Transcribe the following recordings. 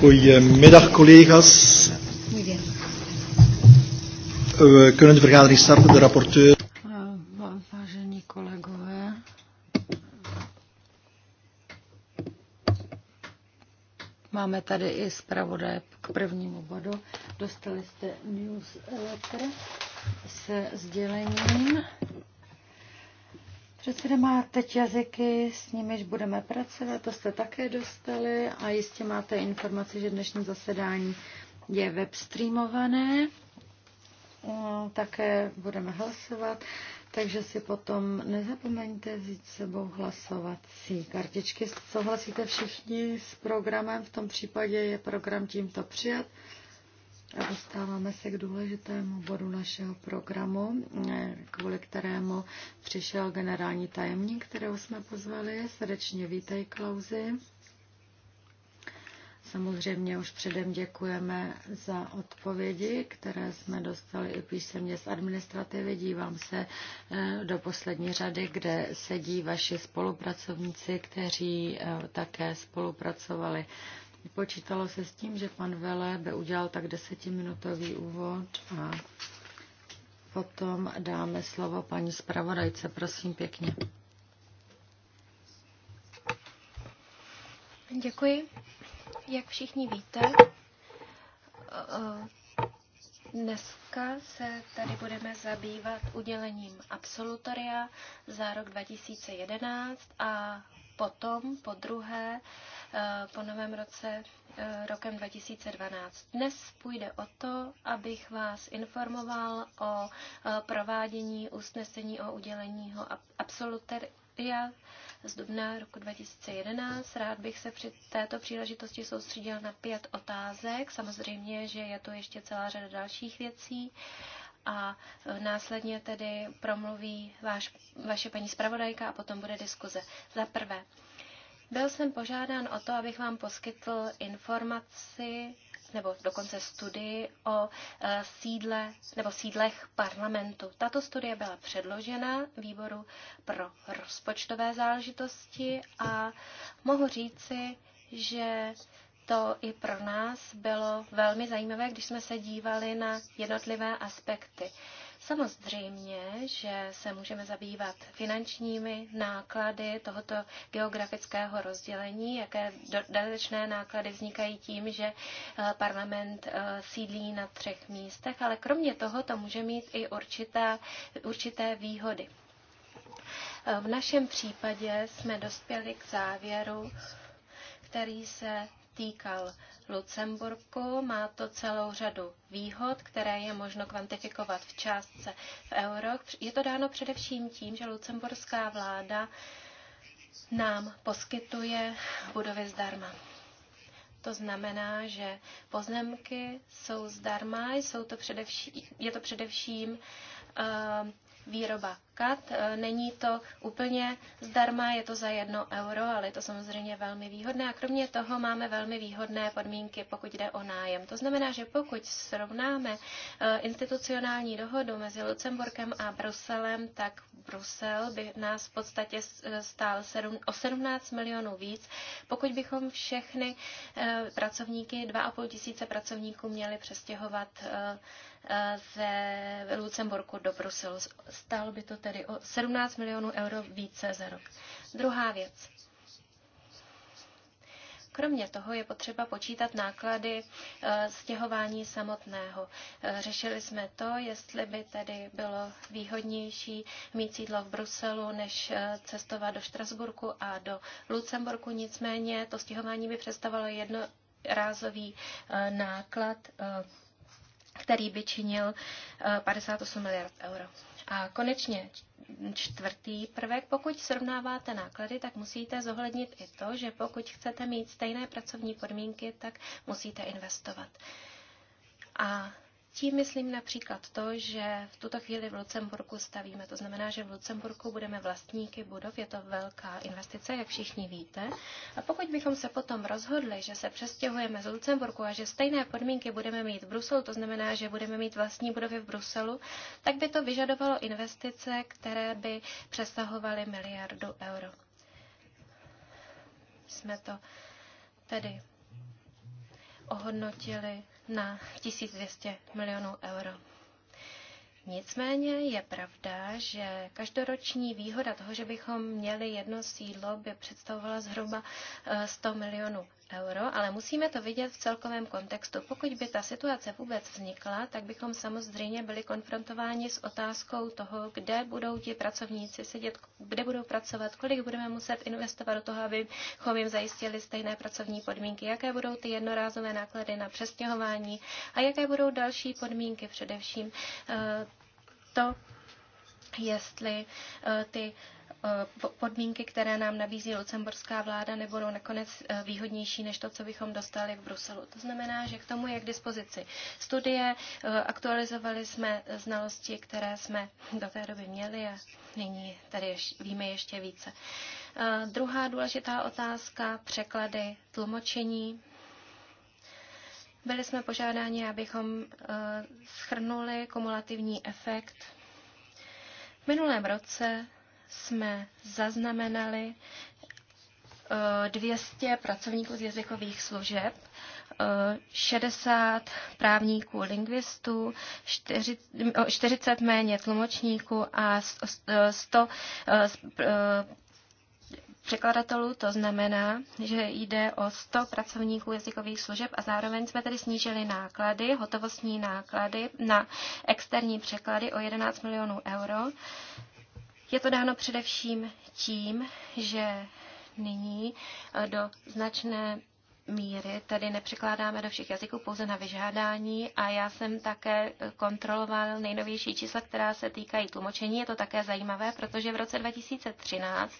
Goedemiddag collega's. Eh, we kunnen de vergadering starten. De rapporteur. Eh, Máme tady i zpravodaje k prvnímu bodu. Dostali jste newsletter se sdělením. Předseda má teď jazyky, s nimiž budeme pracovat, to jste také dostali a jistě máte informaci, že dnešní zasedání je webstreamované. Také budeme hlasovat, takže si potom nezapomeňte vzít sebou hlasovací kartičky. Souhlasíte všichni s programem? V tom případě je program tímto přijat. A dostáváme se k důležitému bodu našeho programu, eh, kvůli kterému přišel generální tajemník, kterého jsme pozvali. Srdečně vítej, Klauzi. Samozřejmě už předem děkujeme za odpovědi, které jsme dostali i písemně z administrativy. Dívám se eh, do poslední řady, kde sedí vaši spolupracovníci, kteří eh, také spolupracovali Počítalo se s tím, že pan Velebe udělal tak desetiminutový úvod a potom dáme slovo paní zpravodajce. Prosím pěkně. Děkuji. Jak všichni víte, dneska se tady budeme zabývat udělením absolutoria za rok 2011 a potom, po druhé, eh, po novém roce, eh, rokem 2012. Dnes půjde o to, abych vás informoval o eh, provádění usnesení o udělení absoluteria z dubna roku 2011. Rád bych se při této příležitosti soustředil na pět otázek. Samozřejmě, že je tu ještě celá řada dalších věcí a e, následně tedy promluví váš, vaše paní zpravodajka a potom bude diskuze. Za prvé, byl jsem požádán o to, abych vám poskytl informaci nebo dokonce studii o e, sídle nebo sídlech parlamentu. Tato studie byla předložena výboru pro rozpočtové záležitosti a mohu říci, že to i pro nás bylo velmi zajímavé, když jsme se dívali na jednotlivé aspekty. Samozřejmě, že se můžeme zabývat finančními náklady tohoto geografického rozdělení, jaké dodatečné náklady vznikají tím, že eh, parlament eh, sídlí na třech místech, ale kromě toho to může mít i určité, určité výhody. V našem případě jsme dospěli k závěru, který se týkal Lucemburku. Má to celou řadu výhod, které je možno kvantifikovat v částce v euro. Je to dáno především tím, že lucemburská vláda nám poskytuje budovy zdarma. To znamená, že pozemky jsou zdarma, jsou to především, je to především uh, výroba kat. E, není to úplně zdarma, je to za jedno euro, ale je to samozřejmě velmi výhodné. A kromě toho máme velmi výhodné podmínky, pokud jde o nájem. To znamená, že pokud srovnáme e, institucionální dohodu mezi Lucemburkem a Bruselem, tak Brusel by nás v podstatě e, stál o 17 milionů víc, pokud bychom všechny pracovníky, 2,5 tisíce pracovníků měli přestěhovat ze Lucemburku do Bruselu. stálo by to tedy o 17 milionů euro více za rok. Druhá věc. Kromě toho je potřeba počítat náklady e, stěhování samotného. E, řešili jsme to, jestli by tedy bylo výhodnější mít sídlo v Bruselu, než e, cestovat do Štrasburku a do Lucemburku. Nicméně to stěhování by představovalo jednorázový náklad který by činil 58 eh, miliard euro. A konečně čtvrtý prvek, pokud srovnáváte náklady, tak musíte zohlednit i to, že pokud chcete mít stejné pracovní podmínky, tak musíte investovat. A tím myslím například to, že v tuto chvíli v Lucemburku stavíme. To znamená, že v Lucemburku budeme vlastníky budov. Je to velká investice, jak všichni víte. A pokud bychom se potom rozhodli, že se přestěhujeme z Lucemburku a že stejné podmínky budeme mít v Bruselu, to znamená, že budeme mít vlastní budovy v Bruselu, tak by to vyžadovalo investice, které by přesahovaly miliardu euro. Jsme to tedy ohodnotili na 1200 milionů euro. Nicméně je pravda, že každoroční výhoda toho, že bychom měli jedno sídlo, by představovala zhruba 100 eh, milionů euro, ale musíme to vidět v celkovém kontextu. Pokud by ta situace vůbec vznikla, tak bychom samozřejmě byli konfrontováni s otázkou toho, kde budou ti pracovníci sedět, kde budou pracovat, kolik budeme muset investovat do toho, abychom jim zajistili stejné pracovní podmínky, jaké budou ty jednorázové náklady na přestěhování a jaké budou další podmínky, především eh, to, jestli eh, ty Eh, podmínky, které nám nabízí lucemburská vláda, nebudou nakonec eh, výhodnější než to, co bychom dostali v Bruselu. To znamená, že k tomu je k dispozici studie, eh, aktualizovali jsme znalosti, které jsme do té doby měli a nyní tady ještě, víme ještě více. Druhá důležitá otázka, překlady, tlumočení. Byli jsme požádáni, abychom schrnuli kumulativní efekt. V minulém roce jsme zaznamenali 200 eh, pracovníků z jazykových služeb, 60 eh, právníků, lingvistů, 40 eh, méně tlumočníků a 100 překladatelů, to znamená, že jde o 100 pracovníků jazykových služeb a zároveň jsme tedy snížili náklady, hotovostní náklady na externí překlady o 11 milionů euro. Je to dáno především tím, že nyní eh, do značné míry tady nepřekládáme do všech jazyků pouze na vyžádání a já jsem také eh, kontroloval nejnovější čísla, která se týkají tlumočení. Je to také zajímavé, protože v roce 2013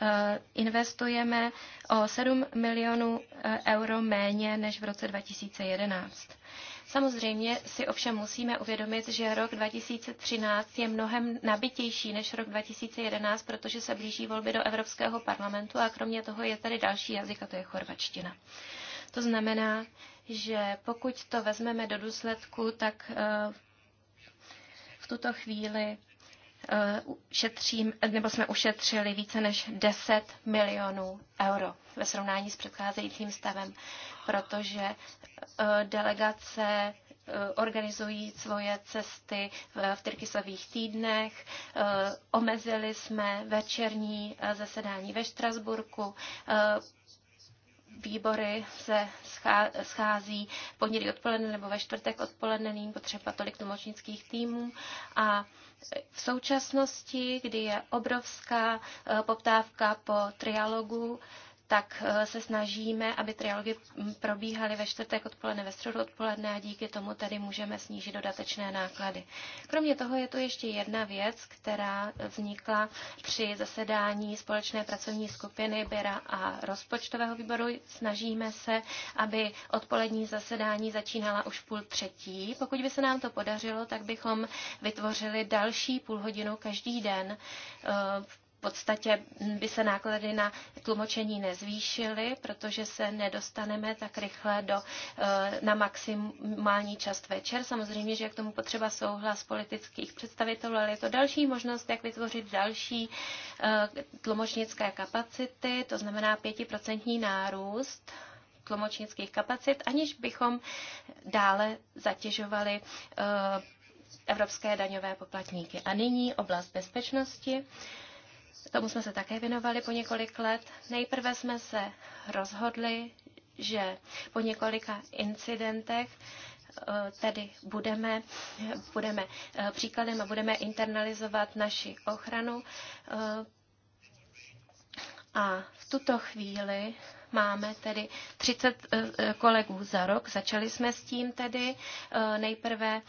eh, investujeme o 7 milionů euro méně než v roce 2011. Samozřejmě si ovšem musíme uvědomit, že rok 2013 je mnohem nabitější než rok 2011, protože se blíží volby do Evropského parlamentu a kromě toho je tady další jazyk a to je chorvačtina. To znamená, že pokud to vezmeme do důsledku, tak eh, v tuto chvíli Eh, šetřím, nebo jsme ušetřili více než 10 milionů euro ve srovnání s předcházejícím stavem, protože eh, delegace eh, organizují svoje cesty v Tyrkisových týdnech. Omezili jsme večerní zasedání ve Štrasburku výbory se schází v pondělí odpoledne nebo ve čtvrtek odpoledne, není potřeba tolik tlumočnických týmů a v současnosti, kdy je obrovská eh, poptávka po trialogu, tak eh, se snažíme, aby trialogy probíhaly ve čtvrtek odpoledne, ve středu odpoledne a díky tomu tady můžeme snížit dodatečné náklady. Kromě toho je tu ještě jedna věc, která vznikla při zasedání společné pracovní skupiny Běra a rozpočtového výboru. Snažíme se, aby odpolední zasedání začínala už půl třetí. Pokud by se nám to podařilo, tak bychom vytvořili další půl hodinu každý den v eh, podstatě by se náklady na tlumočení nezvýšily, protože se nedostaneme tak rychle do, eh, na maximální část večer. Samozřejmě, že je k tomu potřeba souhlas politických představitelů, ale je to další možnost, jak vytvořit další eh, tlumočnické kapacity, to znamená pětiprocentní nárůst tlumočnických kapacit, aniž bychom dále zatěžovali eh, evropské daňové poplatníky. A nyní oblast bezpečnosti. Tomu jsme se také věnovali po několik let. Nejprve jsme se rozhodli, že po několika incidentech eh, tedy budeme, budeme eh, příkladem a budeme internalizovat naši ochranu. Eh, a v tuto chvíli Máme tedy 30 eh, eh, kolegů za rok. Začali jsme s tím tedy. Eh, nejprve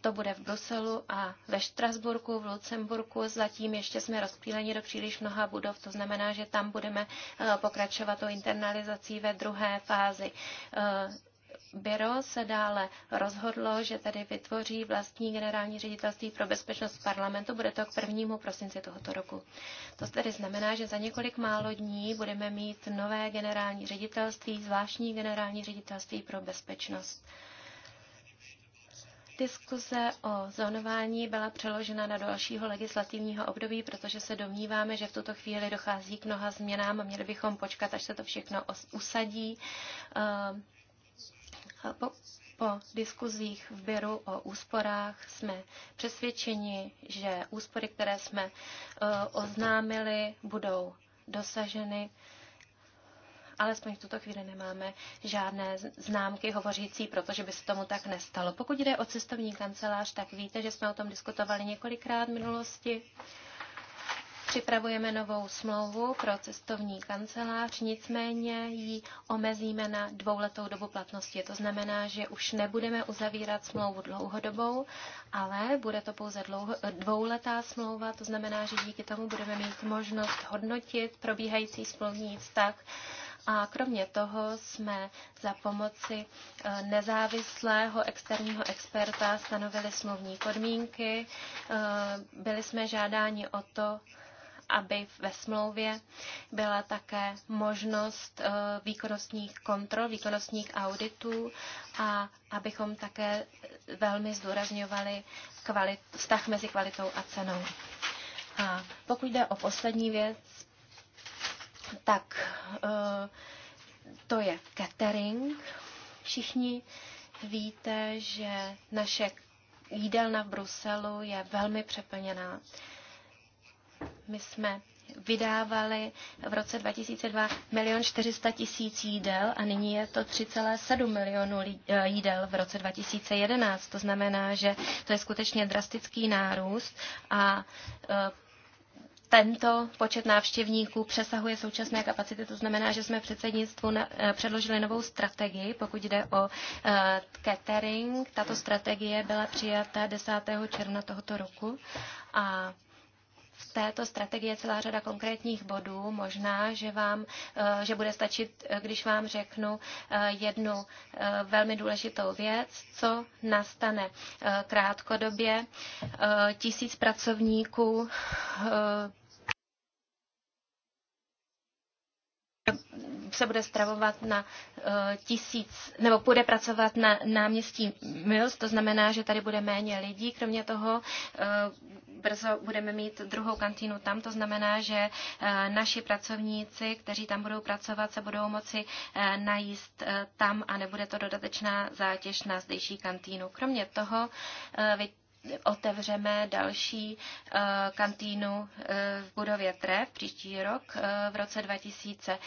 to bude v Bruselu a ve Štrasburku, v Lucemburku. Zatím ještě jsme rozpíleni do příliš mnoha budov, to znamená, že tam budeme pokračovat o internalizací ve druhé fázi. Biro se dále rozhodlo, že tedy vytvoří vlastní generální ředitelství pro bezpečnost parlamentu. Bude to k prvnímu prosinci tohoto roku. To tedy znamená, že za několik málo dní budeme mít nové generální ředitelství, zvláštní generální ředitelství pro bezpečnost. Diskuze o zónování byla přeložena na dalšího legislativního období, protože se domníváme, že v tuto chvíli dochází k mnoha změnám a měli bychom počkat, až se to všechno usadí. Ehm, po, po diskuzích v Biru o úsporách jsme přesvědčeni, že úspory, které jsme e, oznámili, budou dosaženy alespoň v tuto chvíli nemáme žádné známky hovořící, protože by se tomu tak nestalo. Pokud jde o cestovní kancelář, tak víte, že jsme o tom diskutovali několikrát v minulosti. Připravujeme novou smlouvu pro cestovní kancelář, nicméně ji omezíme na dvouletou dobu platnosti. To znamená, že už nebudeme uzavírat smlouvu dlouhodobou, ale bude to pouze dlouho, dvouletá smlouva. To znamená, že díky tomu budeme mít možnost hodnotit probíhající smlouvní vztah a kromě toho jsme za pomoci eh, nezávislého externího experta stanovili smluvní podmínky. Eh, byli jsme žádáni o to, aby ve smlouvě byla také možnost eh, výkonnostních kontrol, výkonnostních auditů a abychom také velmi zdůrazňovali kvalit, vztah mezi kvalitou a cenou. A pokud jde o poslední věc, tak eh, to je catering. Všichni víte, že naše jídelna v Bruselu je velmi přeplněná. My jsme vydávali v roce 2002 milion 400 tisíc jídel a nyní je to 3,7 milionů eh, jídel v roce 2011. To znamená, že to je skutečně drastický nárůst a eh, tento počet návštěvníků přesahuje současné kapacity, to znamená, že jsme předsednictvu na, eh, předložili novou strategii, pokud jde o uh, catering. Tato strategie byla přijata 10. června tohoto roku a v této strategii je celá řada konkrétních bodů. Možná, že, vám, eh, že bude stačit, eh, když vám řeknu eh, jednu velmi důležitou věc, co nastane krátkodobě. Tisíc pracovníků se bude stravovat na tisíc, nebo bude pracovat na náměstí Mills, to znamená, že tady bude méně lidí. Kromě toho brzo budeme mít druhou kantínu tam, to znamená, že eh, naši pracovníci, kteří tam budou pracovat, se budou moci eh, najíst eh, tam a nebude to dodatečná zátěž na zdejší kantínu. Kromě toho otevřeme další kantínu v budově TREV příští rok v roce 2000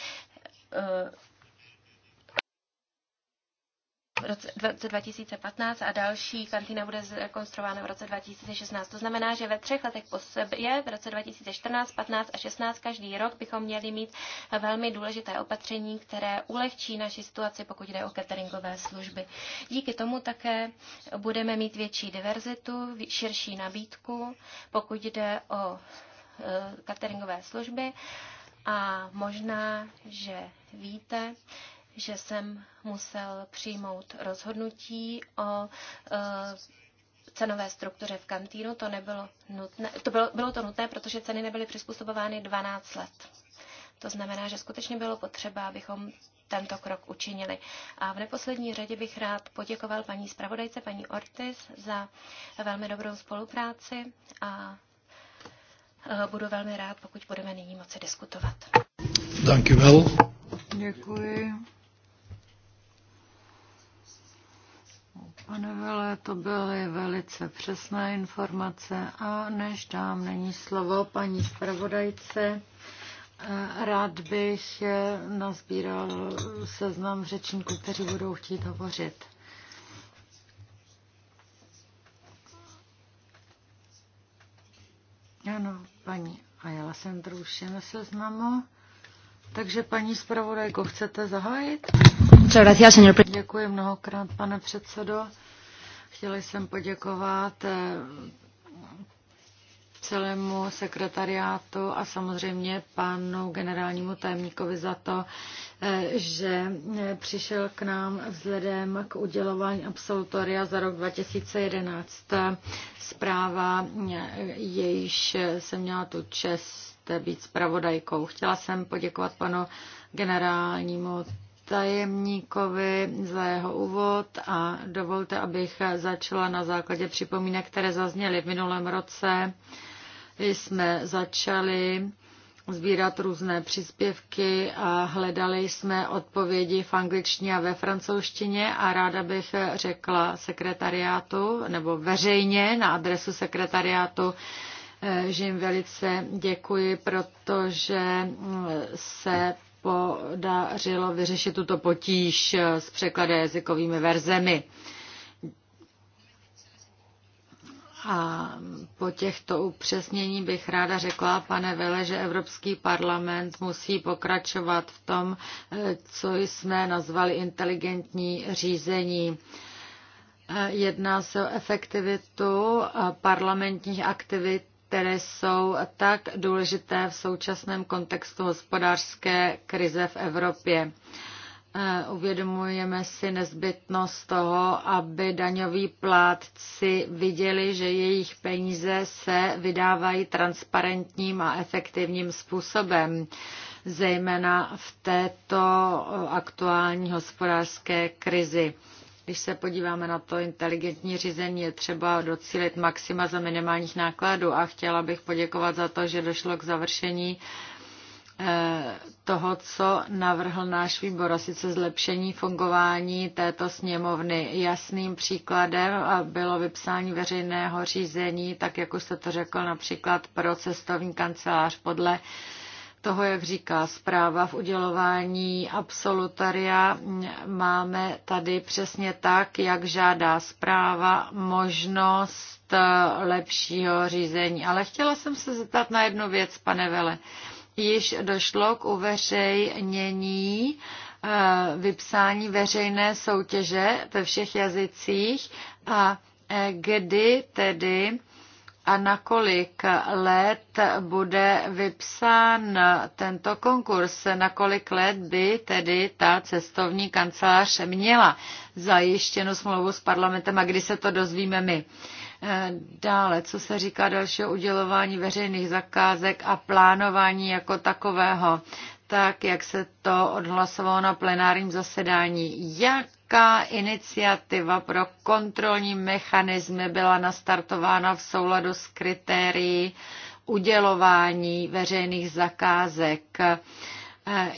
v roce 2015 a další kantýna bude zrekonstruována v roce 2016. To znamená, že ve třech letech po sobě, v roce 2014, 15 a 16 každý rok bychom měli mít velmi důležité opatření, které ulehčí naši situaci, pokud jde o cateringové služby. Díky tomu také budeme mít větší diverzitu, širší nabídku, pokud jde o e, cateringové služby. A možná, že víte, že jsem musel přijmout rozhodnutí o e, cenové struktuře v kantýnu. To, nebylo nutné, to bylo, bylo to nutné, protože ceny nebyly přizpůsobovány 12 let. To znamená, že skutečně bylo potřeba, abychom tento krok učinili. A v neposlední řadě bych rád poděkoval paní zpravodajce, paní Ortiz, za velmi dobrou spolupráci a e, budu velmi rád, pokud budeme nyní moci diskutovat. Děkuji. Děkuji. Pane Vele, to byly velice přesné informace a než dám není slovo paní zpravodajce, eh, rád bych nazbíral seznam řečníků, kteří budou chtít hovořit. Ano, paní A Sendru už je seznamu. Takže paní zpravodajko, chcete zahájit? Děkuji mnohokrát, pane předsedo. Chtěla jsem poděkovat eh, celému sekretariátu a samozřejmě panu generálnímu tajemníkovi za to, eh, že eh, přišel k nám vzhledem k udělování absolutoria za rok 2011. Zpráva, jejíž jsem měla tu čest být zpravodajkou. Chtěla jsem poděkovat panu generálnímu tajemníkovi za jeho úvod a dovolte, abych začala na základě připomínek, které zazněly v minulém roce. Jsme začali sbírat různé příspěvky a hledali jsme odpovědi v angličtině a ve francouzštině a ráda bych řekla sekretariátu nebo veřejně na adresu sekretariátu, eh, že jim velice děkuji, protože se podařilo vyřešit tuto potíž s překlady jazykovými verzemi. A po těchto upřesnění bych ráda řekla, pane Vele, že Evropský parlament musí pokračovat v tom, co jsme nazvali inteligentní řízení. Jedná se o efektivitu parlamentních aktivit které jsou tak důležité v současném kontextu hospodářské krize v Evropě. Eh, uvědomujeme si nezbytnost toho, aby daňoví plátci viděli, že jejich peníze se vydávají transparentním a efektivním způsobem, zejména v této eh, aktuální hospodářské krizi. Když se podíváme na to inteligentní řízení, je třeba docílit maxima za minimálních nákladů a chtěla bych poděkovat za to, že došlo k završení eh, toho, co navrhl náš výbor, a sice zlepšení fungování této sněmovny. Jasným příkladem bylo vypsání veřejného řízení, tak jak už jste to řekl, například pro cestovní kancelář podle toho, jak říká zpráva v udělování absolutaria, máme tady přesně tak, jak žádá zpráva, možnost lepšího řízení. Ale chtěla jsem se zeptat na jednu věc, pane Vele. Již došlo k uveřejnění eh, vypsání veřejné soutěže ve všech jazycích a eh, kdy tedy a na kolik let bude vypsán tento konkurs, na kolik let by tedy ta cestovní kancelář měla zajištěnu smlouvu s parlamentem a kdy se to dozvíme my. Eh, dále, co se říká dalšího udělování veřejných zakázek a plánování jako takového, tak jak se to odhlasovalo na plenárním zasedání. Jak Evropská iniciativa pro kontrolní mechanismy byla nastartována v souladu s kritérií udělování veřejných zakázek.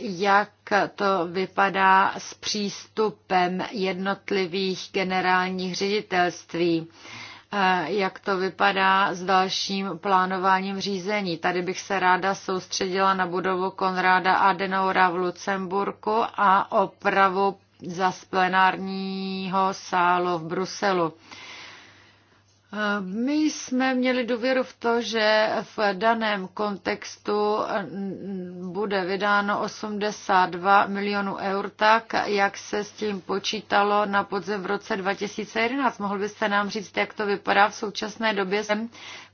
Jak to vypadá s přístupem jednotlivých generálních ředitelství? jak to vypadá s dalším plánováním řízení. Tady bych se ráda soustředila na budovu Konráda Adenaura v Lucemburku a opravu za plenárního sálu v Bruselu. My jsme měli důvěru v to, že v daném kontextu bude vydáno 82 milionů eur, tak jak se s tím počítalo na podzem v roce 2011. Mohl byste nám říct, jak to vypadá v současné době?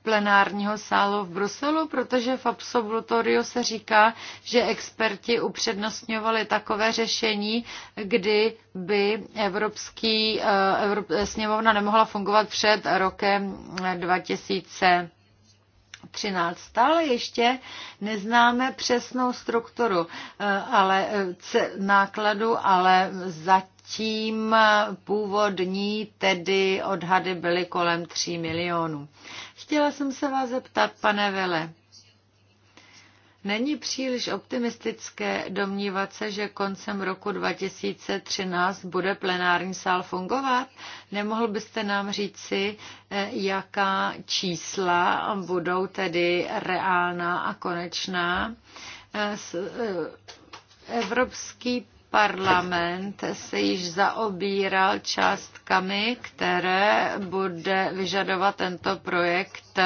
plenárního sálu v Bruselu, protože v absolutoriu se říká, že experti upřednostňovali takové řešení, kdy by Evropský, eh, Evrop, sněmovna nemohla fungovat před rokem 2000. 13. Stále ještě neznáme přesnou strukturu eh, ale eh, nákladu, ale zatím Zatím původní tedy odhady byly kolem 3 milionů. Chtěla jsem se vás zeptat, pane Vele, Není příliš optimistické domnívat se, že koncem roku 2013 bude plenární sál fungovat? Nemohl byste nám říci, eh, jaká čísla budou tedy reálná a konečná? Eh, eh, evropský parlament se již zaobíral částkami, které bude vyžadovat tento projekt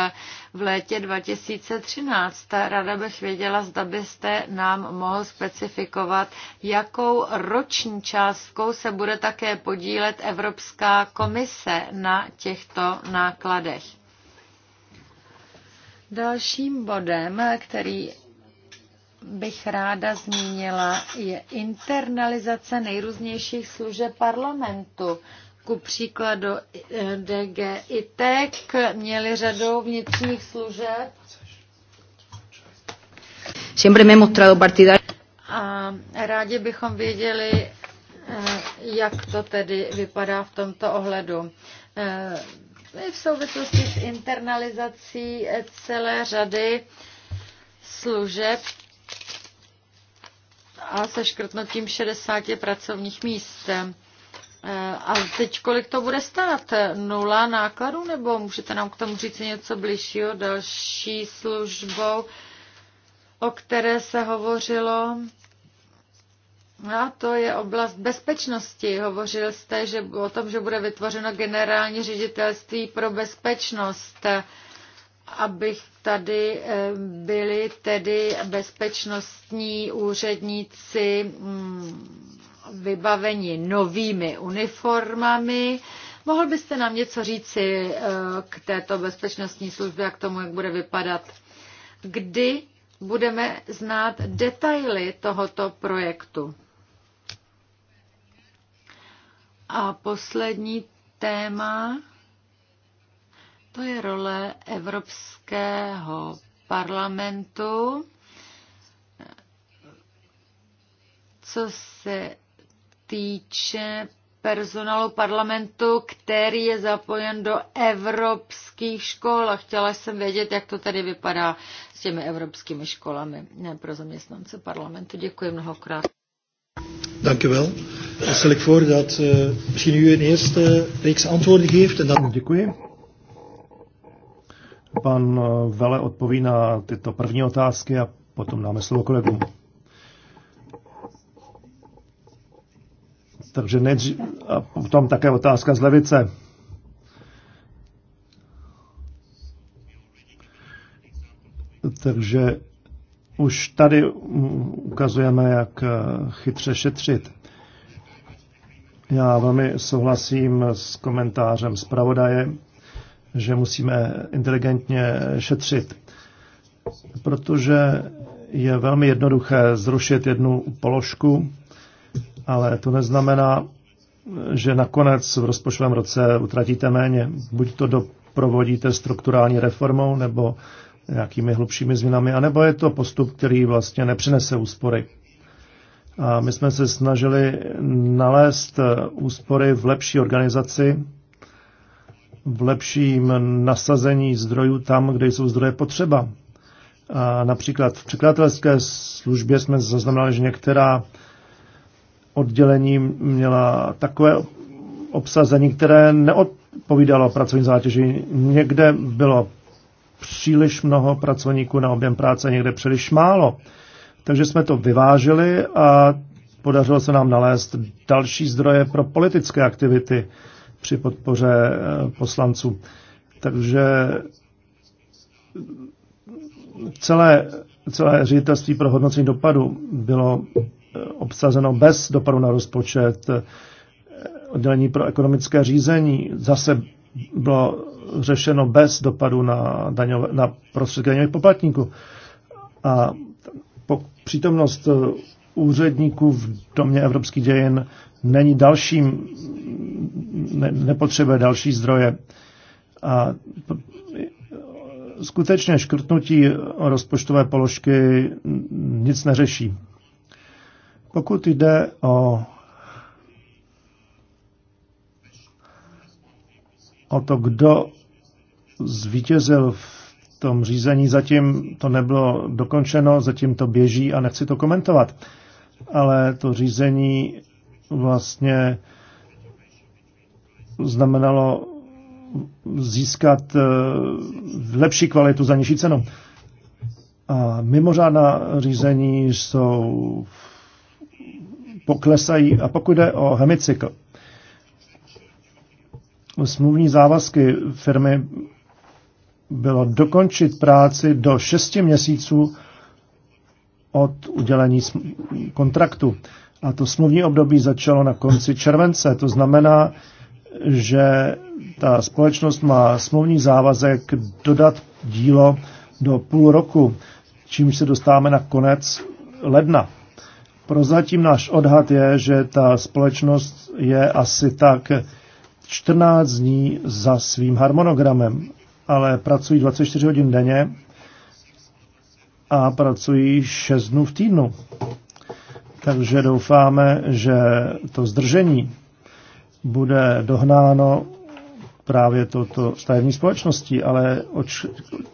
v létě 2013. Rada bych věděla, zda byste nám mohl specifikovat, jakou roční částkou se bude také podílet Evropská komise na těchto nákladech. Dalším bodem, který bych ráda zmínila, je internalizace nejrůznějších služeb parlamentu. Ku příkladu eh, DG ITEC měli řadu vnitřních služeb. Siempre me mostrado A rádi bychom věděli, eh, jak to tedy vypadá v tomto ohledu. Eh, v souvislosti s internalizací celé řady služeb a se škrtnutím 60 pracovních míst. Eh, a teď kolik to bude stát? Nula nákladů nebo můžete nám k tomu říct něco bližšího další službou, o které se hovořilo? A to je oblast bezpečnosti. Hovořil jste že, o tom, že bude vytvořeno generální ředitelství pro bezpečnost abych tady eh, byli tedy bezpečnostní úředníci mm, vybaveni novými uniformami. Mohl byste nám něco říci eh, k této bezpečnostní službě a k tomu, jak bude vypadat? Kdy budeme znát detaily tohoto projektu? A poslední téma to je role Evropského parlamentu, co se týče personálu parlamentu, který je zapojen do evropských škol a chtěla jsem vědět, jak to tady vypadá s těmi evropskými školami ne, pro zaměstnance parlamentu. Děkuji mnohokrát. Děkuji Dan stel ik voor dat uh, misschien u een eerste reeks antwoorden geeft. En dan... Děkuji. Pan eh, Vele odpoví na tyto první otázky a potom dáme slovo kolegům. Takže nejdřív, a potom také otázka z levice. Takže už tady ukazujeme, jak eh, chytře šetřit. Já velmi souhlasím s komentářem zpravodaje že musíme inteligentně šetřit, protože je velmi jednoduché zrušit jednu položku, ale to neznamená, že nakonec v rozpočtovém roce utratíte méně. Buď to doprovodíte strukturální reformou nebo nějakými hlubšími změnami, anebo je to postup, který vlastně nepřinese úspory. A my jsme se snažili nalézt úspory v lepší organizaci v lepším nasazení zdrojů tam, kde jsou zdroje potřeba. A například v překladatelské službě jsme zaznamenali, že některá oddělení měla takové obsazení, které neodpovídalo pracovní zátěži. Někde bylo příliš mnoho pracovníků na objem práce, někde příliš málo. Takže jsme to vyvážili a podařilo se nám nalézt další zdroje pro politické aktivity při podpoře eh, poslanců. Takže celé, celé ředitelství pro hodnocení dopadu bylo eh, obsazeno bez dopadu na rozpočet. Oddělení pro ekonomické řízení zase bylo řešeno bez dopadu na, daňové, na prostředky daňových poplatníků. A po přítomnost eh, úředníků v domě evropských dějin není dalším ne, nepotřebuje další zdroje. A skutečně škrtnutí rozpočtové položky nic neřeší. Pokud jde o, o to, kdo zvítězil v tom řízení, zatím to nebylo dokončeno, zatím to běží a nechci to komentovat. Ale to řízení vlastně znamenalo získat eh, lepší kvalitu za nižší cenu. A mimořádná řízení jsou poklesají. A pokud jde o hemicykl, smluvní závazky firmy bylo dokončit práci do 6 měsíců od udělení kontraktu. A to smluvní období začalo na konci července. To znamená, že ta společnost má smluvní závazek dodat dílo do půl roku, čímž se dostáváme na konec ledna. Prozatím náš odhad je, že ta společnost je asi tak 14 dní za svým harmonogramem, ale pracují 24 hodin denně a pracují 6 dnů v týdnu. Takže doufáme, že to zdržení bude dohnáno právě toto stavební společností, ale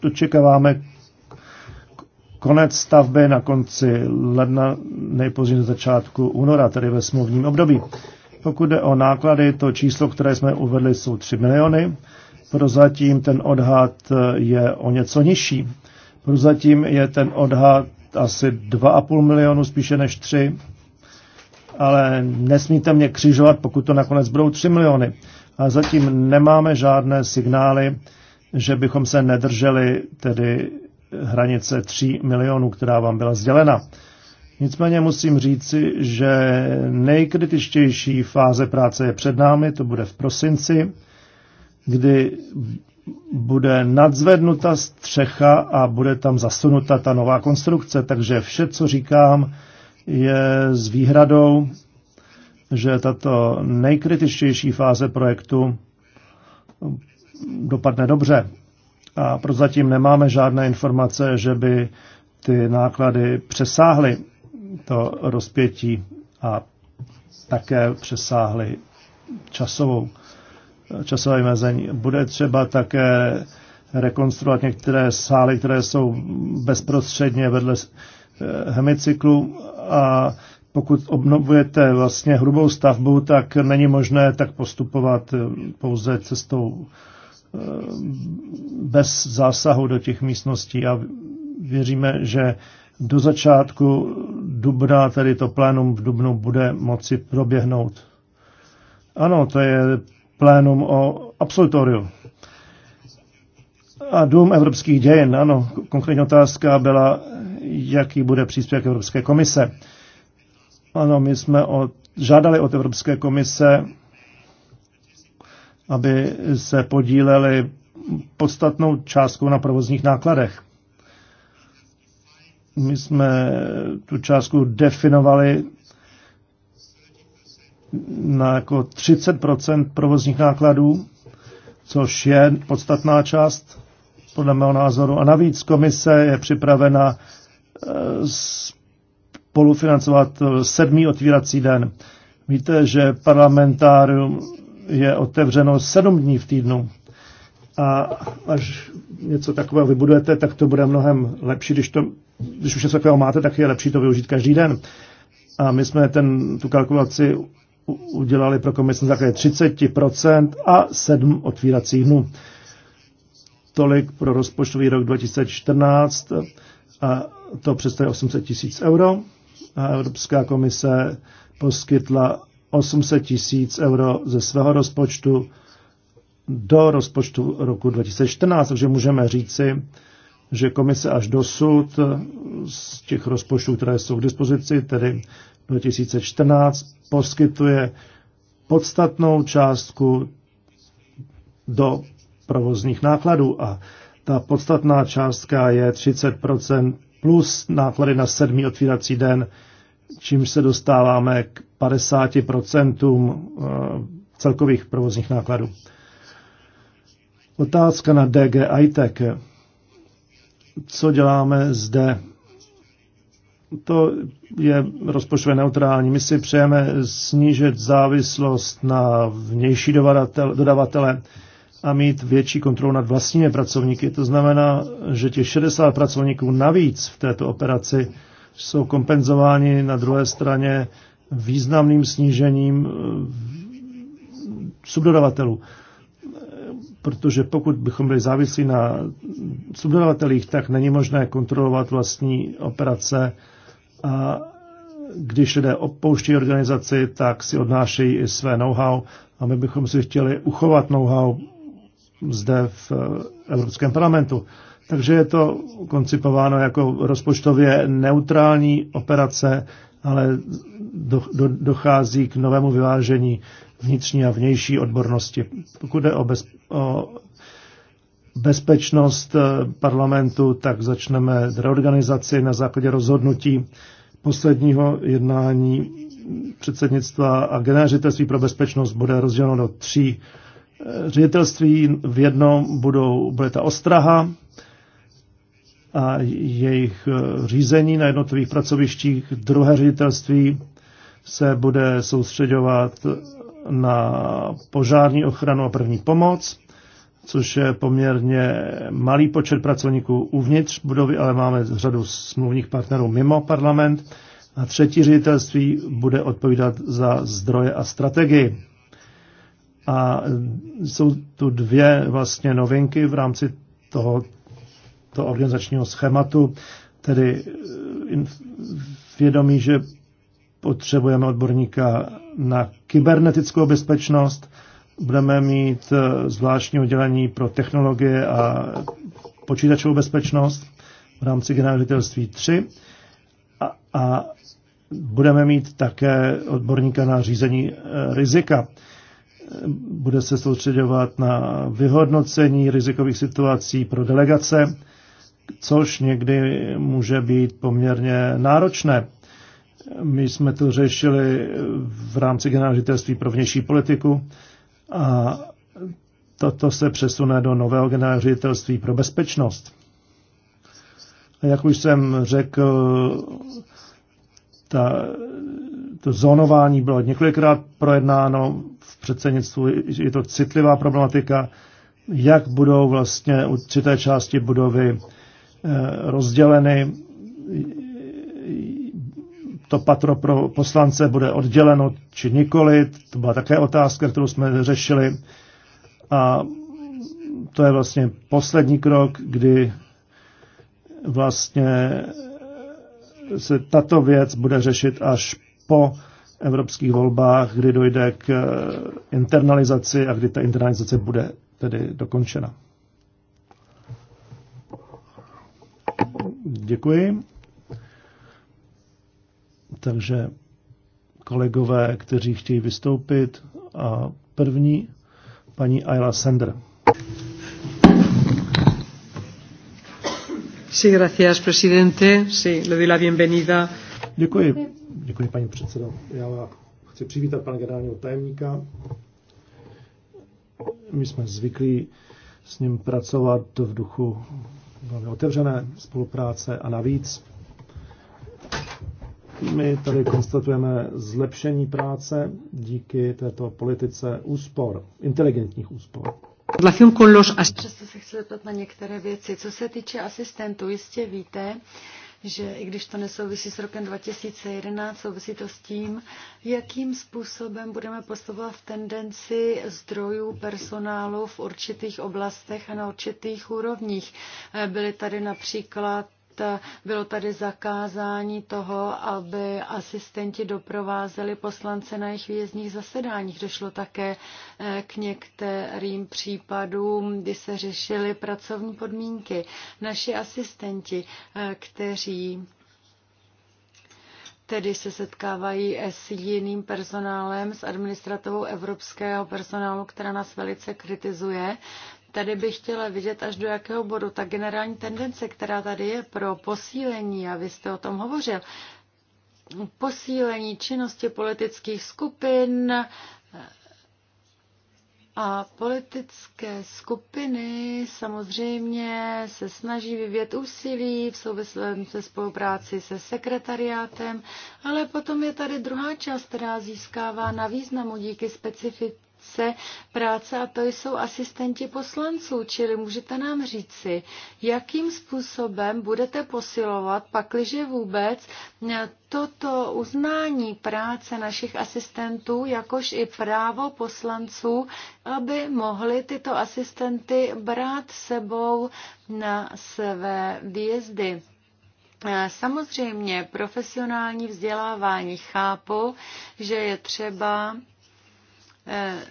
očekáváme konec stavby na konci ledna, nejpozději na začátku února, tedy ve smluvním období. Pokud jde o náklady, to číslo, které jsme uvedli, jsou 3 miliony. Prozatím ten odhad je o něco nižší. Prozatím je ten odhad asi 2,5 milionu, spíše než 3 ale nesmíte mě křižovat, pokud to nakonec budou 3 miliony. A zatím nemáme žádné signály, že bychom se nedrželi tedy hranice 3 milionů, která vám byla sdělena. Nicméně musím říci, že nejkritičtější fáze práce je před námi, to bude v prosinci, kdy bude nadzvednuta střecha a bude tam zasunuta ta nová konstrukce, takže vše, co říkám, je s výhradou, že tato nejkritičtější fáze projektu dopadne dobře. A prozatím nemáme žádné informace, že by ty náklady přesáhly to rozpětí a také přesáhly časovou, časové mezení. Bude třeba také rekonstruovat některé sály, které jsou bezprostředně vedle eh, hemicyklu a pokud obnovujete vlastně hrubou stavbu, tak není možné tak postupovat eh, pouze cestou eh, bez zásahu do těch místností a věříme, že do začátku dubna, tedy to plénum v dubnu, bude moci proběhnout. Ano, to je plénum o absolutoriu. A dům evropských dějin, ano, konkrétní otázka byla jaký bude příspěvek Evropské komise. Ano, my jsme od, žádali od Evropské komise, aby se podíleli podstatnou částkou na provozních nákladech. My jsme tu částku definovali na jako 30 provozních nákladů, což je podstatná část podle mého názoru. A navíc komise je připravena spolufinancovat eh, sedmý otvírací den. Víte, že parlamentárium je otevřeno sedm dní v týdnu. A až něco takového vybudujete, tak to bude mnohem lepší. Když, to, když už něco takového máte, tak je lepší to využít každý den. A my jsme ten, tu kalkulaci udělali pro komisní na základě 30% a 7 otvíracích dnů. Tolik pro rozpočtový rok 2014 a to představuje 800 tisíc euro a Evropská komise poskytla 800 tisíc euro ze svého rozpočtu do rozpočtu roku 2014, takže můžeme říci, že komise až dosud z těch rozpočtů, které jsou k dispozici, tedy 2014, poskytuje podstatnou částku do provozních nákladů a ta podstatná částka je 30 plus náklady na sedmý otvírací den, čímž se dostáváme k 50% eh, celkových provozních nákladů. Otázka na DG ITEC. Co děláme zde? To je rozpočtově neutrální. My si přejeme snížit závislost na vnější dodavatele a mít větší kontrolu nad vlastními pracovníky. To znamená, že těch 60 pracovníků navíc v této operaci jsou kompenzováni na druhé straně významným snížením eh, subdodavatelů. Protože pokud bychom byli závislí na subdodavatelích, tak není možné kontrolovat vlastní operace a když lidé opouští organizaci, tak si odnášejí i své know-how a my bychom si chtěli uchovat know-how zde v eh, Evropském parlamentu. Takže je to koncipováno jako rozpočtově neutrální operace, ale do, do, dochází k novému vyvážení vnitřní a vnější odbornosti. Pokud jde o, bez, o bezpečnost eh, parlamentu, tak začneme reorganizaci na základě rozhodnutí posledního jednání předsednictva a generálitelství pro bezpečnost bude rozděleno do tří ředitelství v jednom budou, bude ta ostraha a jejich eh, řízení na jednotlivých pracovištích. Druhé ředitelství se bude soustředovat na požární ochranu a první pomoc, což je poměrně malý počet pracovníků uvnitř budovy, ale máme řadu smluvních partnerů mimo parlament. A třetí ředitelství bude odpovídat za zdroje a strategii. A e, jsou tu dvě vlastně novinky v rámci toho, toho organizačního schématu, tedy e, vědomí, že potřebujeme odborníka na kybernetickou bezpečnost, budeme mít e, zvláštní oddělení pro technologie a počítačovou bezpečnost v rámci generálního 3 a, a budeme mít také odborníka na řízení rizika bude se soustředovat na vyhodnocení rizikových situací pro delegace, což někdy může být poměrně náročné. My jsme to řešili v rámci generálitelství pro vnější politiku a toto se přesune do nového generálitelství pro bezpečnost. A jak už jsem řekl, ta to zónování bylo několikrát projednáno v předsednictvu, je to citlivá problematika, jak budou vlastně určité části budovy eh, rozděleny. To patro pro poslance bude odděleno či nikoli. To byla také otázka, kterou jsme řešili. A to je vlastně poslední krok, kdy vlastně se tato věc bude řešit až po evropských volbách, kdy dojde k eh, internalizaci a kdy ta internalizace bude tedy dokončena. Děkuji. Takže kolegové, kteří chtějí vystoupit, a první paní Ayla Sender. Sí, gracias, presidente. Sí, le doy la bienvenida. Děkuji, Děkuji, paní předsedo. Já chci přivítat pana generálního tajemníka. My jsme zvyklí s ním pracovat v duchu velmi otevřené spolupráce a navíc my tady konstatujeme zlepšení práce díky této politice úspor, inteligentních úspor. Přesto se chci zeptat na některé věci. Co se týče asistentů, jistě víte, že i když to nesouvisí s rokem 2011, souvisí to s tím, jakým způsobem budeme postupovat v tendenci zdrojů personálu v určitých oblastech a na určitých úrovních. Eh, byly tady například Eh, bylo tady zakázání toho, aby asistenti doprovázeli poslance na jejich výjezdních zasedáních. Došlo také eh, k některým případům, kdy se řešily pracovní podmínky. Naši asistenti, eh, kteří tedy se setkávají s jiným personálem, s administrativou evropského personálu, která nás velice kritizuje, Tady bych chtěla vidět, až do jakého bodu ta generální tendence, která tady je pro posílení, a vy jste o tom hovořil, posílení činnosti politických skupin a politické skupiny samozřejmě se snaží vyvět úsilí v souvislosti se spolupráci se sekretariátem, ale potom je tady druhá část, která získává na významu díky specifickým se práce a to jsou asistenti poslanců, čili můžete nám říci, jakým způsobem budete posilovat, pakliže vůbec, toto uznání práce našich asistentů, jakož i právo poslanců, aby mohli tyto asistenty brát sebou na své výjezdy. Samozřejmě profesionální vzdělávání chápu, že je třeba Eh,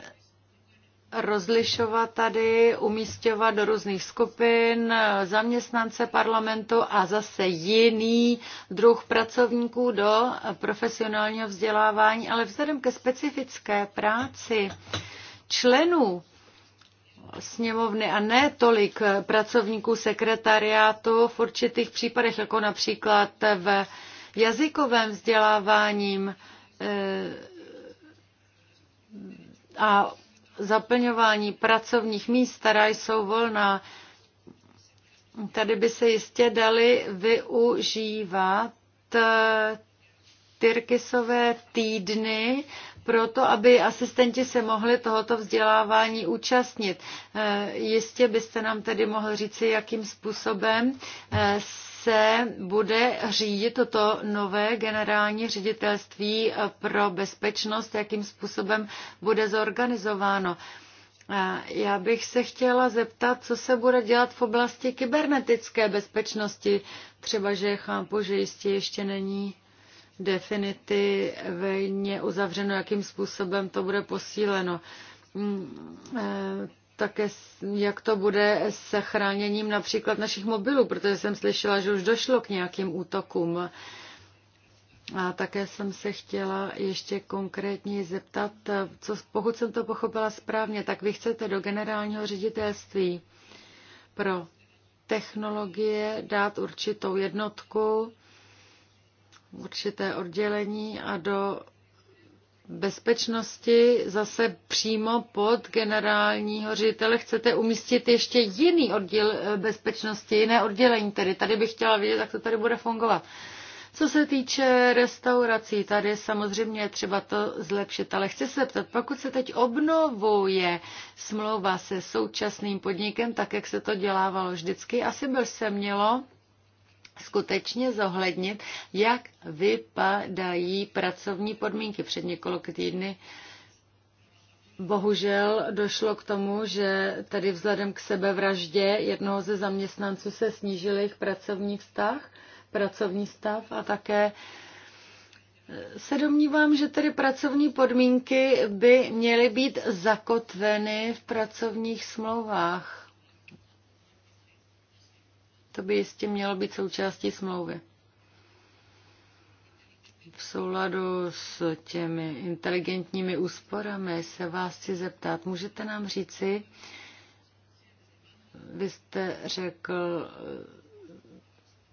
rozlišovat tady, umístěvat do různých skupin eh, zaměstnance parlamentu a zase jiný druh pracovníků do profesionálního vzdělávání, ale vzhledem ke specifické práci členů sněmovny a ne tolik pracovníků sekretariátu v určitých případech, jako například v jazykovém vzděláváním eh, a zaplňování pracovních míst, která jsou volná, tady by se jistě dali využívat eh, Tyrkisové týdny proto, aby asistenti se mohli tohoto vzdělávání účastnit. Eh, jistě byste nám tedy mohl říci, jakým způsobem eh, se bude řídit toto nové generální ředitelství pro bezpečnost, jakým způsobem bude zorganizováno. Já bych se chtěla zeptat, co se bude dělat v oblasti kybernetické bezpečnosti. Třeba, že chápu, že jistě ještě není definitivně uzavřeno, jakým způsobem to bude posíleno. Mm, eh, také jak to bude se chráněním například našich mobilů, protože jsem slyšela, že už došlo k nějakým útokům. A také jsem se chtěla ještě konkrétně zeptat, co, pokud jsem to pochopila správně, tak vy chcete do generálního ředitelství pro technologie dát určitou jednotku, určité oddělení a do bezpečnosti zase přímo pod generálního ředitele chcete umístit ještě jiný oddíl eh, bezpečnosti, jiné oddělení. Tedy tady bych chtěla vidět, jak to tady bude fungovat. Co se týče restaurací, tady samozřejmě je třeba to zlepšit, ale chci se zeptat, pokud se teď obnovuje smlouva se současným podnikem, tak jak se to dělávalo vždycky, asi by se mělo skutečně zohlednit, jak vypadají pracovní podmínky. Před několik týdny bohužel došlo k tomu, že tady vzhledem k sebevraždě jednoho ze zaměstnanců se snížil jejich pracovní vztah, pracovní stav a také eh, se domnívám, že tedy pracovní podmínky by měly být zakotveny v pracovních smlouvách to by jistě mělo být součástí smlouvy. V souladu s těmi inteligentními úsporami se vás chci zeptat, můžete nám říci, vy jste řekl,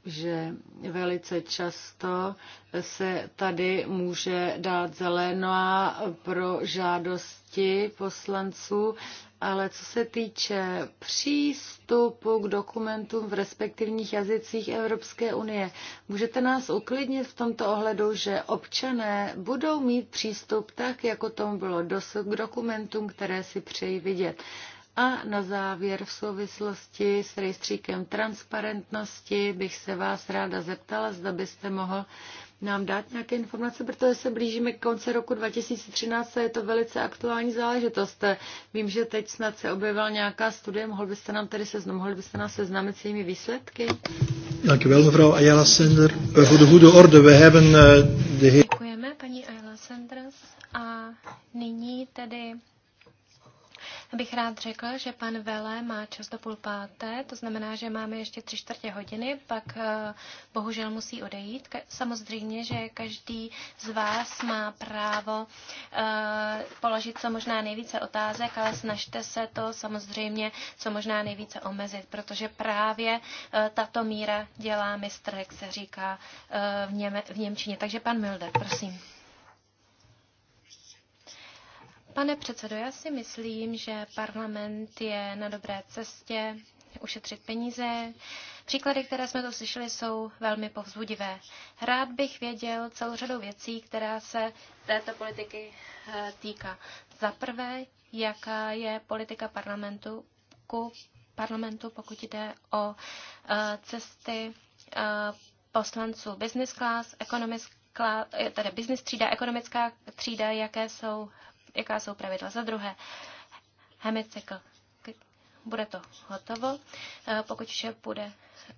že velice často se tady může dát zelená pro žádosti poslanců ale co se týče přístupu k dokumentům v respektivních jazycích Evropské unie, můžete nás uklidnit v tomto ohledu, že občané budou mít přístup tak, jako tomu bylo dosud k dokumentům, které si přejí vidět. A na závěr v souvislosti s rejstříkem transparentnosti bych se vás ráda zeptala, zda byste mohl nám dát nějaké informace, protože se blížíme k konci roku 2013 a je to velice aktuální záležitost. Vím, že teď snad se objevila nějaká studie, mohl byste nám tedy seznam, mohli byste nás seznámit s jejími výsledky? Eh, orde, eh, Děkujeme paní Ayala Sanders a nyní tedy bych rád řekl, že pan Vele má čas do půl páté, to znamená, že máme ještě tři čtvrtě hodiny, pak eh, bohužel musí odejít. Samozřejmě, že každý z vás má právo eh, položit co možná nejvíce otázek, ale snažte se to samozřejmě co možná nejvíce omezit, protože právě eh, tato míra dělá mistr, jak se říká v, něme, v Němčině. Takže pan Milder, prosím. Pane předsedo, já si myslím, že parlament je na dobré cestě ušetřit peníze. Příklady, které jsme to slyšeli, jsou velmi povzbudivé. Rád bych věděl celou řadu věcí, která se této politiky eh, týká. Za prvé, jaká je politika parlamentu ku parlamentu, pokud jde o eh, cesty eh, poslanců business class, ekonomická tedy business třída, ekonomická třída, jaké jsou jaká jsou pravidla. Za druhé, hemicykl. bude to hotovo, eh, pokud vše bude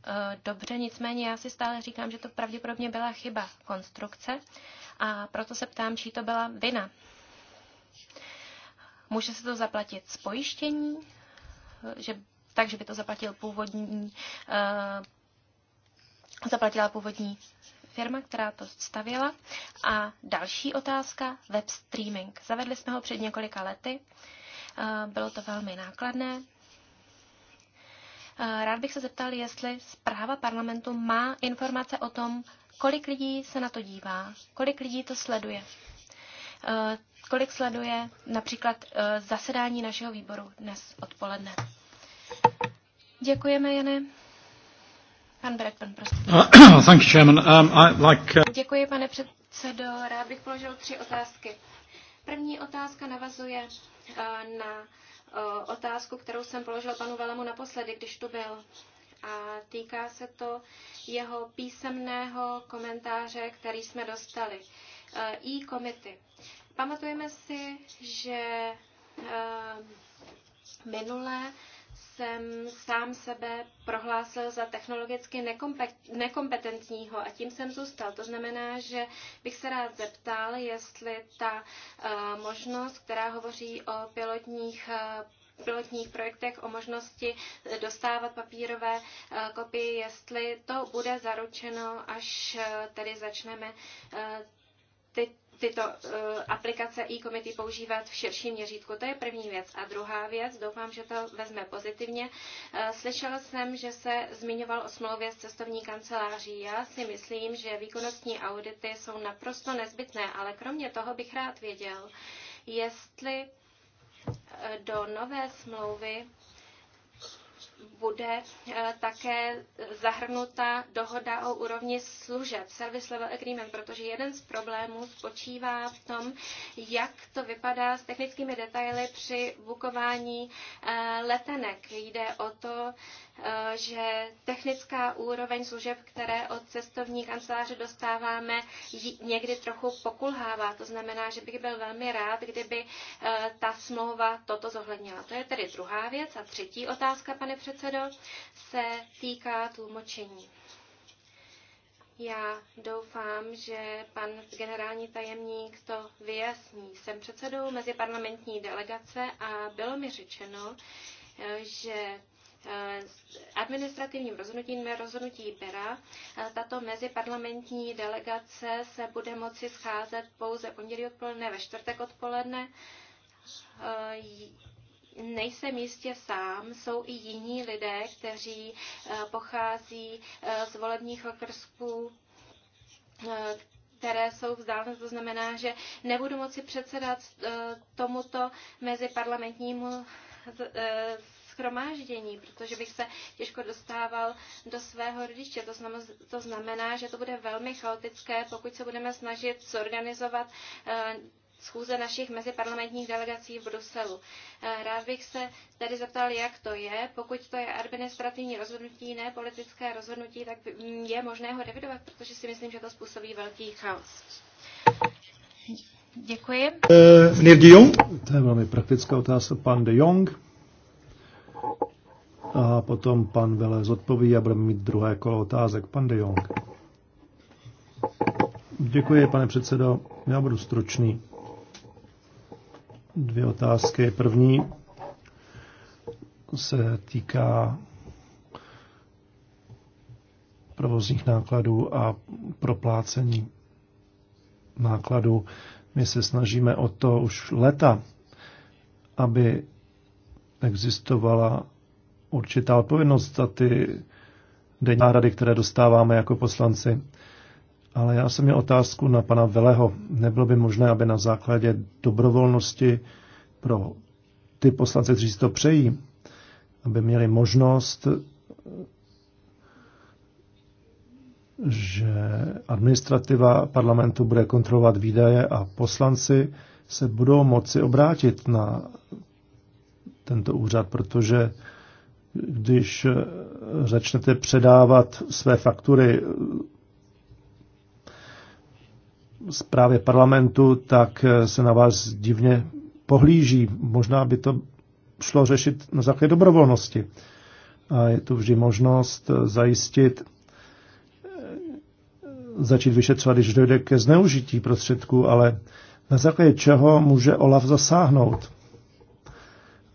eh, dobře. Nicméně já si stále říkám, že to pravděpodobně byla chyba konstrukce a proto se ptám, čí to byla vina. Může se to zaplatit z pojištění, eh, že, takže by to zaplatil původní, zaplatila původní firma, která to stavěla. A další otázka, web streaming. Zavedli jsme ho před několika lety. Eh, bylo to velmi nákladné, eh, Rád bych se zeptal, jestli zpráva parlamentu má informace o tom, kolik lidí se na to dívá, kolik lidí to sleduje, eh, kolik sleduje například zasedání našeho výboru dnes odpoledne. Děkujeme, Jane. Pan prosím. Uh, um, uh, Děkuji, pane předsedo. Rád bych položil tři otázky. První otázka navazuje uh, na uh, otázku, kterou jsem položil panu Velemu naposledy, když tu byl a týká se to jeho písemného komentáře, který jsme dostali. Uh, E-komity. Pamatujeme si, že minule jsem sám sebe prohlásil za technologicky nekompetentního a tím jsem zůstal. To znamená, že bych se rád zeptal, jestli ta eh, možnost, která hovoří o pilotních eh, pilotních projektech o možnosti dostávat papírové eh, kopie, jestli to bude zaručeno, až tedy začneme ty tyto eh, aplikace e-committee používat v širším měřítku. To je první věc. A druhá věc, doufám, že to vezme pozitivně. Eh, slyšela jsem, že se zmiňoval o smlouvě s cestovní kanceláří. Já si myslím, že výkonnostní audity jsou naprosto nezbytné, ale kromě toho bych rád věděl, jestli eh, do nové smlouvy bude eh, také zahrnuta dohoda o úrovni služeb, service level agreement, protože jeden z problémů spočívá v tom, jak to vypadá s technickými detaily při bukování eh, letenek. Jde o to, Eh, že technická úroveň služeb, které od cestovní kanceláře dostáváme, někdy trochu pokulhává. To znamená, že bych byl velmi rád, kdyby eh, ta smlouva toto zohlednila. To je tedy druhá věc. A třetí otázka, pane předsedo, se týká tlumočení. Já doufám, že pan generální tajemník to vyjasní. Jsem předsedou meziparlamentní delegace a bylo mi řečeno, eh, že Eh, administrativním rozhodnutím rozhodnutí Bera. Eh, tato meziparlamentní delegace se bude moci scházet pouze pondělí odpoledne, ve čtvrtek odpoledne eh, nejsem jistě sám, jsou i jiní lidé, kteří pochází z volebních okrsků, které jsou vzdálené, to znamená, že nebudu moci předsedat tomuto meziparlamentnímu schromáždění, protože bych se těžko dostával do svého rodiště. To, znamená, to znamená, že to bude velmi chaotické, pokud se budeme snažit zorganizovat eh, schůze našich meziparlamentních delegací v Bruselu. Eh, rád bych se tady zeptal, jak to je. Pokud to je administrativní rozhodnutí, ne politické rozhodnutí, tak mm, je možné ho revidovat, protože si myslím, že to způsobí velký chaos. Děkuji. Uh, eh, Dion. To je velmi praktická otázka. Pan de Jong. A potom pan Vele zodpoví a budeme mít druhé kolo otázek. Pan De Jong. Děkuji, pane předsedo. Já budu stručný. Dvě otázky. První se týká provozních nákladů a proplácení nákladů. My se snažíme o to už leta, aby existovala určitá odpovědnost za ty denní rady, které dostáváme jako poslanci. Ale já jsem měl otázku na pana Veleho. Nebylo by možné, aby na základě dobrovolnosti pro ty poslance, kteří si to přejí, aby měli možnost, že administrativa parlamentu bude kontrolovat výdaje a poslanci se budou moci obrátit na tento úřad, protože když začnete předávat své faktury zprávě parlamentu, tak se na vás divně pohlíží. Možná by to šlo řešit na základě dobrovolnosti. A je tu vždy možnost zajistit, začít vyšetřovat, když dojde ke zneužití prostředků, ale na základě čeho může OLAF zasáhnout.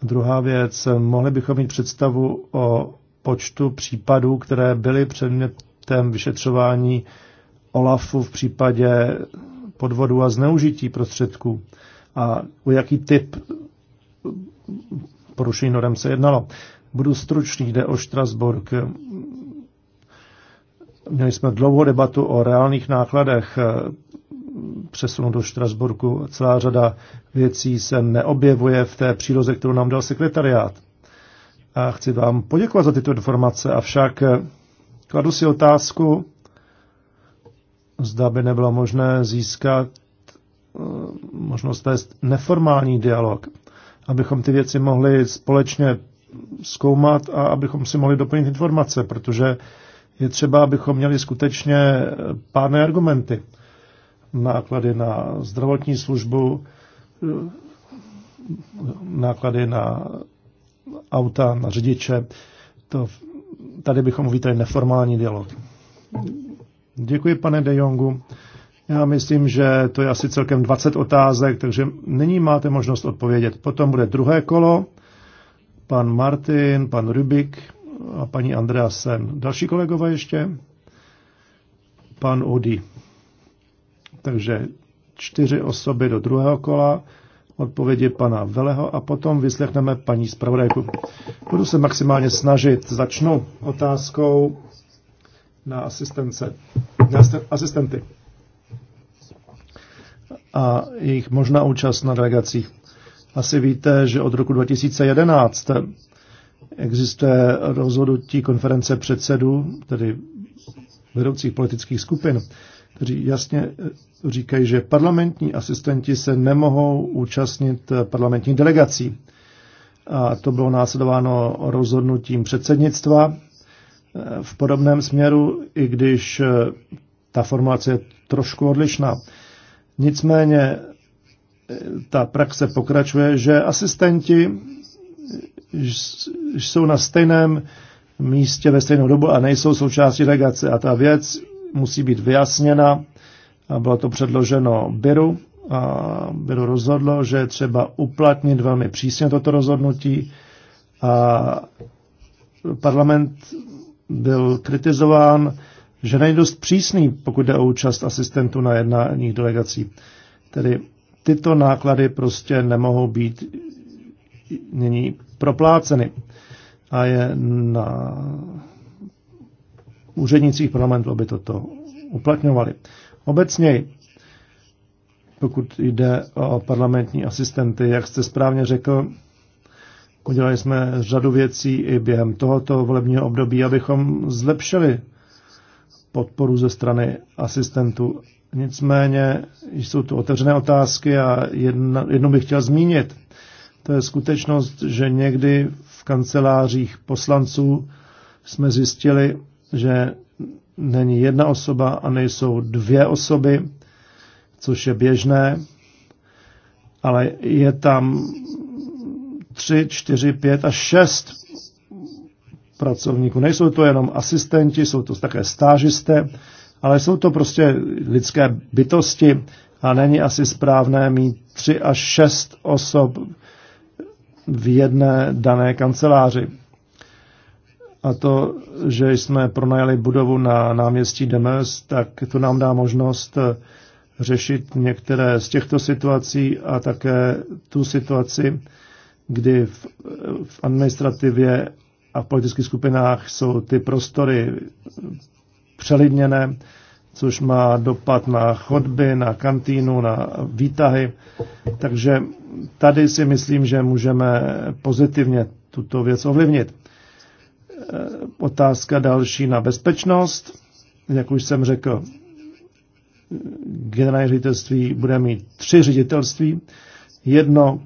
Druhá věc, mohli bychom mít představu o počtu případů, které byly předmětem vyšetřování OLAFu v případě podvodu a zneužití prostředků a o jaký typ porušení norem se jednalo. Budu stručný, jde o Strasburg. Měli jsme dlouhou debatu o reálných nákladech přesunu do Štrasburku. Celá řada věcí se neobjevuje v té příloze, kterou nám dal sekretariát. A chci vám poděkovat za tyto informace, avšak eh, kladu si otázku, zda by nebylo možné získat eh, možnost vést neformální dialog, abychom ty věci mohli společně zkoumat a abychom si mohli doplnit informace, protože je třeba, abychom měli skutečně eh, pádné argumenty náklady na zdravotní službu, náklady na auta, na řidiče. To, tady bychom uvítali neformální dialog. Děkuji, pane De Jongu. Já myslím, že to je asi celkem 20 otázek, takže nyní máte možnost odpovědět. Potom bude druhé kolo. Pan Martin, pan Rybik a paní Andreasen. Další kolegové ještě? Pan Odi. Takže čtyři osoby do druhého kola, odpovědi pana Veleho a potom vyslechneme paní zpravodajku. Budu se maximálně snažit. Začnu otázkou na asistence, na asistenty a jejich možná účast na delegacích. Asi víte, že od roku 2011 existuje rozhodnutí konference předsedů, tedy vedoucích politických skupin, kteří jasně eh, říkají, že parlamentní asistenti se nemohou účastnit eh, parlamentních delegací. A to bylo následováno rozhodnutím předsednictva eh, v podobném směru, i když ta formulace je trošku odlišná. Nicméně ta praxe pokračuje, že asistenti jsou na stejném místě ve stejnou dobu a nejsou součástí delegace. A ta věc musí být vyjasněna. bylo to předloženo Biru a Biru rozhodlo, že je třeba uplatnit velmi přísně toto rozhodnutí a parlament byl kritizován, že není dost přísný, pokud jde o účast asistentů na jednáních delegací. Tedy tyto náklady prostě nemohou být nyní propláceny. A je na úřednicích parlamentu, aby toto uplatňovali. Obecně, pokud jde o parlamentní asistenty, jak jste správně řekl, udělali jsme řadu věcí i během tohoto volebního období, abychom zlepšili podporu ze strany asistentů. Nicméně jsou tu otevřené otázky a jedna, jednu bych chtěl zmínit. To je skutečnost, že někdy v kancelářích poslanců jsme zjistili, že není jedna osoba a nejsou dvě osoby, což je běžné, ale je tam tři, čtyři, pět a šest pracovníků. Nejsou to jenom asistenti, jsou to také stážisté, ale jsou to prostě lidské bytosti a není asi správné mít tři až šest osob v jedné dané kanceláři. A to, že jsme pronajali budovu na náměstí Demes, tak to nám dá možnost eh, řešit některé z těchto situací a také tu situaci, kdy v, eh, v administrativě a v politických skupinách jsou ty prostory přelidněné, což má dopad na chodby, na kantýnu, na výtahy. Takže tady si myslím, že můžeme pozitivně tuto věc ovlivnit otázka další na bezpečnost. Jak už jsem řekl, generální ředitelství bude mít tři ředitelství. Jedno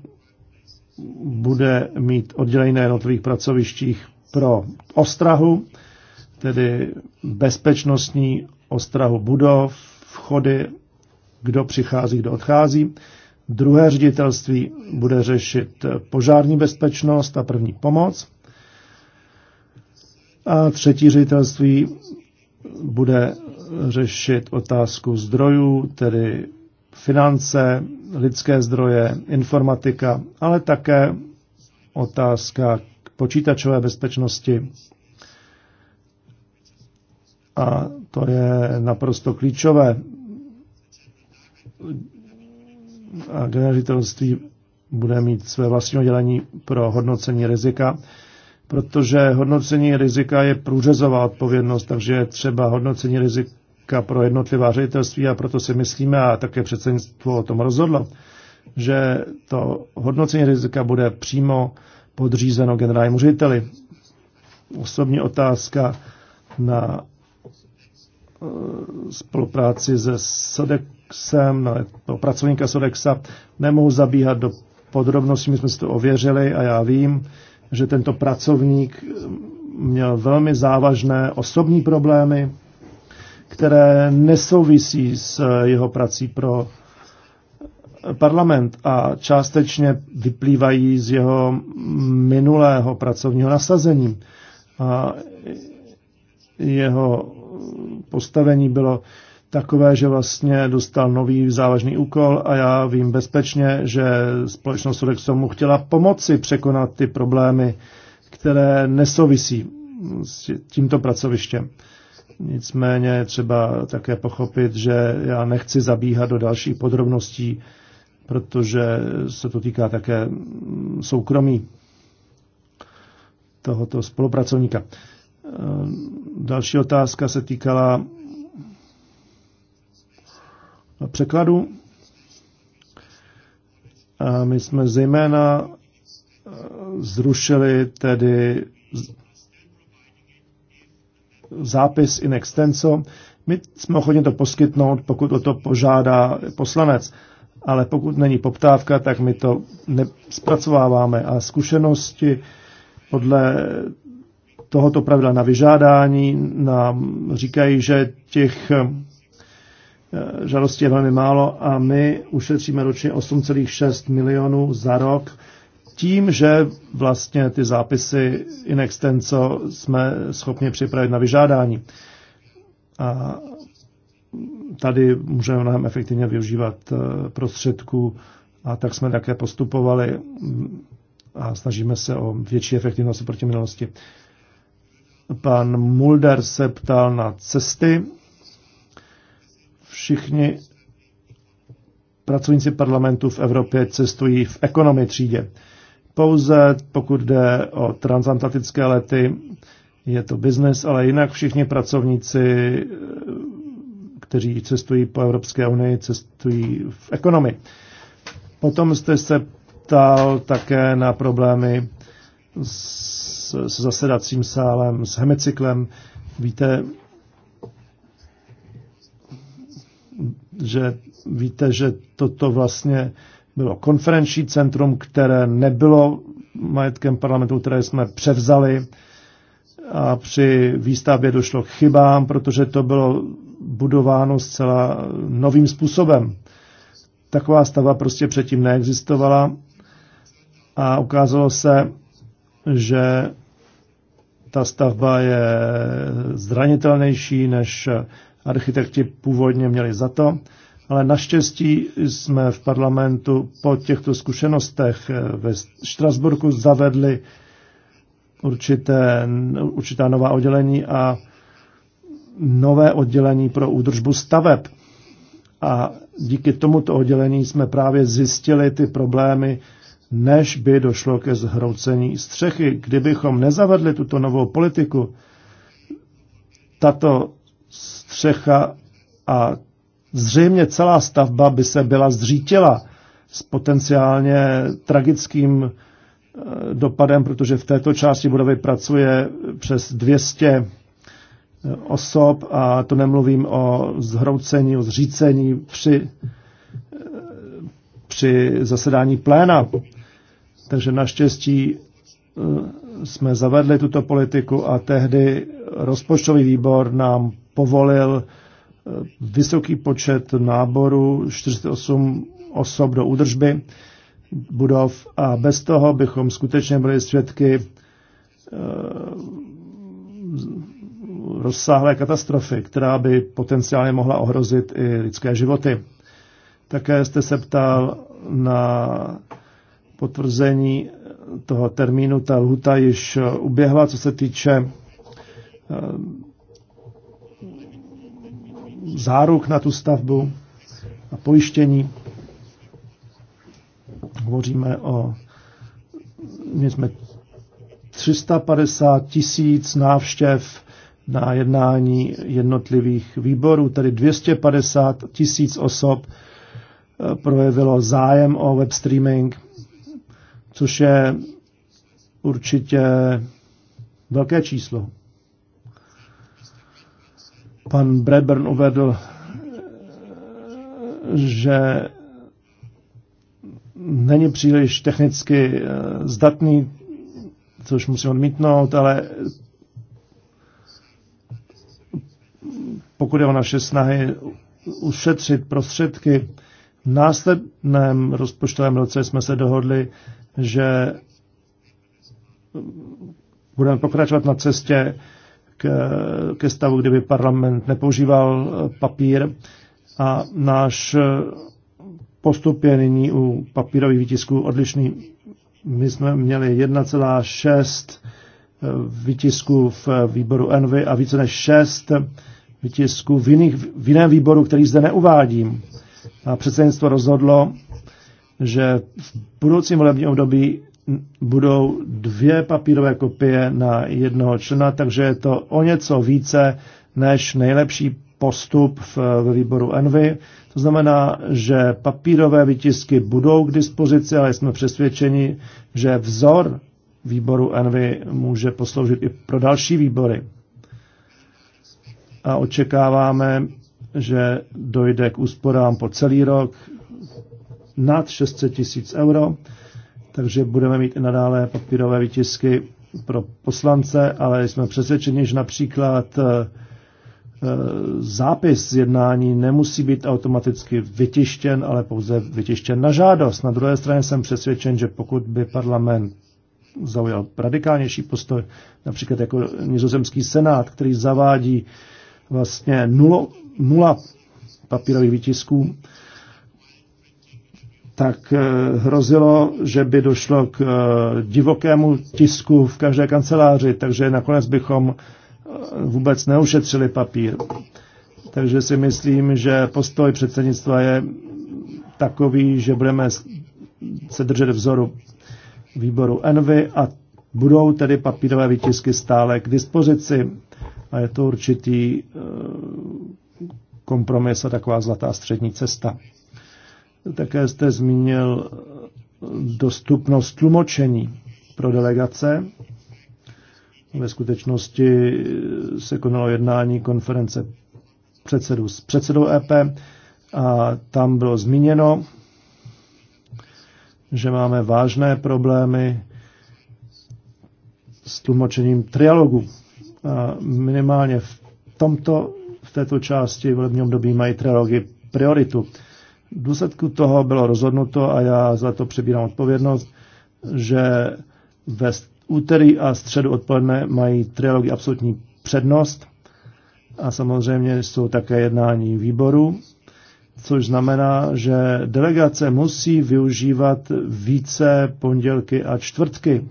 bude mít oddělení na jednotlivých pracovištích pro ostrahu, tedy bezpečnostní ostrahu budov, vchody, kdo přichází, kdo odchází. Druhé ředitelství bude řešit požární bezpečnost a první pomoc. A třetí ředitelství bude řešit otázku zdrojů, tedy finance, lidské zdroje, informatika, ale také otázka k počítačové bezpečnosti. A to je naprosto klíčové. A generitelství bude mít své vlastní oddělení pro hodnocení rizika protože hodnocení rizika je průřezová odpovědnost, takže je třeba hodnocení rizika pro jednotlivá ředitelství a proto si myslíme, a také předsednictvo o tom rozhodlo, že to hodnocení rizika bude přímo podřízeno generálnímu řediteli. Osobní otázka na eh, spolupráci se Sodexem, na to pracovníka Sodexa. Nemohu zabíhat do podrobností, my jsme si to ověřili a já vím, že tento pracovník měl velmi závažné osobní problémy, které nesouvisí s jeho prací pro parlament a částečně vyplývají z jeho minulého pracovního nasazení. A jeho postavení bylo takové, že vlastně dostal nový závažný úkol a já vím bezpečně, že společnost Sodexo mu chtěla pomoci překonat ty problémy, které nesouvisí s tímto pracovištěm. Nicméně třeba také pochopit, že já nechci zabíhat do dalších podrobností, protože se to týká také soukromí tohoto spolupracovníka. Další otázka se týkala překladu. A my jsme zejména e, zrušili tedy zápis in extenso. My jsme ochotni to poskytnout, pokud o to požádá poslanec, ale pokud není poptávka, tak my to zpracováváme. A zkušenosti podle tohoto pravidla na vyžádání nám říkají, že těch Eh, žádostí je velmi málo a my ušetříme ročně 8,6 milionů za rok tím, že vlastně ty zápisy in extenso jsme schopni připravit na vyžádání. A tady můžeme nám efektivně využívat eh, prostředků a tak jsme také postupovali a snažíme se o větší efektivnost proti minulosti. Pan Mulder se ptal na cesty všichni pracovníci parlamentu v Evropě cestují v ekonomi třídě. Pouze pokud jde o transatlantické lety, je to biznes, ale jinak všichni pracovníci, kteří cestují po Evropské unii, cestují v ekonomii. Potom jste se ptal také na problémy s, s zasedacím sálem, s hemicyklem. Víte, že víte, že toto vlastně bylo konferenční centrum, které nebylo majetkem parlamentu, které jsme převzali a při výstavbě došlo k chybám, protože to bylo budováno zcela novým způsobem. Taková stava prostě předtím neexistovala a ukázalo se, že ta stavba je zranitelnější než architekti původně měli za to, ale naštěstí jsme v parlamentu po těchto zkušenostech eh, ve Štrasburku zavedli určité, určitá nová oddělení a nové oddělení pro údržbu staveb. A díky tomuto oddělení jsme právě zjistili ty problémy, než by došlo ke zhroucení střechy. Kdybychom nezavedli tuto novou politiku, tato střecha a zřejmě celá stavba by se byla zřítila s potenciálně tragickým eh, dopadem, protože v této části budovy pracuje přes 200 eh, osob a to nemluvím o zhroucení, o zřícení při, eh, při zasedání pléna. Takže naštěstí jsme zavedli tuto politiku a tehdy rozpočtový výbor nám povolil eh, vysoký počet náborů, 48 osob do údržby budov a bez toho bychom skutečně byli svědky eh, rozsáhlé katastrofy, která by potenciálně mohla ohrozit i lidské životy. Také jste se ptal na potvrzení toho termínu, ta lhuta již uběhla, co se týče Eh, záruk na tu stavbu a pojištění. Hovoříme o měli jsme 350 tisíc návštěv na jednání jednotlivých výborů, tedy 250 tisíc osob eh, projevilo zájem o web streaming, což je určitě velké číslo. Pan Brebern uvedl, že není příliš technicky eh, zdatný, což musím odmítnout, ale pokud je o naše snahy ušetřit prostředky, v následném rozpočtovém roce jsme se dohodli, že budeme pokračovat na cestě k, ke stavu, kdyby parlament nepoužíval eh, papír a náš eh, postup je nyní u papírových výtisků odlišný. My jsme měli 1,6 eh, výtisků v výboru Envy a více než 6 výtisků v, jiných, v jiném výboru, který zde neuvádím. A předsednictvo rozhodlo, že v budoucím volebním období budou dvě papírové kopie na jednoho člena, takže je to o něco více než nejlepší postup ve výboru Envy. To znamená, že papírové vytisky budou k dispozici, ale jsme přesvědčeni, že vzor výboru Envy může posloužit i pro další výbory. A očekáváme, že dojde k úsporám po celý rok nad 600 tisíc euro takže budeme mít i nadále papírové výtisky pro poslance, ale jsme přesvědčeni, že například eh, eh, zápis jednání nemusí být automaticky vytištěn, ale pouze vytištěn na žádost. Na druhé straně jsem přesvědčen, že pokud by parlament zaujal radikálnější postoj, například jako nizozemský senát, který zavádí vlastně nulo, nula papírových výtisků, tak eh, hrozilo, že by došlo k eh, divokému tisku v každé kanceláři, takže nakonec bychom eh, vůbec neušetřili papír. Takže si myslím, že postoj předsednictva je takový, že budeme se držet vzoru výboru Envy a budou tedy papírové výtisky stále k dispozici a je to určitý kompromis a taková zlatá střední cesta. Také jste zmínil dostupnost tlumočení pro delegace. Ve skutečnosti se konalo jednání konference předsedů s předsedou EP a tam bylo zmíněno, že máme vážné problémy s tlumočením trialogu. A minimálně v tomto, v této části volebního období mají trialogy prioritu. V důsledku toho bylo rozhodnuto, a já za to přebírám odpovědnost, že ve úterý a středu odpoledne mají trilogy absolutní přednost a samozřejmě jsou také jednání výboru, což znamená, že delegace musí využívat více pondělky a čtvrtky.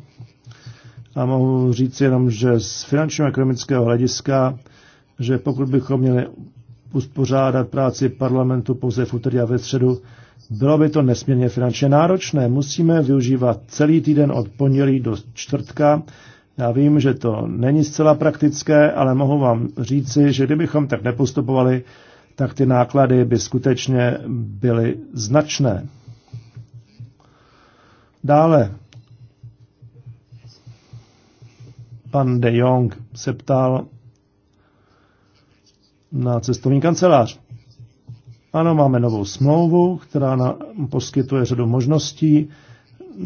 A mohu říct jenom, že z finančního a ekonomického hlediska, že pokud bychom měli uspořádat práci parlamentu pouze v úterý a ve středu. Bylo by to nesmírně finančně náročné. Musíme využívat celý týden od pondělí do čtvrtka. Já vím, že to není zcela praktické, ale mohu vám říci, že kdybychom tak nepostupovali, tak ty náklady by skutečně byly značné. Dále pan De Jong se ptal na cestovní kancelář. Ano, máme novou smlouvu, která nám poskytuje řadu možností.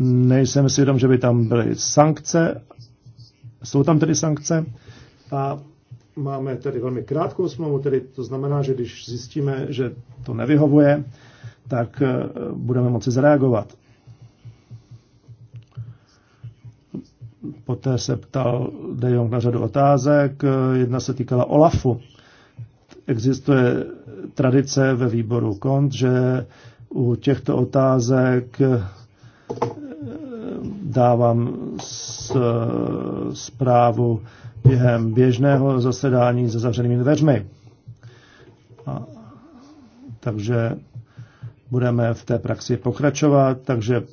Nejsem si vědom, že by tam byly sankce. Jsou tam tedy sankce. A máme tedy velmi krátkou smlouvu, tedy to znamená, že když zjistíme, že to nevyhovuje, tak eh, budeme moci zareagovat. Poté se ptal Dejong na řadu otázek. Jedna se týkala Olafu. Existuje tradice ve výboru KONT, že u těchto otázek eh, dávám s, eh, zprávu během běžného zasedání se zavřenými dveřmi. A, takže budeme v té praxi pokračovat, takže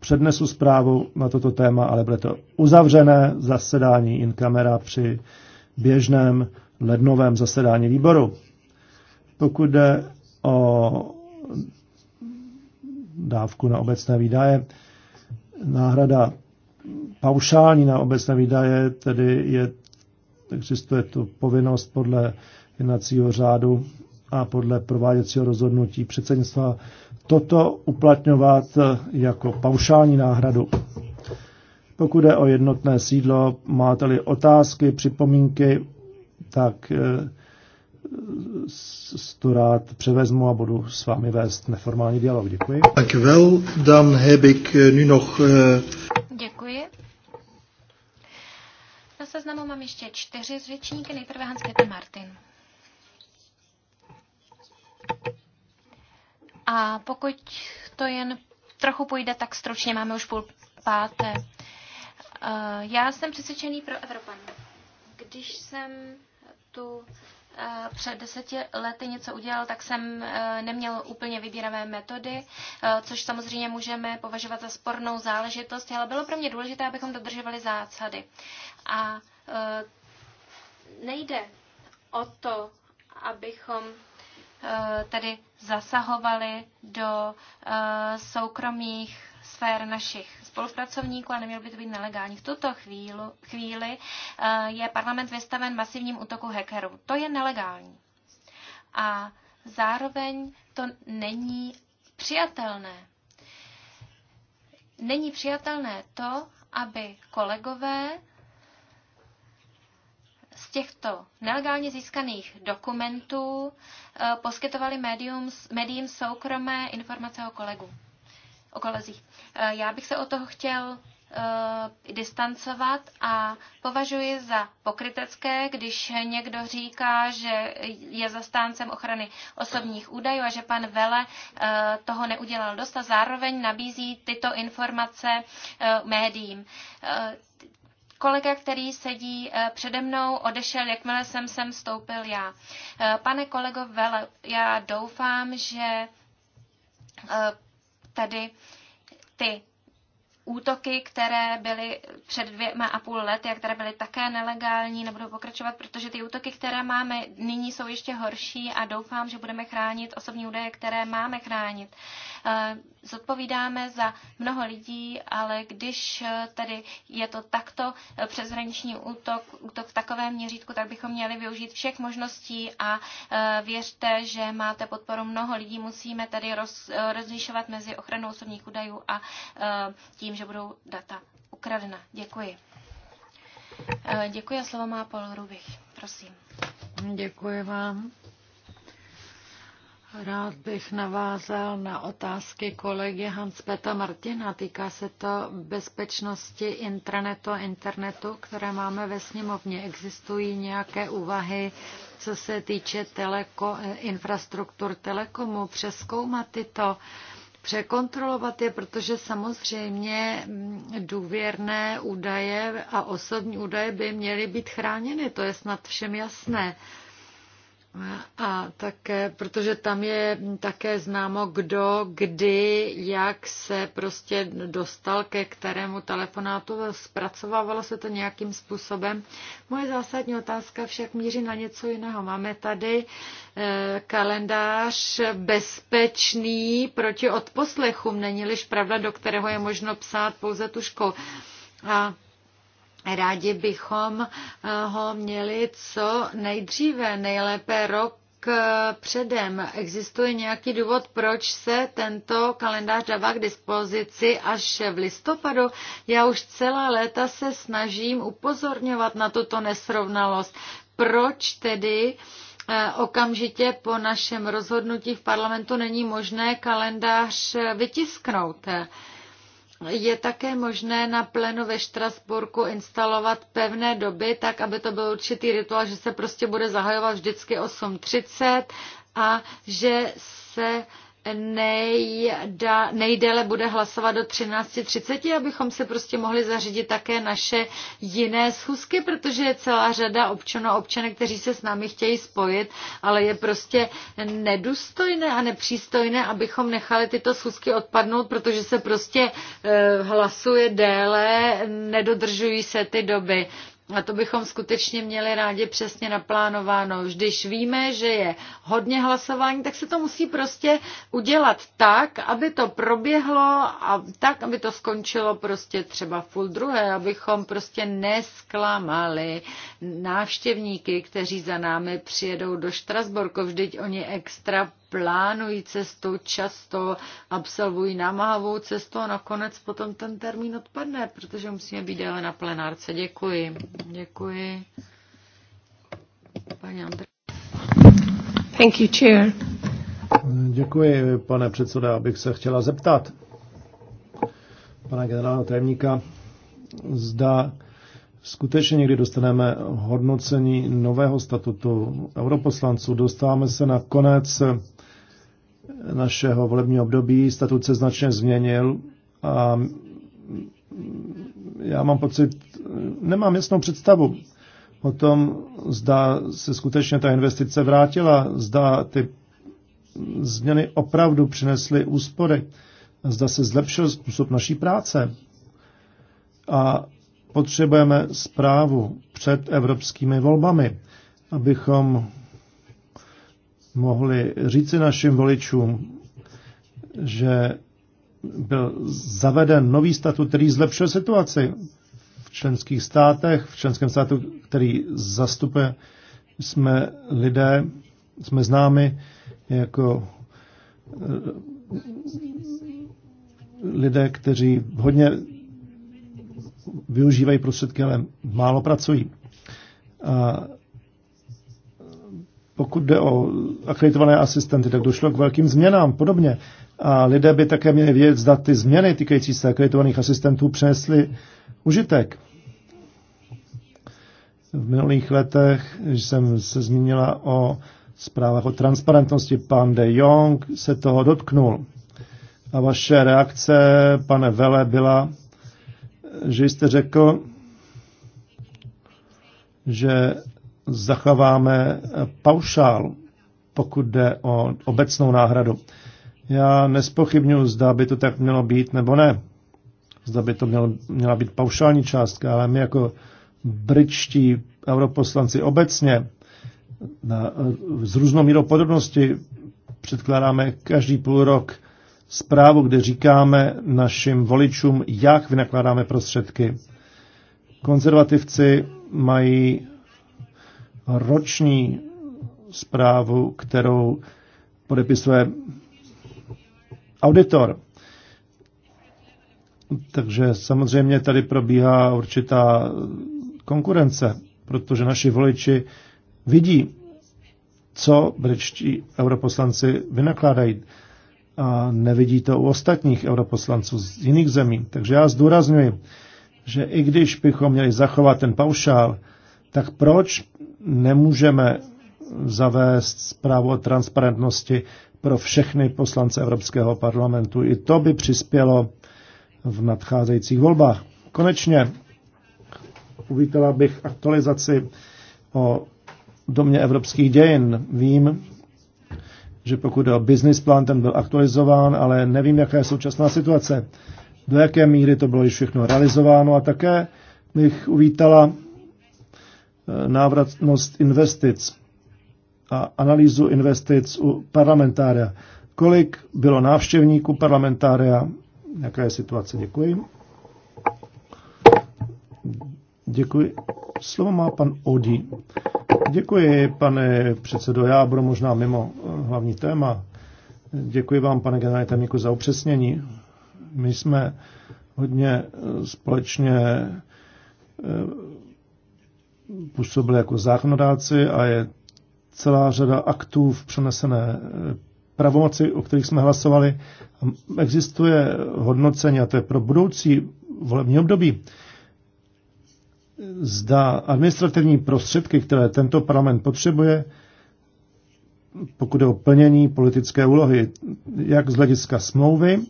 přednesu zprávu na toto téma, ale bude to uzavřené zasedání in camera při běžném lednovém zasedání výboru. Pokud jde o dávku na obecné výdaje, náhrada paušální na obecné výdaje, tedy je, existuje tu povinnost podle jednacího řádu a podle prováděcího rozhodnutí předsednictva toto uplatňovat jako paušální náhradu. Pokud je o jednotné sídlo, máte-li otázky, připomínky, tak eh, to rád převezmu a budu s vámi vést neformální dialog. Děkuji. vel, Dan heb ik eh, nu noch... Eh, Děkuji. Na seznamu mám ještě čtyři řečníky. Nejprve Hans Peter Martin. A pokud to jen trochu půjde, tak stručně máme už půl páté. Já jsem přesvědčený pro Evropan. Když jsem tu eh, před deseti lety něco udělal, tak jsem eh, neměl úplně vybíravé metody, eh, což samozřejmě můžeme považovat za spornou záležitost, ale bylo pro mě důležité, abychom dodržovali zásady. A nejde o to, abychom tady zasahovali do soukromých sfér našich spolupracovníků a nemělo by to být nelegální. V tuto chvíli, chvíli eh, je parlament vystaven masivním útoku hackerů. To je nelegální. A zároveň to není přijatelné. Není přijatelné to, aby kolegové z těchto nelegálně získaných dokumentů eh, poskytovali médium, soukromé informace o kolegu o kolezích. Eh, já bych se o toho chtěl eh, distancovat a považuji za pokrytecké, když někdo říká, že je zastáncem ochrany osobních údajů a že pan Vele eh, toho neudělal dost a zároveň nabízí tyto informace médiím. Kolega, který sedí přede mnou, odešel, jakmile jsem sem vstoupil já. Pane kolego Vele, já doufám, že tady ty útoky, které byly před dvěma a půl lety a které byly také nelegální, nebudou pokračovat, protože ty útoky, které máme nyní, jsou ještě horší a doufám, že budeme chránit osobní údaje, které máme chránit. Eh, zodpovídáme za mnoho lidí, ale když eh, tedy je to takto eh, přeshraniční útok, útok v takovém měřítku, tak bychom měli využít všech možností a věřte, že máte podporu mnoho lidí. Musíme tady roz, rozlišovat mezi ochranou osobních údajů a tím, že budou data ukradena. Děkuji. E, děkuji a slovo má Paul Rubich. Prosím. Děkuji vám. Rád bych navázal na otázky kolegy Hans-Peta Martina. Týká se to bezpečnosti intranetu a internetu, které máme ve sněmovně. Existují nějaké úvahy, co se týče teleko, e, infrastruktur telekomu, přeskoumat tyto uh, překontrolovat je, protože samozřejmě mm, důvěrné údaje a osobní údaje by měly být chráněny, to je snad všem jasné. A také, protože tam je také známo, kdo, kdy, jak se prostě dostal ke kterému telefonátu, zpracovávalo se to nějakým způsobem. Moje zásadní otázka však míří na něco jiného. Máme tady eh, kalendář bezpečný proti odposlechům, není-liž pravda, do kterého je možno psát pouze tuškou. A rádi bychom eh, ho měli co nejdříve, nejlépe rok k eh, předem. Existuje nějaký důvod, proč se tento kalendář dává k dispozici až v listopadu? Já už celá léta se snažím upozorňovat na tuto nesrovnalost. Proč tedy eh, okamžitě po našem rozhodnutí v parlamentu není možné kalendář vytisknout? je také možné na plénu ve Štrasburku instalovat pevné doby, tak aby to byl určitý rituál, že se prostě bude zahajovat vždycky 8.30 a že se nejda, nejdéle bude hlasovat do 13.30, abychom se prostě mohli zařídit také naše jiné schůzky, protože je celá řada občanů a občanek, kteří se s námi chtějí spojit, ale je prostě nedůstojné a nepřístojné, abychom nechali tyto schůzky odpadnout, protože se prostě eh, hlasuje déle, nedodržují se ty doby a to bychom skutečně měli rádi přesně naplánováno. Když víme, že je hodně hlasování, tak se to musí prostě udělat tak, aby to proběhlo a tak, aby to skončilo prostě třeba v půl druhé, abychom prostě nesklamali návštěvníky, kteří za námi přijedou do Štrasborku. Vždyť oni extra plánují cestu, často absolvují namahavou cestu a nakonec potom ten termín odpadne, protože musíme být déle na plenárce. Děkuji. Děkuji. Paní Andrej. Thank you, chair. Děkuji, pane předsedo, Abych se chtěla zeptat pana generálního tajemníka, zda skutečně někdy dostaneme hodnocení nového statutu europoslanců. Dostáváme se na konec našeho volebního období statut se značně změnil a já mám pocit, nemám jasnou představu o tom, zda se skutečně ta investice vrátila, zda ty změny opravdu přinesly úspory, zda se zlepšil způsob naší práce. A potřebujeme zprávu před evropskými volbami, abychom mohli říci našim voličům, že byl zaveden nový statut, který zlepšil situaci v členských státech, v členském státu, který zastupuje, jsme lidé, jsme známi jako eh, lidé, kteří hodně využívají prostředky, ale málo pracují. A pokud jde o akreditované asistenty, tak došlo k velkým změnám podobně. A lidé by také měli vědět, zda ty změny týkající se akreditovaných asistentů přinesly užitek. V minulých letech jsem se zmínila o zprávách o transparentnosti. Pan de Jong se toho dotknul. A vaše reakce, pane Vele, byla, že jste řekl, že zachováme eh, paušál, pokud jde o obecnou náhradu. Já nespochybnuju, zda by to tak mělo být nebo ne. Zda by to mělo, měla být paušální částka, ale my jako britští europoslanci obecně na, eh, z různou mírou podrobnosti předkládáme každý půl rok zprávu, kde říkáme našim voličům, jak vynakládáme prostředky. Konzervativci mají roční zprávu, kterou podepisuje auditor. Takže samozřejmě tady probíhá určitá konkurence, protože naši voliči vidí, co britští europoslanci vynakládají a nevidí to u ostatních europoslanců z jiných zemí. Takže já zdůraznuju, že i když bychom měli zachovat ten paušál, tak proč nemůžeme zavést zprávu o transparentnosti pro všechny poslance Evropského parlamentu. I to by přispělo v nadcházejících volbách. Konečně uvítala bych aktualizaci o domě evropských dějin. Vím, že pokud o business plan ten byl aktualizován, ale nevím, jaká je současná situace, do jaké míry to bylo již všechno realizováno a také bych uvítala návratnost investic a analýzu investic u parlamentária. Kolik bylo návštěvníků parlamentária? Jaká je situace? Děkuji. Děkuji. Slovo má pan Odi. Děkuji, pane předsedo. Já budu možná mimo eh, hlavní téma. Děkuji vám, pane generální tajemníku, za upřesnění. My jsme hodně eh, společně eh, působili jako zákonodáci a je celá řada aktů v přenesené eh, pravomoci, o kterých jsme hlasovali. Existuje hodnocení, a to je pro budoucí volební období, zda administrativní prostředky, které tento parlament potřebuje, pokud je o plnění politické úlohy, jak z hlediska smlouvy,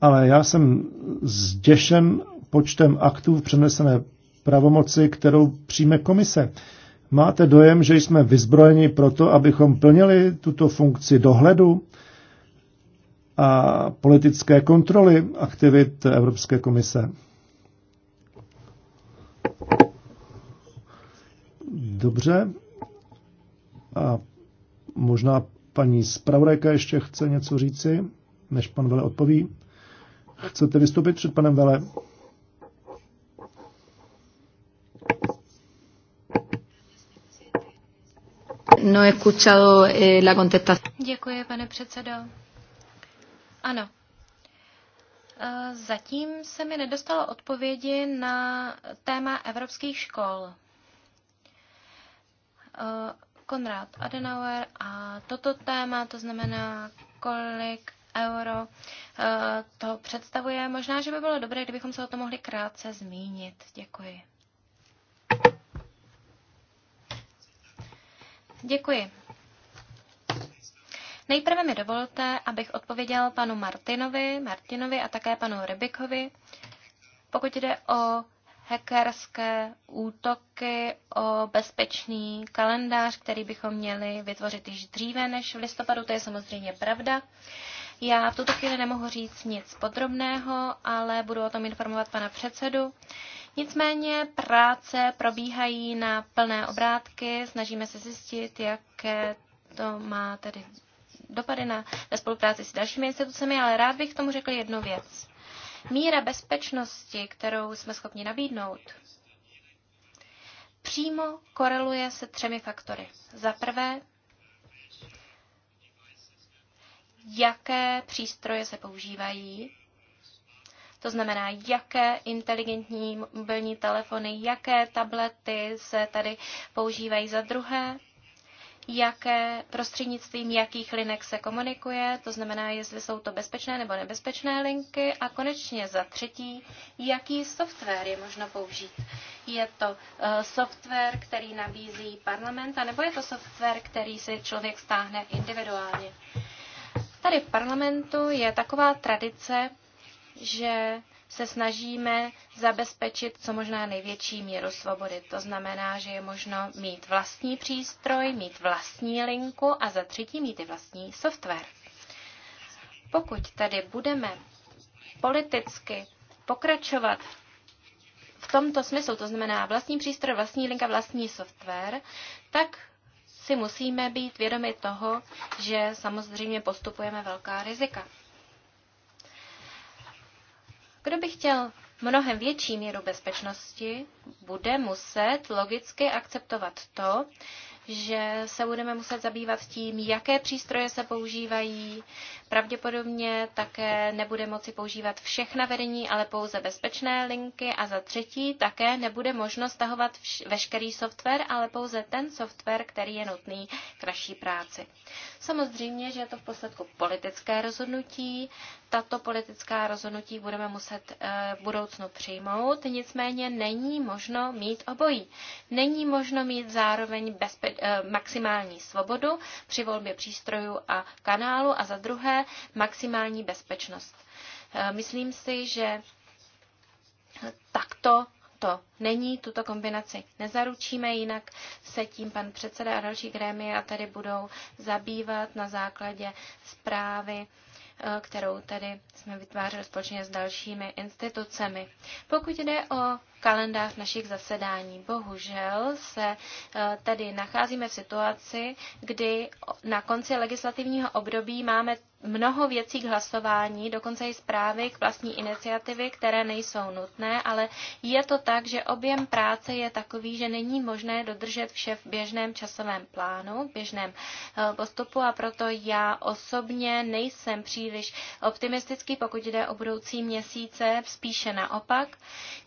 ale já jsem zděšen počtem aktů v přenesené pravomoci, kterou přijme komise. Máte dojem, že jsme vyzbrojeni proto, abychom plnili tuto funkci dohledu a politické kontroly aktivit Evropské komise? Dobře. A možná paní zpravodajka ještě chce něco říci, než pan Vele odpoví. Chcete vystoupit před panem Vele? no he escuchado eh, la contestación. Děkuji, pane předsedo. Ano. Eh, zatím se mi nedostalo odpovědi na téma evropských škol. Eh, Konrad Adenauer a toto téma, to znamená, kolik euro eh, to představuje. Možná, že by bylo dobré, kdybychom se o to mohli krátce zmínit. Děkuji. Děkuji. Nejprve mi dovolte, abych odpověděl panu Martinovi, Martinovi a také panu Rybikovi, pokud jde o hackerské útoky, o bezpečný kalendář, který bychom měli vytvořit již dříve než v listopadu, to je samozřejmě pravda. Já v tuto chvíli nemohu říct nic podrobného, ale budu o tom informovat pana předsedu. Nicméně práce probíhají na plné obrátky, snažíme se zjistit, jaké to má tedy dopady na, na spolupráci s dalšími institucemi, ale rád bych k tomu řekl jednu věc. Míra bezpečnosti, kterou jsme schopni nabídnout, přímo koreluje se třemi faktory. Za prvé, jaké přístroje se používají, to znamená, jaké inteligentní mobilní telefony, jaké tablety se tady používají za druhé, jaké prostřednictvím jakých linek se komunikuje, to znamená, jestli jsou to bezpečné nebo nebezpečné linky a konečně za třetí, jaký software je možno použít. Je to eh, software, který nabízí parlament, nebo je to software, který si člověk stáhne individuálně. Tady v parlamentu je taková tradice že se snažíme zabezpečit co možná největší míru svobody. To znamená, že je možno mít vlastní přístroj, mít vlastní linku a za třetí mít i vlastní software. Pokud tady budeme politicky pokračovat v tomto smyslu, to znamená vlastní přístroj, vlastní linka, vlastní software, tak si musíme být vědomi toho, že samozřejmě postupujeme velká rizika. Kdo by chtěl mnohem větší míru bezpečnosti, bude muset logicky akceptovat to, že se budeme muset zabývat tím, jaké přístroje se používají. Pravděpodobně také nebude moci používat všechna vedení, ale pouze bezpečné linky. A za třetí také nebude možno stahovat veškerý software, ale pouze ten software, který je nutný k naší práci. Samozřejmě, že je to v posledku politické rozhodnutí tato politická rozhodnutí budeme muset eh, v budoucnu přijmout, nicméně není možno mít obojí. Není možno mít zároveň bezpe- eh, maximální svobodu při volbě přístrojů a kanálu a za druhé maximální bezpečnost. Eh, myslím si, že takto to není, tuto kombinaci nezaručíme, jinak se tím pan předseda a další grémia tady budou zabývat na základě zprávy Eh, kterou tady jsme vytvářeli společně s dalšími institucemi. Pokud jde o kalendář našich zasedání. Bohužel se eh, tedy nacházíme v situaci, kdy na konci legislativního období máme mnoho věcí k hlasování, dokonce i zprávy k vlastní iniciativy, které nejsou nutné, ale je to tak, že objem práce je takový, že není možné dodržet vše v běžném časovém plánu, v běžném eh, postupu a proto já osobně nejsem příliš optimistický, pokud jde o budoucí měsíce, spíše naopak.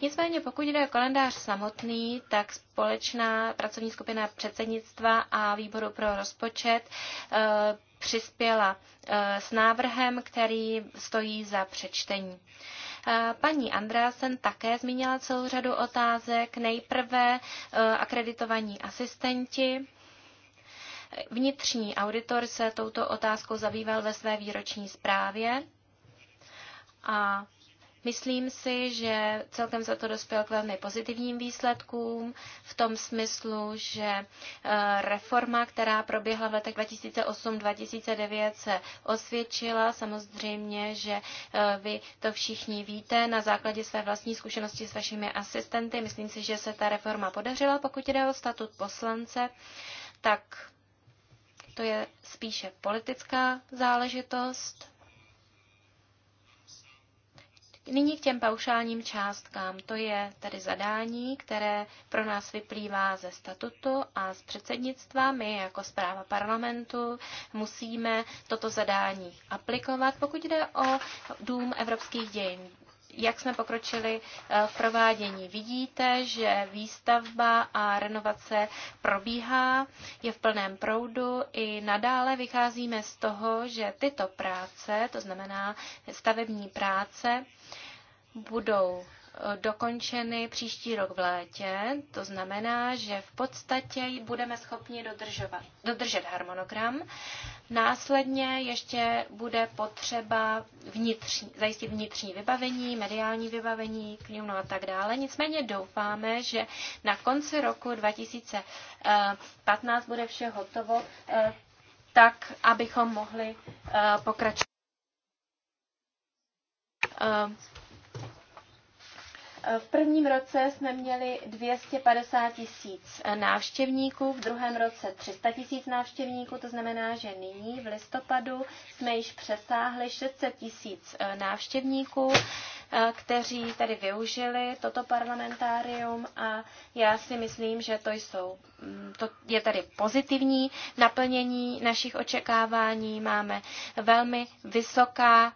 Nicméně pokud pokud jde o kalendář samotný, tak společná pracovní skupina předsednictva a výboru pro rozpočet eh, přispěla eh, s návrhem, který stojí za přečtení. Eh, paní Andrásen také zmínila celou řadu otázek. Nejprve akreditovaní asistenti. Vnitřní auditor se touto otázkou zabýval ve své výroční zprávě a Myslím si, že celkem za to dospěl k velmi pozitivním výsledkům v tom smyslu, že eh, reforma, která proběhla v letech 2008-2009, se osvědčila. Samozřejmě, že eh, vy to všichni víte na základě své vlastní zkušenosti s vašimi asistenty. Myslím si, že se ta reforma podařila, pokud jde o statut poslance, tak to je spíše politická záležitost Nyní k těm paušálním částkám. To je tedy zadání, které pro nás vyplývá ze statutu a z předsednictva. My jako zpráva parlamentu musíme toto zadání aplikovat, pokud jde o Dům evropských dějin jak jsme pokročili eh, v provádění. Vidíte, že výstavba a renovace probíhá, je v plném proudu. I nadále vycházíme z toho, že tyto práce, to znamená stavební práce, budou dokončeny příští rok v létě. To znamená, že v podstatě budeme schopni dodržovat, dodržet harmonogram. Následně ještě bude potřeba vnitřní, zajistit vnitřní vybavení, mediální vybavení, knihovnu a tak dále. Nicméně doufáme, že na konci roku 2015 eh, bude vše hotovo eh, tak, abychom mohli eh, pokračovat v prvním roce jsme měli 250 tisíc návštěvníků, v druhém roce 300 tisíc návštěvníků, to znamená, že nyní v listopadu jsme již přesáhli 600 tisíc návštěvníků, kteří tady využili toto parlamentárium a já si myslím, že to, jsou, mm, to je tady pozitivní naplnění našich očekávání. Máme velmi vysoká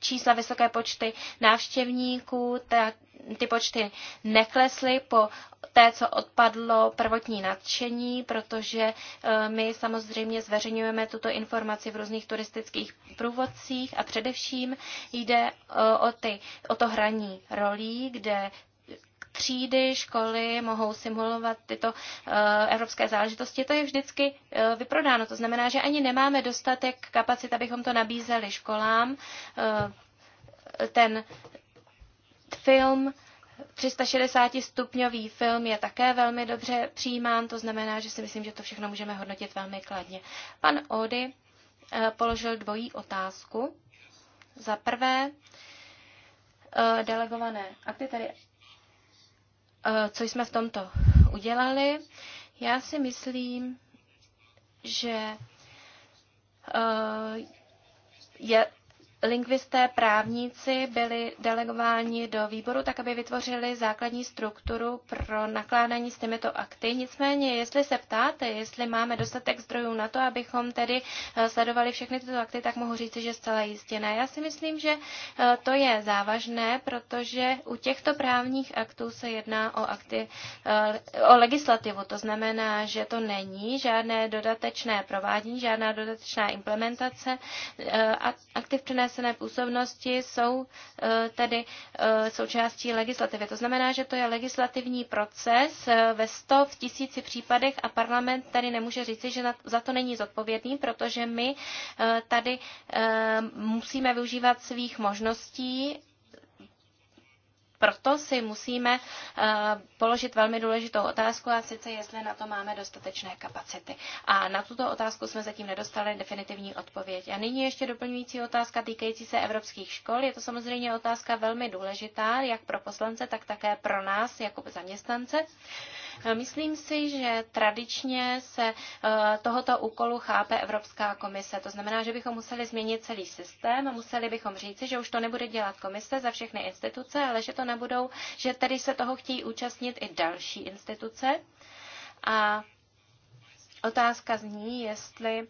čísla, vysoké počty návštěvníků, tak ty počty neklesly po té, co odpadlo prvotní nadšení, protože e, my samozřejmě zveřejňujeme tuto informaci v různých turistických průvodcích a především jde e, o, ty, o to hraní rolí, kde třídy, školy mohou simulovat tyto uh, evropské záležitosti. To je vždycky uh, vyprodáno. To znamená, že ani nemáme dostatek kapacit, abychom to nabízeli školám. Uh, ten film, 360-stupňový film je také velmi dobře přijímán, to znamená, že si myslím, že to všechno můžeme hodnotit velmi kladně. Pan Ody eh, položil dvojí otázku. Za prvé, eh, delegované akty, tady, eh, co jsme v tomto udělali. Já si myslím, že je lingvisté, právníci byli delegováni do výboru tak, aby vytvořili základní strukturu pro nakládání s těmito akty. Nicméně, jestli se ptáte, jestli máme dostatek zdrojů na to, abychom tedy eh, sledovali všechny tyto akty, tak mohu říci, že zcela jistě ne. Já si myslím, že eh, to je závažné, protože u těchto právních aktů se jedná o, akty, eh, o legislativu. To znamená, že to není žádné dodatečné provádění, žádná dodatečná implementace. Akty v přenesené působnosti jsou eh, tedy eh, součástí legislativy. To znamená, že to je legislativní proces eh, ve 100 v tisíci případech a parlament tady nemůže říci, že za to není zodpovědný, protože my tady musíme využívat svých možností proto si musíme eh, položit velmi důležitou otázku a sice jestli na to máme dostatečné kapacity. A na tuto otázku jsme zatím nedostali definitivní odpověď. A nyní ještě doplňující otázka týkající se evropských škol. Je to samozřejmě otázka velmi důležitá, jak pro poslance, tak také pro nás jako zaměstnance. Eh, myslím si, že tradičně se eh, tohoto úkolu chápe Evropská komise. To znamená, že bychom museli změnit celý systém a museli bychom říci, že už to nebude dělat komise za všechny instituce, ale že to nebudou, že tedy se toho chtějí účastnit i další instituce. A otázka zní, jestli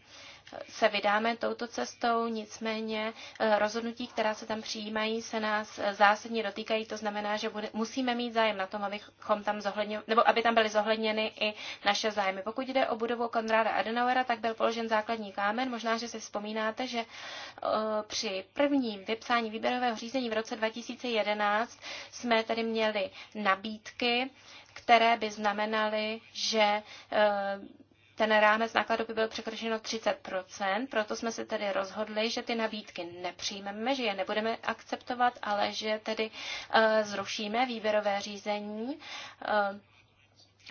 se vydáme touto cestou, nicméně eh, rozhodnutí, která se tam přijímají, se nás eh, zásadně dotýkají. To znamená, že bude, musíme mít zájem na tom, abychom tam nebo aby tam byly zohledněny i naše zájmy. Pokud jde o budovu Konráda Adenauera, tak byl položen základní kámen. Možná, že si vzpomínáte, že eh, při prvním vypsání výběrového řízení v roce 2011 jsme tedy měli nabídky, které by znamenaly, že ten rámec nákladů by byl překročeno 30%, proto jsme se tedy rozhodli, že ty nabídky nepřijmeme, že je nebudeme akceptovat, ale že tedy eh, zrušíme výběrové řízení. Eh,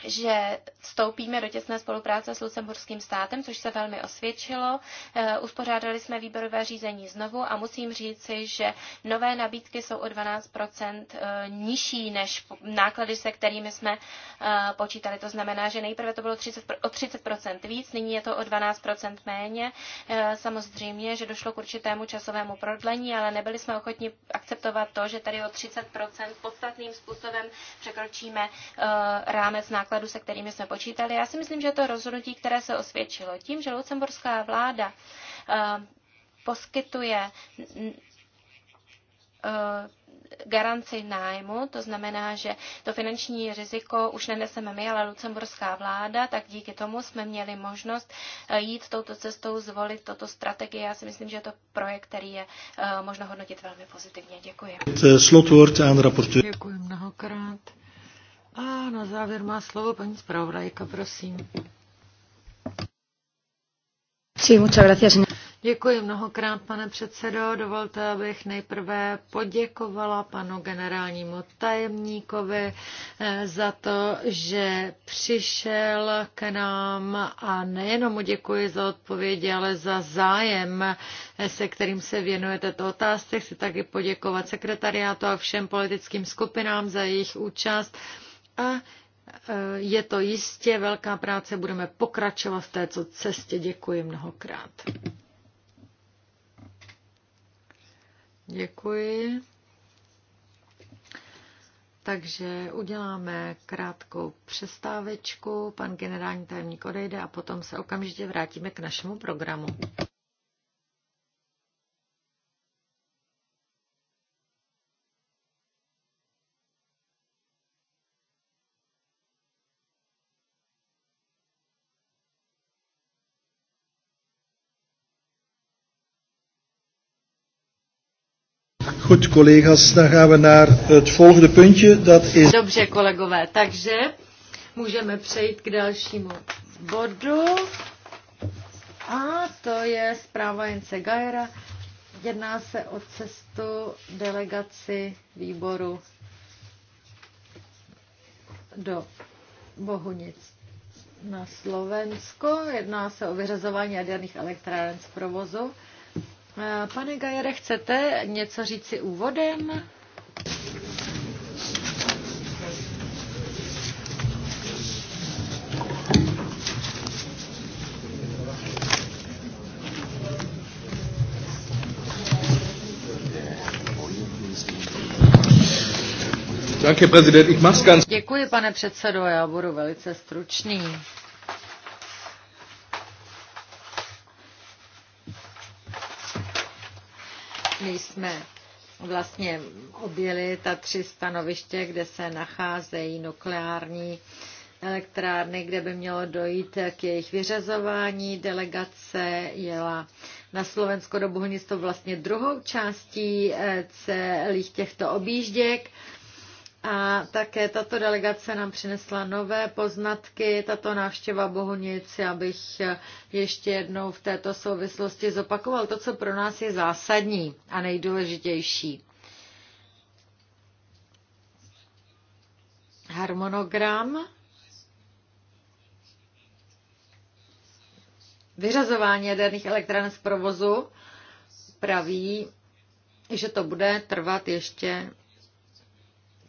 že vstoupíme do těsné spolupráce s Lucemburským státem, což se velmi osvědčilo. Eh, uspořádali jsme výběrové řízení znovu a musím říci, že nové nabídky jsou o 12 eh, nižší než náklady, se kterými jsme eh, počítali. To znamená, že nejprve to bylo 30, o 30 víc, nyní je to o 12 méně. Samozřejmě, že došlo k určitému časovému prodlení, ale nebyli jsme ochotni akceptovat to, že tady o 30 podstatným způsobem překročíme rámec nákladu nákladů, se kterými jsme počítali. Já si myslím, že to rozhodnutí, které se osvědčilo tím, že lucemburská vláda eh, poskytuje eh, garanci nájmu, to znamená, že to finanční riziko už neneseme my, ale lucemburská vláda, tak díky tomu jsme měli možnost eh, jít touto cestou, zvolit toto strategii. Já si myslím, že je to projekt, který je možno hodnotit velmi pozitivně. Děkuji. Děkuji mnohokrát. A na závěr má slovo paní zpravodajka, prosím. Sí, muchas gracias. Děkuji mnohokrát, pane předsedo. Dovolte, abych nejprve poděkovala panu generálnímu tajemníkovi eh, za to, že přišel k nám a nejenom mu děkuji za odpovědi, ale za zájem, eh, se kterým se věnuje této otázce. Chci taky poděkovat sekretariátu a všem politickým skupinám za jejich účast a e, je to jistě velká práce, budeme pokračovat v této cestě. Děkuji mnohokrát. Děkuji. Takže uděláme krátkou přestávečku, pan generální tajemník odejde a potom se okamžitě vrátíme k našemu programu. Goed, collega's, dan gaan we naar het volgende puntje. Dat is... Dobře, kolegové, takže můžeme přejít k dalšímu bodu. A to je zpráva Jence Gajera. Jedná se o cestu delegaci výboru do Bohunic na Slovensko. Jedná se o vyřazování jaderných elektráren z provozu. Eh, pane Gajere, chcete něco říci úvodem? Děkuji, pane předsedo, já budu velice stručný. My jsme vlastně objeli ta tři stanoviště, kde se nacházejí nukleární elektrárny, kde by mělo dojít k jejich vyřazování. Delegace jela na Slovensko do Bohunic, to vlastně druhou částí eh, celých těchto objížděk. A také tato delegace nám přinesla nové poznatky, tato návštěva Bohunic, abych ještě jednou v této souvislosti zopakoval to, co pro nás je zásadní a nejdůležitější. Harmonogram vyřazování jaderných elektráren z provozu praví, že to bude trvat ještě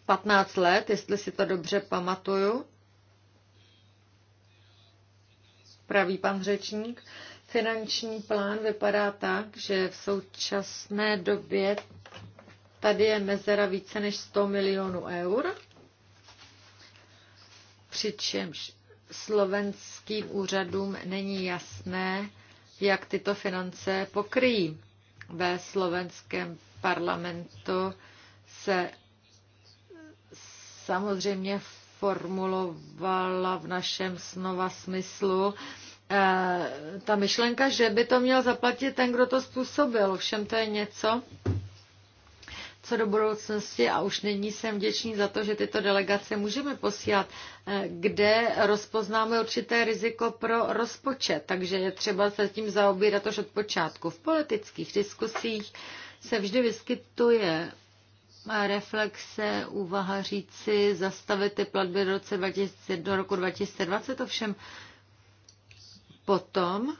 15 let, jestli si to dobře pamatuju. Pravý pan řečník. Finanční plán vypadá tak, že v současné době tady je mezera více než 100 milionů eur, přičemž slovenským úřadům není jasné, jak tyto finance pokryjí. Ve slovenském parlamentu se samozřejmě formulovala v našem snova smyslu eh, ta myšlenka, že by to měl zaplatit ten, kdo to způsobil. všem to je něco, co do budoucnosti a už nyní jsem vděčný za to, že tyto delegace můžeme posílat, eh, kde rozpoznáme určité riziko pro rozpočet, takže je třeba se tím zaobírat už od počátku. V politických diskusích se vždy vyskytuje reflexe, úvaha říci, zastavit ty platby do, roce 20, do roku 2020, ovšem potom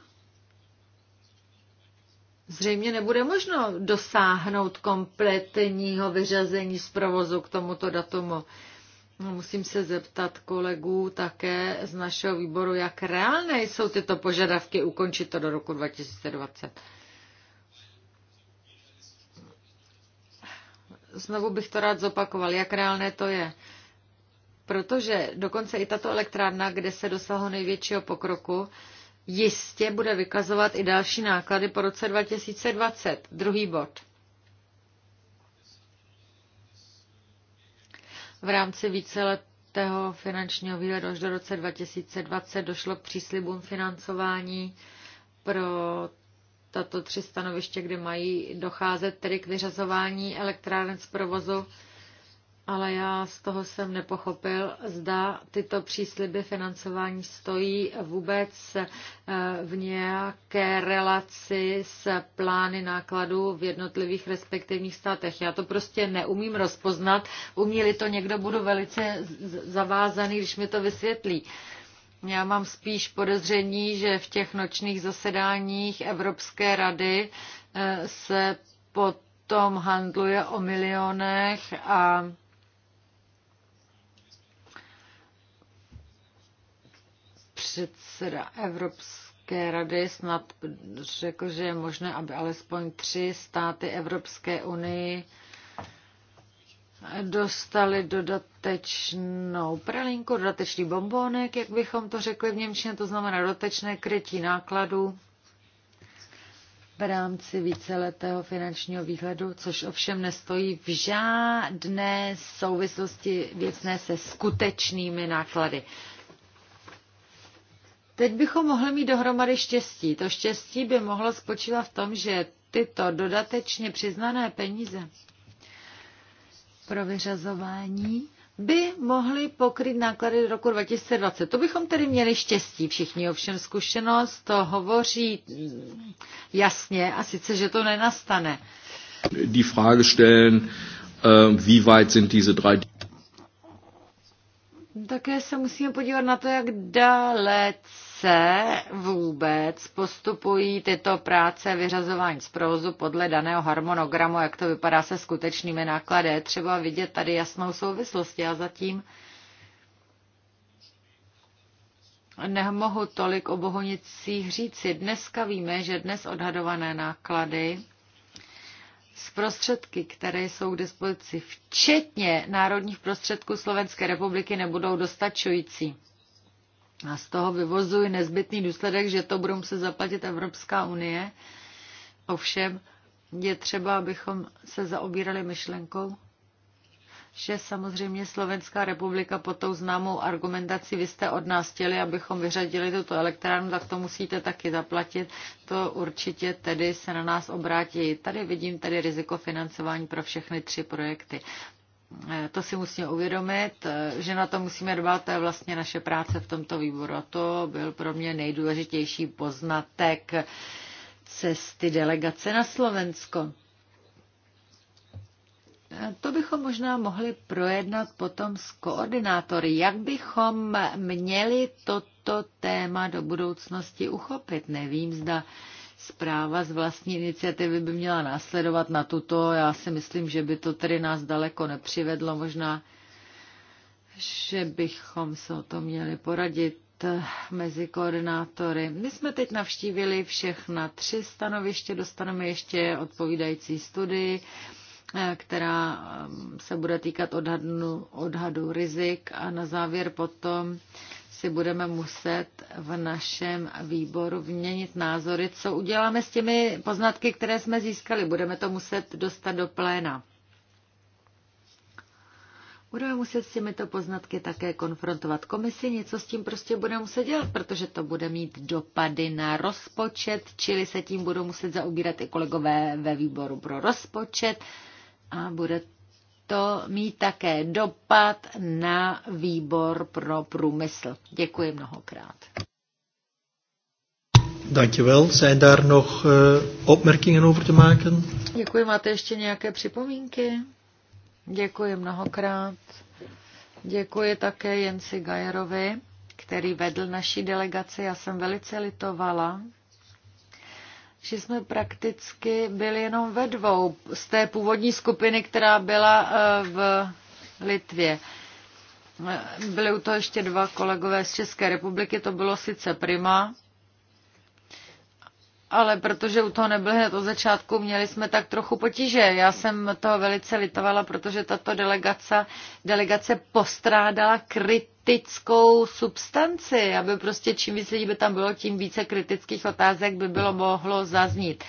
zřejmě nebude možno dosáhnout kompletního vyřazení z provozu k tomuto datumu. No, musím se zeptat kolegů také z našeho výboru, jak reálné jsou tyto požadavky ukončit to do roku 2020. znovu bych to rád zopakoval, jak reálné to je. Protože dokonce i tato elektrárna, kde se dosáhlo největšího pokroku, jistě bude vykazovat i další náklady po roce 2020. Druhý bod. V rámci víceletého finančního výhledu až do roce 2020 došlo k příslibům financování pro tato tři stanoviště, kde mají docházet tedy k vyřazování elektráren z provozu, ale já z toho jsem nepochopil, zda tyto přísliby financování stojí vůbec eh, v nějaké relaci s plány nákladů v jednotlivých respektivních státech. Já to prostě neumím rozpoznat. Umí-li to někdo, budu velice zavázaný, když mi to vysvětlí. Uh, já mám spíš podezření, že v těch nočních zasedáních Evropské rady eh, se potom handluje o milionech a předseda Evropské rady snad řekl, že je možné, aby alespoň tři státy Evropské unii dostali dodatečnou pralinku, dodatečný bombónek, jak bychom to řekli v Němčině, to znamená dodatečné krytí nákladů v rámci víceletého finančního výhledu, což ovšem nestojí v žádné souvislosti věcné se skutečnými náklady. Teď bychom mohli mít dohromady štěstí. To štěstí by mohlo spočívat v tom, že tyto dodatečně přiznané peníze pro vyřazování by mohly pokryt náklady do roku 2020. To bychom tedy měli štěstí všichni, ovšem zkušenost to hovoří mm, jasně a sice, že to nenastane. Die Frage stellen, äh, wie weit sind diese drei... Také se musíme podívat na to, jak dalec se vůbec postupují tyto práce vyřazování z provozu podle daného harmonogramu, jak to vypadá se skutečnými náklady. Třeba vidět tady jasnou souvislost. Já zatím nemohu tolik o Bohonicích říci. Dneska víme, že dnes odhadované náklady z prostředky, které jsou k dispozici, včetně národních prostředků Slovenské republiky, nebudou dostačující. A z toho vyvozuji nezbytný důsledek, že to budou muset zaplatit Evropská unie. Ovšem je třeba, abychom se zaobírali myšlenkou, že samozřejmě Slovenská republika po tou známou argumentaci, vy jste od nás chtěli, abychom vyřadili tuto elektrárnu, tak to musíte taky zaplatit. To určitě tedy se na nás obrátí. Tady vidím tady riziko financování pro všechny tři projekty. Eh, to si musíme uvědomit, eh, že na to musíme dbát, to je vlastně naše práce v tomto výboru. A to byl pro mě nejdůležitější poznatek cesty delegace na Slovensko. Eh, to bychom možná mohli projednat potom s koordinátory, jak bychom měli toto téma do budoucnosti uchopit. Nevím, zda Zpráva z vlastní iniciativy by měla následovat na tuto. Já si myslím, že by to tedy nás daleko nepřivedlo. Možná, že bychom se o to měli poradit mezi koordinátory. My jsme teď navštívili všechna tři stanoviště, dostaneme ještě odpovídající studii, která um, se bude týkat odhadu, odhadu rizik a na závěr potom si budeme muset v našem výboru měnit názory, co uděláme s těmi poznatky, které jsme získali. Budeme to muset dostat do pléna. Budeme muset s těmito poznatky také konfrontovat komisi, něco s tím prostě budeme muset dělat, protože to bude mít dopady na rozpočet, čili se tím budou muset zaobírat i kolegové ve výboru pro rozpočet a bude to mít také dopad na výbor pro průmysl. Děkuji mnohokrát. Dankjewel. Zijn daar nog uh, opmerkingen over te maken? Děkuji. Máte ještě nějaké připomínky? Děkuji mnohokrát. Děkuji také Jensi Gajerovi, který vedl naší delegaci. Já jsem velice litovala, že jsme prakticky byli jenom ve dvou z té původní skupiny, která byla eh, v Litvě. Eh, byli u toho ještě dva kolegové z České republiky, to bylo sice prima, ale protože u toho nebyl hned od začátku, měli jsme tak trochu potíže. Já jsem toho velice litovala, protože tato delegace, delegace postrádala kritickou substanci, aby prostě čím víc lidí by tam bylo, tím více kritických otázek by bylo mohlo zaznít.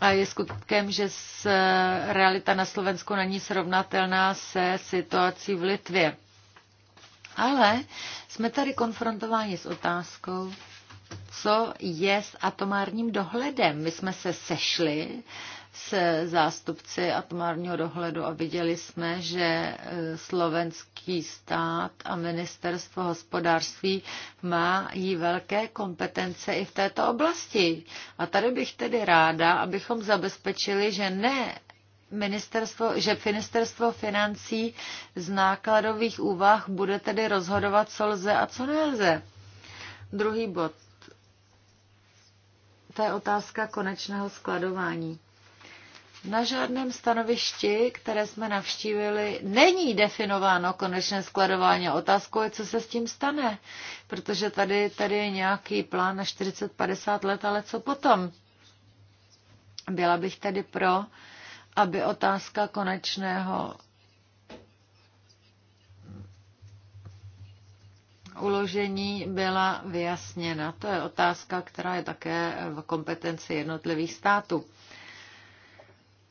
A je skutkem, že s, eh, realita na Slovensku není srovnatelná se situací v Litvě. Ale jsme tady konfrontováni s otázkou, co je s atomárním dohledem. My jsme se sešli s zástupci atomárního dohledu a viděli jsme, že e, slovenský stát a ministerstvo hospodářství má jí velké kompetence i v této oblasti. A tady bych tedy ráda, abychom zabezpečili, že ne ministerstvo, že ministerstvo financí z nákladových úvah bude tedy rozhodovat, co lze a co nelze. Druhý bod to je otázka konečného skladování. Na žádném stanovišti, které jsme navštívili, není definováno konečné skladování. Otázkou je, co se s tím stane, protože tady, tady je nějaký plán na 40-50 let, ale co potom? Byla bych tady pro, aby otázka konečného uložení byla vyjasněna. To je otázka, která je také v kompetenci jednotlivých států.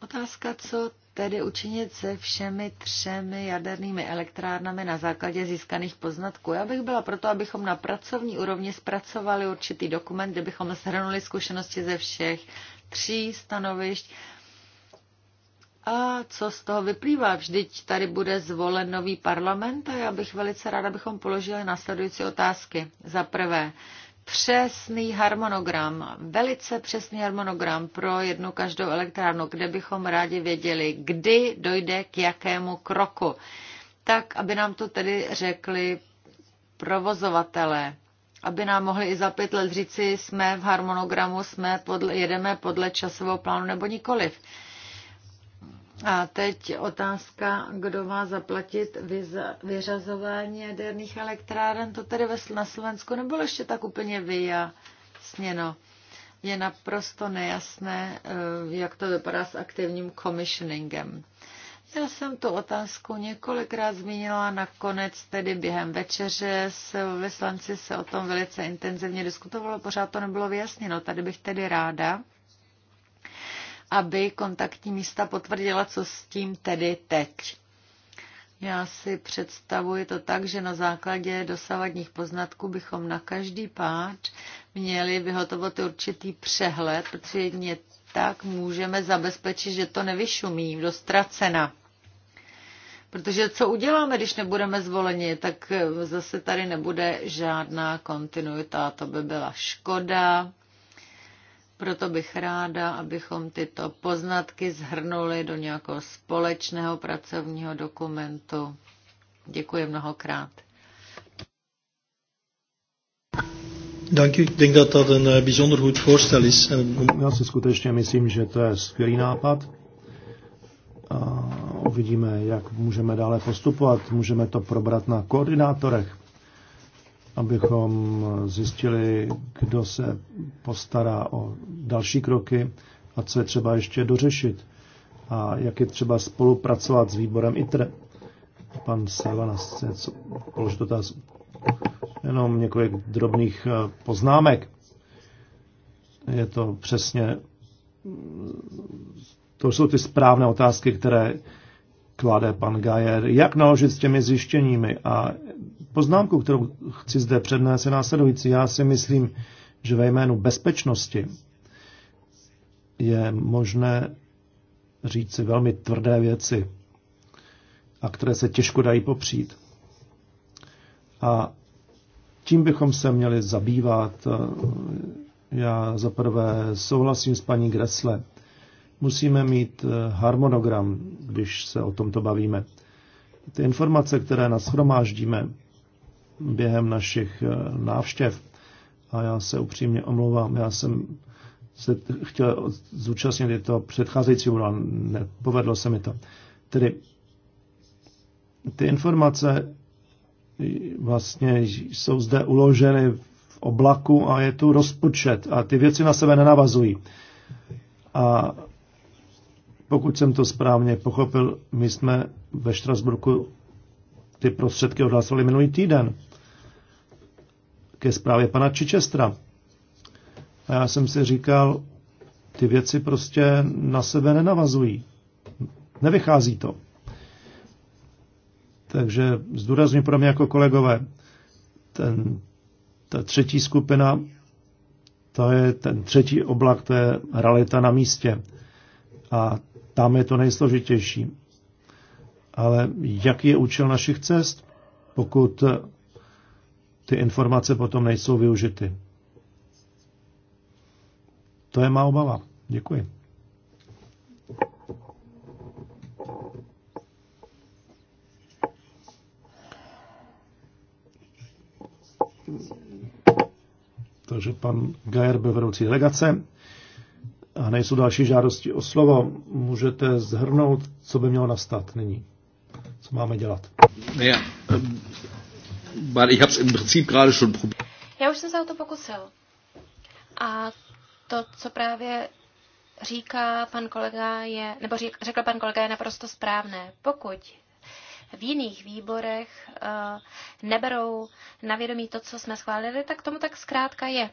Otázka, co tedy učinit se všemi třemi jadernými elektrárnami na základě získaných poznatků. Já bych byla proto, abychom na pracovní úrovni zpracovali určitý dokument, kde bychom shrnuli zkušenosti ze všech tří stanovišť a co z toho vyplývá? Vždyť tady bude zvolen nový parlament a já bych velice ráda, abychom položili následující otázky. Za prvé, přesný harmonogram, velice přesný harmonogram pro jednu každou elektrárnu, kde bychom rádi věděli, kdy dojde k jakému kroku. Tak, aby nám to tedy řekli provozovatelé, aby nám mohli i za pět let říci, jsme v harmonogramu, jsme podle, jedeme podle časového plánu nebo nikoliv. A teď otázka, kdo má zaplatit vyřazování jaderných elektráren. To tady na Slovensku nebylo ještě tak úplně vyjasněno. Je naprosto nejasné, eh, jak to vypadá s aktivním commissioningem. Já jsem tu otázku několikrát zmínila, nakonec tedy během večeře s vyslanci se o tom velice intenzivně diskutovalo, pořád to nebylo vyjasněno. Tady bych tedy ráda, aby kontaktní místa potvrdila, co s tím tedy teď. Já si představuji to tak, že na základě dosavadních poznatků bychom na každý pád měli vyhotovat určitý přehled, protože jedině tak můžeme zabezpečit, že to nevyšumí dostracena. Protože co uděláme, když nebudeme zvoleni, tak zase tady nebude žádná kontinuita. To by byla škoda. Proto bych ráda, abychom tyto poznatky zhrnuli do nějakého společného pracovního dokumentu. Děkuji mnohokrát. Děkuji. Myslím, že to dat dat een eh, bijzonder goed voorstel is. Já eh, no, si skutečně myslím, že to je skvělý nápad. A uvidíme, jak můžeme dále postupovat. Můžeme to probrat na koordinátorech abychom zjistili, kdo se postará o další kroky a co je třeba ještě dořešit a jak je třeba spolupracovat s výborem ITRE. Pan Silvanas něco položit otázku. Jenom několik drobných eh, poznámek. Je to přesně, to jsou ty správné otázky, které klade pan Gajer. Jak naložit s těmi zjištěními a Poznámku, kterou chci zde přednést, je následující. Já si myslím, že ve jménu bezpečnosti je možné říct si velmi tvrdé věci, a které se těžko dají popřít. A tím bychom se měli zabývat. Já zaprvé souhlasím s paní Gresle. Musíme mít harmonogram, když se o tomto bavíme. Ty informace, které nashromáždíme, během našich eh, návštěv. A já se upřímně omlouvám, já jsem se chtěl zúčastnit i toho předcházejícího, ale nepovedlo se mi to. Tedy ty informace vlastně jsou zde uloženy v oblaku a je tu rozpočet a ty věci na sebe nenavazují. A pokud jsem to správně pochopil, my jsme ve Štrasburku ty prostředky odhlasovali minulý týden ke zprávě pana Čičestra. A já jsem si říkal, ty věci prostě na sebe nenavazují. Nevychází to. Takže zdůrazním pro mě jako kolegové, ten, ta třetí skupina, to je ten třetí oblak, to je realita na místě. A tam je to nejsložitější. Ale jaký je účel našich cest? Pokud ty informace potom nejsou využity. To je má obava. Děkuji. Takže pan Gajer byl vedoucí delegace. A nejsou další žádosti o slovo. Můžete zhrnout, co by mělo nastat nyní? Co máme dělat? Já weil ich habe es im Prinzip gerade schon probiert. Já už jsem se o to pokusil. A to, co právě říká pan kolega, je, nebo řík, řekl pan kolega, je naprosto správné. Pokud v jiných výborech uh, neberou na vědomí to, co jsme schválili, tak tomu tak zkrátka je.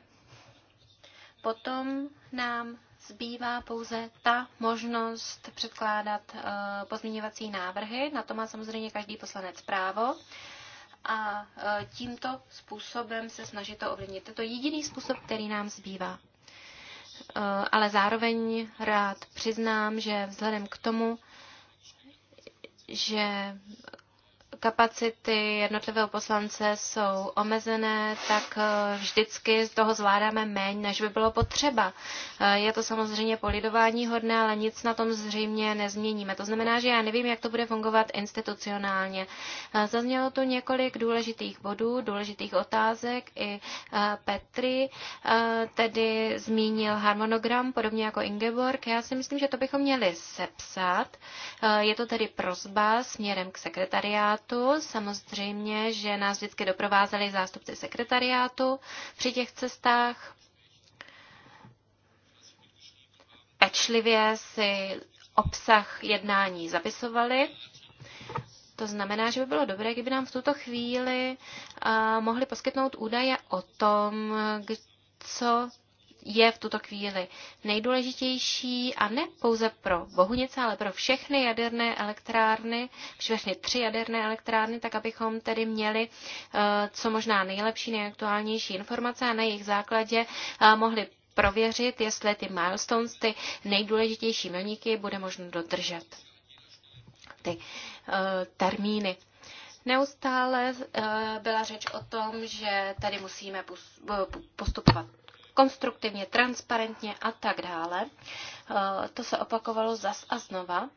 Potom nám zbývá pouze ta možnost předkládat uh, pozměňovací návrhy. Na to má samozřejmě každý poslanec právo a e, tímto způsobem se snažit to ovlivnit. To Je jediný způsob, který nám zbývá. E, ale zároveň rád přiznám, že vzhledem k tomu, že kapacity jednotlivého poslance jsou omezené, tak eh, vždycky z toho zvládáme méně, než by bylo potřeba. Eh, je to samozřejmě polidování hodné, ale nic na tom zřejmě nezměníme. To znamená, že já nevím, jak to bude fungovat institucionálně. Eh, zaznělo tu několik důležitých bodů, důležitých otázek. I Petri tedy zmínil harmonogram, podobně jako Ingeborg. Já si myslím, že to bychom měli sepsat. Je to tedy prozba směrem k sekretariátu summitu. Samozřejmě, že nás vždycky doprovázeli zástupci sekretariátu při těch cestách. Pečlivě si obsah jednání zapisovali. To znamená, že by bylo dobré, kdyby nám v tuto chvíli uh, mohli poskytnout údaje o tom, co je v tuto chvíli nejdůležitější a ne pouze pro Bohunice, ale pro všechny jaderné elektrárny, všechny vlastně tři jaderné elektrárny, tak abychom tedy měli eh, co možná nejlepší, nejaktuálnější informace a na jejich základě eh, mohli prověřit, jestli ty milestones, ty nejdůležitější milníky bude možno dodržet. Ty eh, termíny. Neustále byla řeč o tom, že tady musíme postupovat konstruktivně, transparentně a tak dále. Eh, to se opakovalo zas a znova.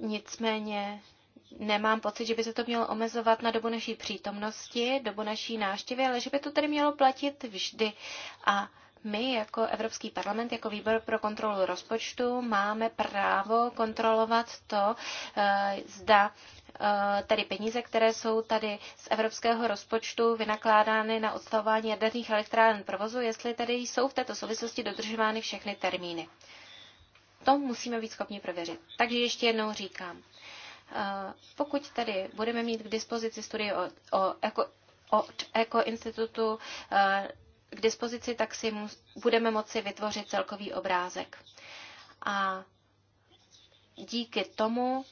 Nicméně nemám pocit, že by se to mělo omezovat na dobu naší přítomnosti, dobu naší návštěvy, ale že by to tedy mělo platit vždy. A my jako Evropský parlament, jako výbor pro kontrolu rozpočtu máme právo kontrolovat to, eh, zda eh, tedy peníze, které jsou tady z evropského rozpočtu vynakládány na odstavování jaderných elektráren provozu, jestli tedy jsou v této souvislosti dodržovány všechny termíny. To musíme být schopni prověřit. Takže ještě jednou říkám, eh, pokud tady budeme mít k dispozici studii o, o, eko, od Ekoinstitutu k dispozici, tak si budeme moci vytvořit celkový obrázek. A díky tomu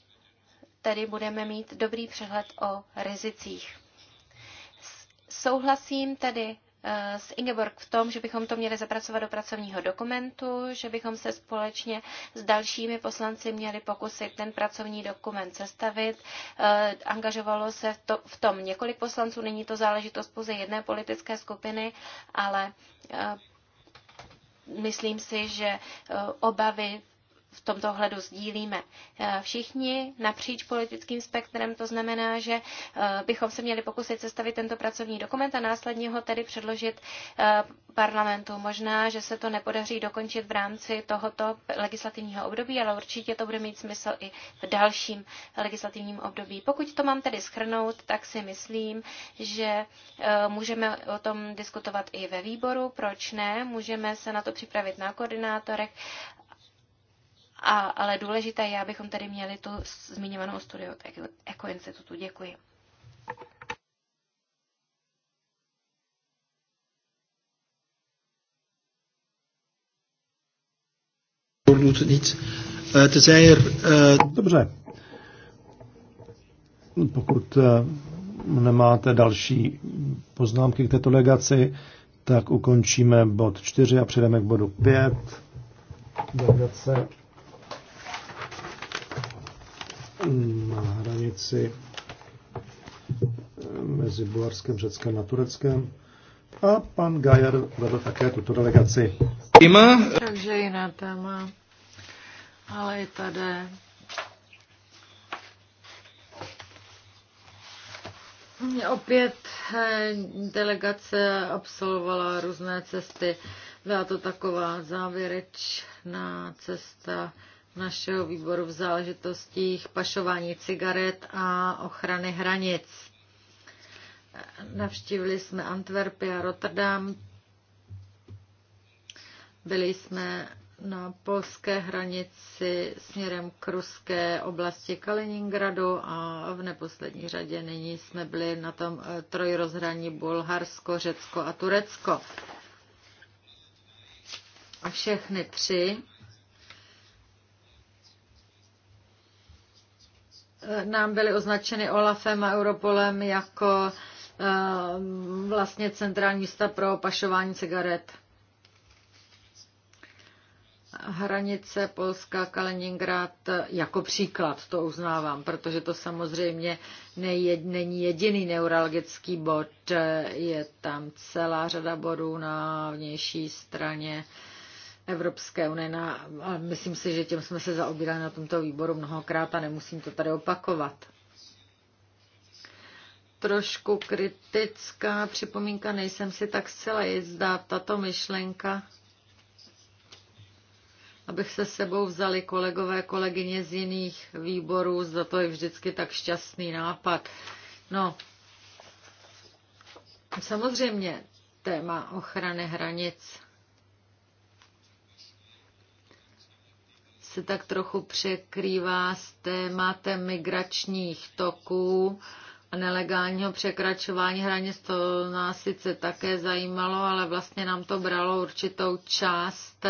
tedy budeme mít dobrý přehled o rizicích. Souhlasím tedy Eh, s Ingeborg v tom, že bychom to měli zapracovat do pracovního dokumentu, že bychom se společně s dalšími poslanci měli pokusit ten pracovní dokument sestavit. Eh, angažovalo se v, to, v tom několik poslanců, není to záležitost pouze jedné politické skupiny, ale eh, myslím si, že obavy v tomto hledu sdílíme eh, všichni napříč politickým spektrem. To znamená, že eh, bychom se měli pokusit sestavit tento pracovní dokument a následně ho tedy předložit eh, parlamentu. Možná, že se to nepodaří dokončit v rámci tohoto legislativního období, ale určitě to bude mít smysl i v dalším legislativním období. Pokud to mám tedy schrnout, tak si myslím, že můžeme o tom diskutovat i ve výboru. Proč ne? Můžeme se na to připravit na koordinátorech a, ale důležité je, abychom tady měli tu zmiňovanou studii od jako, jako institutu. Děkuji. Dobře. Pokud eh, nemáte další poznámky k této legaci, tak ukončíme bod 4 a přejdeme k bodu 5. Delegace na hranici eh, mezi Bulharskem, Řeckem a Tureckem. A pan Gajer vedl také tuto delegaci. Ima. Takže jiná téma, ale i tady. Opět eh, delegace absolvovala různé cesty. Byla to taková závěrečná cesta našeho výboru v záležitostích pašování cigaret a ochrany hranic. Navštívili jsme Antwerpy a Rotterdam. Byli jsme na polské hranici směrem k ruské oblasti Kaliningradu a v neposlední řadě nyní jsme byli na tom eh, trojrozhraní Bulharsko, Řecko a Turecko. A všechny tři nám byly označeny Olafem a Europolem jako eh, vlastně centrální místa pro pašování cigaret. Hranice Polska, Kaliningrad jako příklad, to uznávám, protože to samozřejmě nejed, není jediný neuralgický bod, je tam celá řada bodů na vnější straně. Uh, Evropské unie. Na, a myslím si, že tím jsme se zaobírali na tomto výboru mnohokrát a nemusím to tady opakovat. Trošku kritická připomínka, nejsem si tak zcela jistá, tato myšlenka, abych se sebou vzali kolegové, kolegyně z jiných výborů, za to je vždycky tak šťastný nápad. No, samozřejmě téma ochrany hranic se tak trochu překrývá s tématem migračních toků a nelegálního překračování hranic. To nás sice také zajímalo, ale vlastně nám to bralo určitou část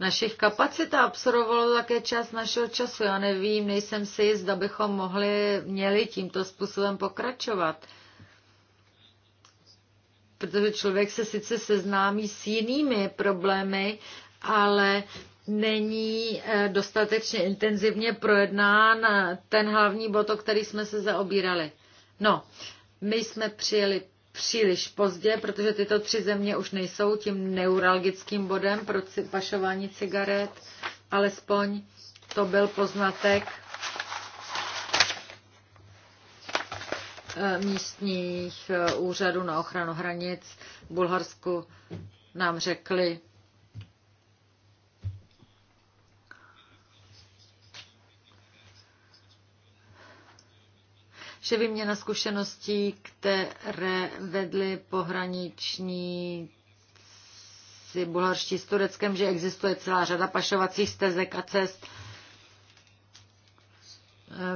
našich kapacit a absorbovalo také část našeho času. Já nevím, nejsem si jist, zda bychom mohli, měli tímto způsobem pokračovat. Protože člověk se sice seznámí s jinými problémy, ale není eh, dostatečně intenzivně projednán eh, ten hlavní bod, o který jsme se zaobírali. No, my jsme přijeli příliš pozdě, protože tyto tři země už nejsou tím neuralgickým bodem pro pašování cigaret, alespoň to byl poznatek eh, místních úřadů na ochranu hranic v Bulharsku nám řekli, že výměna zkušeností, které vedly pohraniční si bulharští s Tureckem, že existuje celá řada pašovacích stezek a cest eh,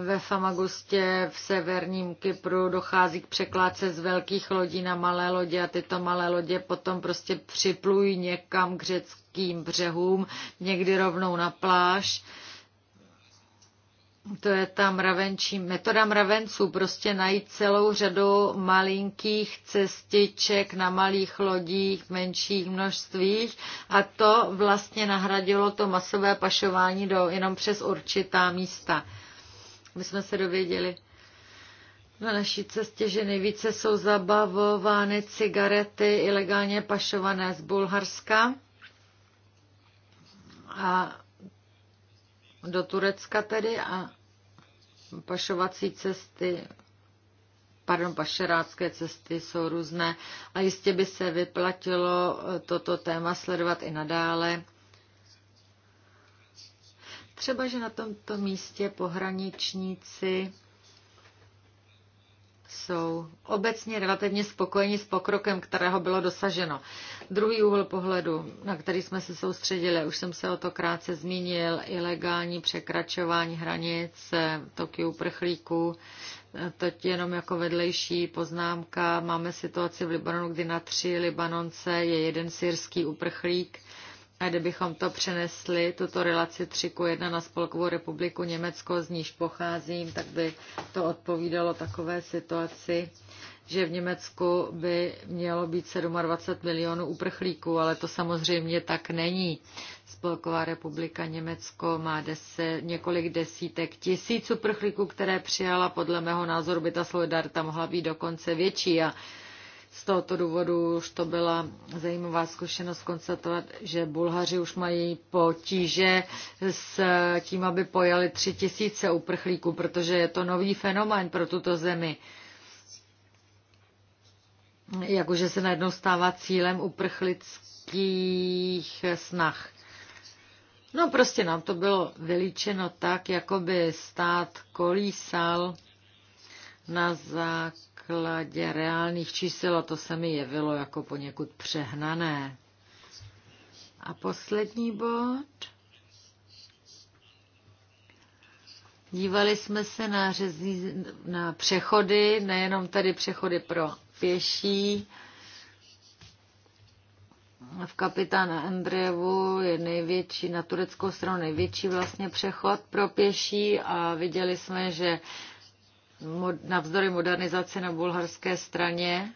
ve Famagustě v severním Kypru dochází k překládce z velkých lodí na malé lodě a tyto malé lodě potom prostě připlují někam k řeckým břehům, někdy rovnou na pláž to je ta mravenčí metoda mravenců, prostě najít celou řadu malinkých cestiček na malých lodích, menších množstvích a to vlastně nahradilo to masové pašování do, jenom přes určitá místa. My jsme se dověděli na naší cestě, že nejvíce jsou zabavovány cigarety ilegálně pašované z Bulharska a do Turecka tedy a pašovací cesty, pardon, pašerácké cesty jsou různé a jistě by se vyplatilo eh, toto téma sledovat i nadále. Třeba, že na tomto místě pohraničníci jsou obecně relativně spokojeni s pokrokem, kterého bylo dosaženo. Druhý úhel pohledu, na který jsme se soustředili, už jsem se o to krátce zmínil, ilegální překračování hranic eh, Tokiu uprchlíků, eh, to jenom jako vedlejší poznámka. Máme situaci v Libanonu, kdy na tři Libanonce je jeden syrský uprchlík a kdybychom to přenesli, tuto relaci 3 k 1 na Spolkovou republiku Německo, z níž pocházím, tak by to odpovídalo takové situaci, že v Německu by mělo být 27 milionů uprchlíků, ale to samozřejmě tak není. Spolková republika Německo má deset, několik desítek tisíc uprchlíků, které přijala. Podle mého názoru by ta solidarita mohla být dokonce větší. A z tohoto důvodu už to byla zajímavá zkušenost konstatovat, že Bulhaři už mají potíže s tím, aby pojali tři tisíce uprchlíků, protože je to nový fenomén pro tuto zemi. Jakože se najednou stává cílem uprchlických snah. No prostě nám to bylo vylíčeno tak, jako by stát kolísal na základě reálných čísel a to se mi jevilo jako poněkud přehnané. A poslední bod. Dívali jsme se na, řezí, na přechody, nejenom tady přechody pro pěší. V kapitána Andrejevu je největší, na tureckou stranu největší vlastně přechod pro pěší a viděli jsme, že navzdory modernizaci na bulharské straně,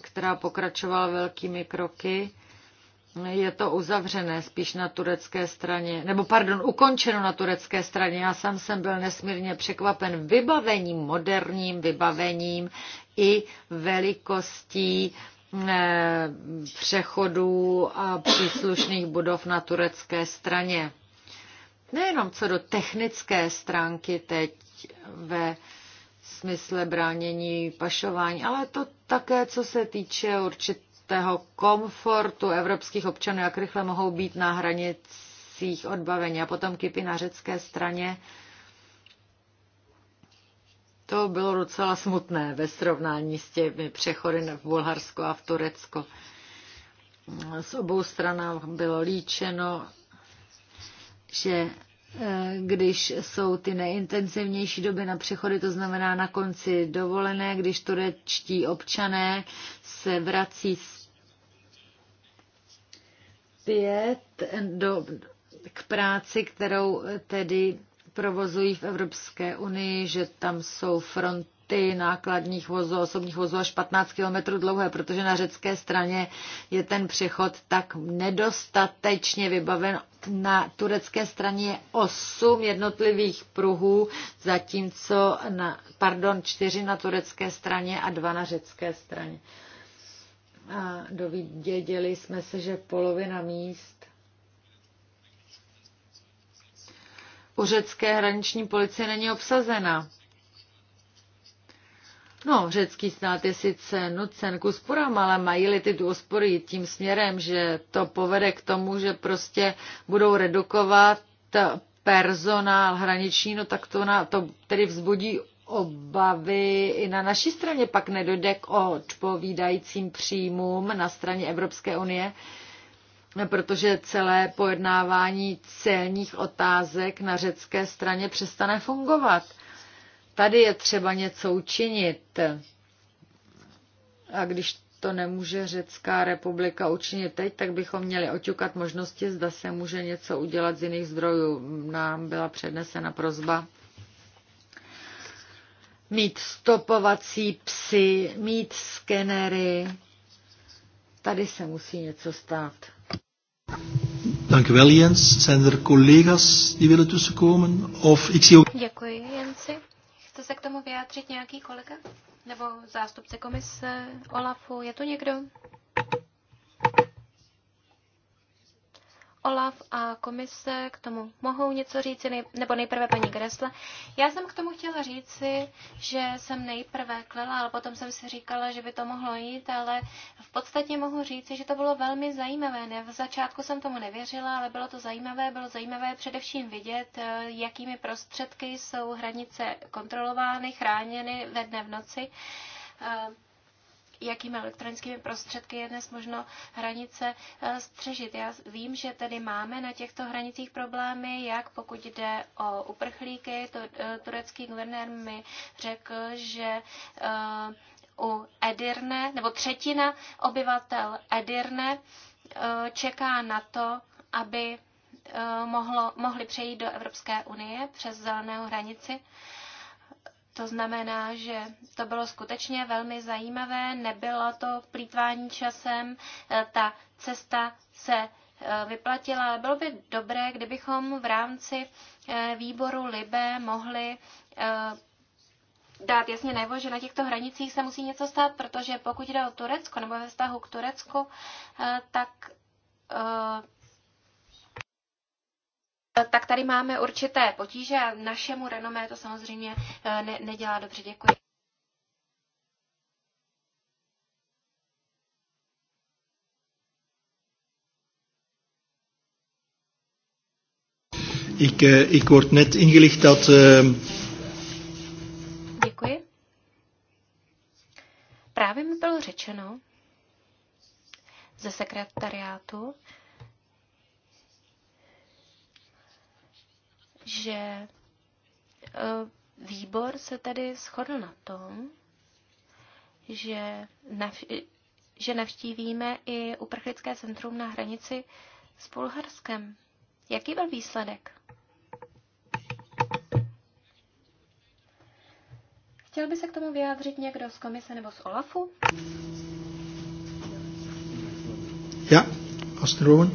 která pokračovala velkými kroky, je to uzavřené spíš na turecké straně, nebo pardon, ukončeno na turecké straně. Já sám jsem byl nesmírně překvapen vybavením, moderním vybavením i velikostí eh, přechodů a příslušných budov na turecké straně nejenom co do technické stránky teď ve smysle bránění pašování, ale to také, co se týče určitého komfortu evropských občanů, jak rychle mohou být na hranicích odbavení. A potom kypy na řecké straně, to bylo docela smutné ve srovnání s těmi přechody v Bulharsko a v Turecku. Z obou stran bylo líčeno, že eh, když jsou ty nejintenzivnější doby na přechody, to znamená na konci dovolené, když turečtí občané se vrací zpět do, k práci, kterou tedy provozují v Evropské unii, že tam jsou front ty nákladních vozů, osobních vozů až 15 km dlouhé, protože na řecké straně je ten přechod tak nedostatečně vybaven. Na turecké straně je 8 jednotlivých pruhů, zatímco, na, pardon, 4 na turecké straně a 2 na řecké straně. A dověděli jsme se, že polovina míst u řecké hraniční policie není obsazena. No, řecký stát je sice nucen k úsporám, ale mají-li ty úspory tím směrem, že to povede k tomu, že prostě budou redukovat personál hraniční, no tak to, na, to tedy vzbudí obavy i na naší straně, pak nedojde k odpovídajícím příjmům na straně Evropské unie, protože celé pojednávání celních otázek na řecké straně přestane fungovat. Tady je třeba něco učinit. A když to nemůže Řecká republika učinit teď, tak bychom měli oťukat možnosti, zda se může něco udělat z jiných zdrojů. Nám byla přednesena prozba mít stopovací psy, mít skenery. Tady se musí něco stát. Dank wel Jens. Zijn er collega's die willen tussenkomen? Of ik zie ook... Děkuji. Chce se k tomu vyjádřit nějaký kolega? Nebo zástupce komise, OLAFu? Je tu někdo? OLAF a komise k tomu mohou něco říci, nebo nejprve paní Gresle. Já jsem k tomu chtěla říci, že jsem nejprve klela, ale potom jsem si říkala, že by to mohlo jít, ale v podstatě mohu říci, že to bylo velmi zajímavé. Ne, v začátku jsem tomu nevěřila, ale bylo to zajímavé. Bylo zajímavé především vidět, eh, jakými prostředky jsou hranice kontrolovány, chráněny ve dne v noci. Eh, jakými elektronickými prostředky je dnes možno hranice eh, střežit. Já vím, že tedy máme na těchto hranicích problémy, jak pokud jde o uprchlíky, to, eh, turecký guvernér mi řekl, že eh, u Edirne, nebo třetina obyvatel Edirne čeká na to, aby mohlo, mohli přejít do Evropské unie přes zelenou hranici. To znamená, že to bylo skutečně velmi zajímavé, nebylo to plítvání časem, eh, ta cesta se eh, vyplatila, ale bylo by dobré, kdybychom v rámci eh, výboru Libe mohli dát jasně najevo, že na těchto hranicích se musí něco stát, protože pokud jde o Turecko nebo ve vztahu k Turecku, tak tak tady máme určité potíže a našemu renomé to samozřejmě eh, ne, nedělá dobře. Děkuji. Ik, eh, ik word net ingelicht dat. Uh... Děkuji. Právě mi bylo řečeno ze sekretariátu, že e, výbor se tady shodl na tom, že, nav, že navštívíme i uprchlické centrum na hranici s Bulharskem. Jaký byl výsledek? Chtěl by se k tomu vyjádřit někdo z komise nebo z OLAFu? Ja, Ostrůň.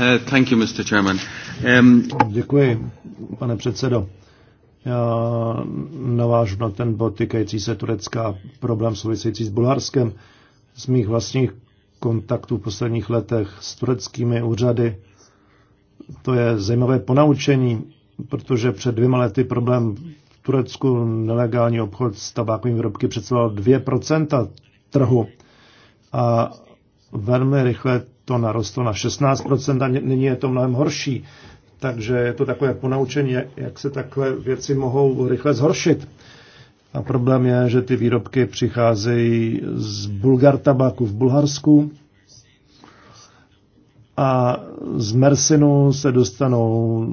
Eh, thank you, Mr. Chairman. Um... Děkuji, pane předsedo. Já navážu na ten bod týkající se Turecka, problém související s Bulharskem. Z mých vlastních kontaktů v posledních letech s tureckými úřady, to je zajímavé ponaučení, protože před dvěma lety problém v Turecku nelegální obchod s tabákovými výrobky představoval 2% trhu. A velmi rychle to narostlo na 16% a nyní je to mnohem horší. Takže je to takové ponaučení, jak se takové věci mohou rychle zhoršit. A problém je, že ty výrobky přicházejí z Bulgar tabaku v Bulharsku a z Mersinu se dostanou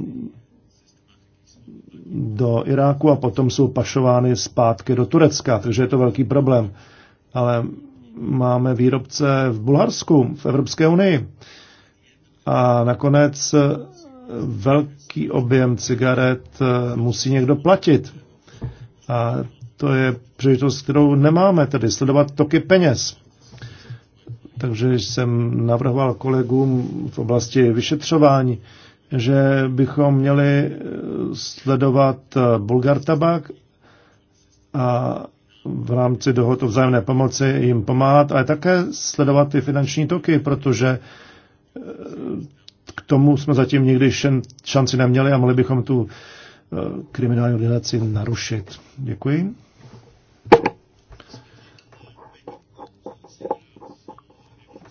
do Iráku a potom jsou pašovány zpátky do Turecka, takže je to velký problém. Ale máme výrobce v Bulharsku, v Evropské unii. A nakonec eh, velký objem cigaret eh, musí někdo platit. A to je příležitost, kterou nemáme, tedy sledovat toky peněz. Takže jsem navrhoval kolegům v oblasti vyšetřování, že bychom měli eh, sledovat Bulgar tabak a v rámci dohod o vzájemné pomoci jim pomáhat, ale také sledovat ty finanční toky, protože eh, k tomu jsme zatím nikdy šanci neměli a mohli bychom tu eh, kriminální organizaci narušit. Děkuji.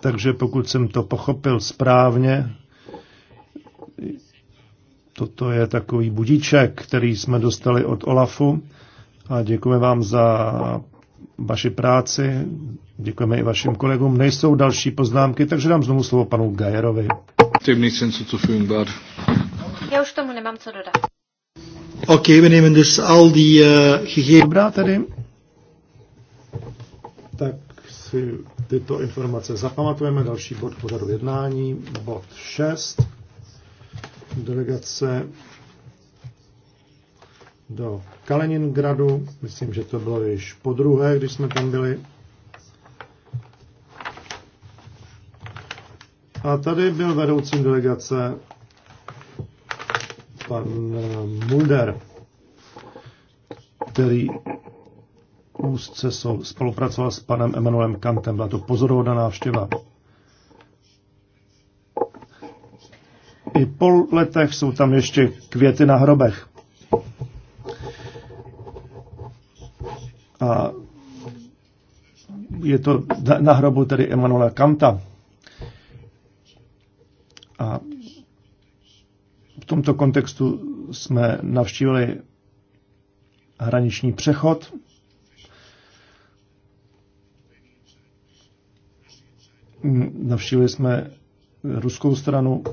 Takže pokud jsem to pochopil správně, toto je takový budíček, který jsme dostali od Olafu a děkujeme vám za vaši práci, děkujeme i vašim kolegům. Nejsou další poznámky, takže dám znovu slovo panu Gajerovi. Já už tomu nemám co dodat. Ok, we nemen dus al die uh, gegevens. Dobrá tedy. Tak si tyto informace zapamatujeme. Další bod pořadu jednání, bod 6. Delegace do Kaliningradu. Myslím, že to bylo již po druhé, když jsme tam byli. A tady byl vedoucím delegace pan eh, Mulder, který úzce spolupracoval s panem Emanuelem Kantem. Byla to pozorovodná návštěva. I po letech jsou tam ještě květy na hrobech. A je to na hrobu tedy Emanuela Kanta. A v tomto kontextu jsme navštívili hraniční přechod. Navštívili jsme ruskou stranu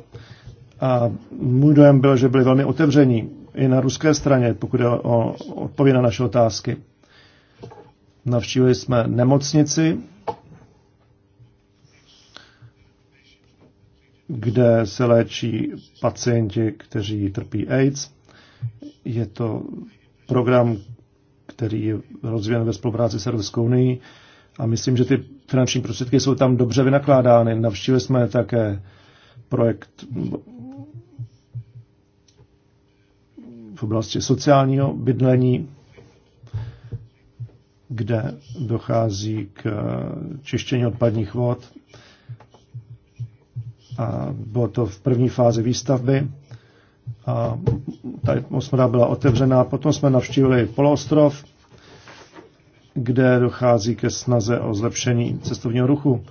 a můj dojem byl, že byli velmi otevření i na ruské straně, pokud je o odpověď na naše otázky. Navštívili jsme nemocnici, kde se léčí pacienti, kteří trpí AIDS. Je to program, který je rozvíjen ve spolupráci s Evropskou unii a myslím, že ty finanční prostředky jsou tam dobře vynakládány. Navštívili jsme také projekt v oblasti sociálního bydlení, kde dochází k eh, čištění odpadních vod. A bylo to v první fázi výstavby. A ta atmosféra byla otevřená. Potom jsme navštívili poloostrov, kde dochází ke snaze o zlepšení cestovního ruchu.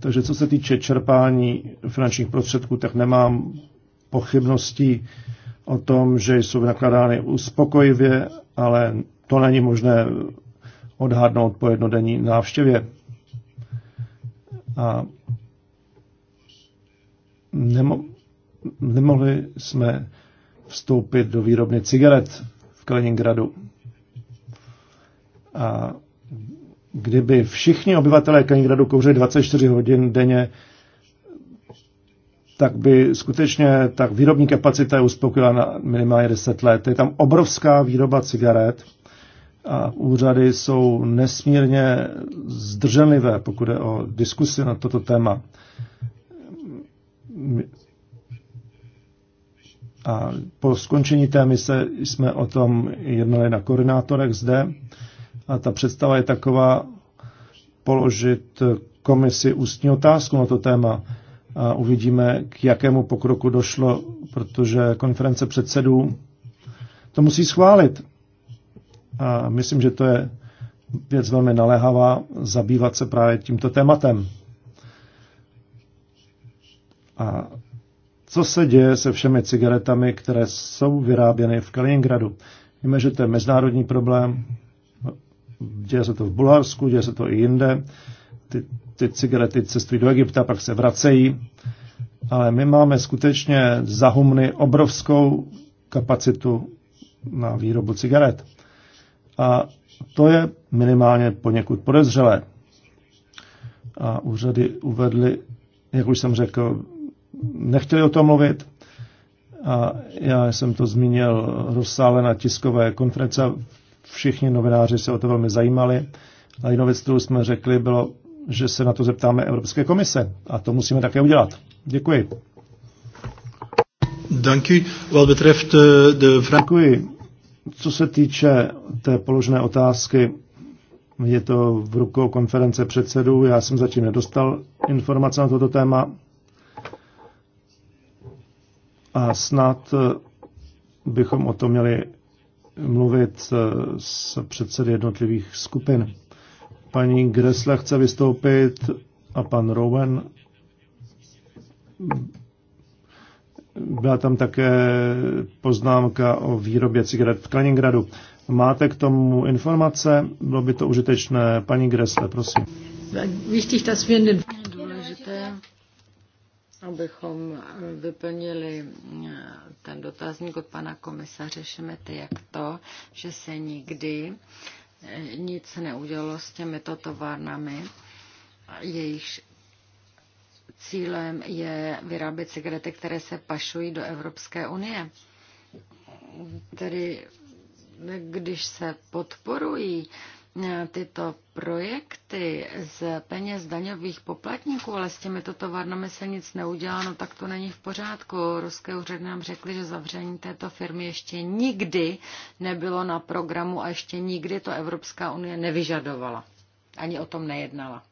Takže co se týče čerpání finančních prostředků, tak nemám pochybností o tom, že jsou vynakládány uspokojivě, ale to není možné odhadnout po jednodenní návštěvě. A nemo- nemohli jsme vstoupit do výrobny cigaret v Kaliningradu. A kdyby všichni obyvatelé Kaliningradu kouřili 24 hodin denně, tak by skutečně tak výrobní kapacita je uspokojila na minimálně 10 let. Je tam obrovská výroba cigaret a úřady jsou nesmírně zdrženlivé, pokud je o diskusi na toto téma. A po skončení té mise jsme o tom jednali na koordinátorech zde a ta představa je taková položit komisi ústní otázku na to téma a uvidíme, k jakému pokroku došlo, protože konference předsedů to musí schválit. A myslím, že to je věc velmi naléhavá zabývat se právě tímto tématem. A co se děje se všemi cigaretami, které jsou vyráběny v Kaliningradu? Víme, že to je mezinárodní problém. Děje se to v Bulharsku, děje se to i jinde. Ty, ty cigarety cestují do Egypta, pak se vracejí. Ale my máme skutečně za humny obrovskou kapacitu na výrobu cigaret. A to je minimálně poněkud podezřelé. A úřady uvedly, jak už jsem řekl, nechtěli o tom mluvit. A já jsem to zmínil rozsále na tiskové konference. Všichni novináři se o to velmi zajímali. A jinou věc, kterou jsme řekli, bylo, že se na to zeptáme Evropské komise. A to musíme také udělat. Děkuji. Eh, Děkuji. Děkuji. Co se týče té položné otázky, je to v rukou konference předsedů. Já jsem zatím nedostal informace na toto téma. A snad eh, bychom o tom měli mluvit eh, s předsedy jednotlivých skupin. Paní Gressle chce vystoupit a pan Rowan byla tam také poznámka o výrobě cigaret v Kaliningradu. Máte k tomu informace? Bylo by to užitečné. Paní Gresle, prosím. důležité, abychom vyplnili eh, ten dotazník od pana komisaře Šemety, jak to, že se nikdy eh, nic neudělalo s těmito továrnami, jejichž Cílem je vyrábět cigarety, které se pašují do Evropské unie. Tedy když se podporují eh, tyto projekty z peněz daňových poplatníků, ale s těmito továrnami se nic neuděláno, tak to není v pořádku. Ruské úřady nám řekly, že zavření této firmy ještě nikdy nebylo na programu a ještě nikdy to Evropská unie nevyžadovala. Ani o tom nejednala.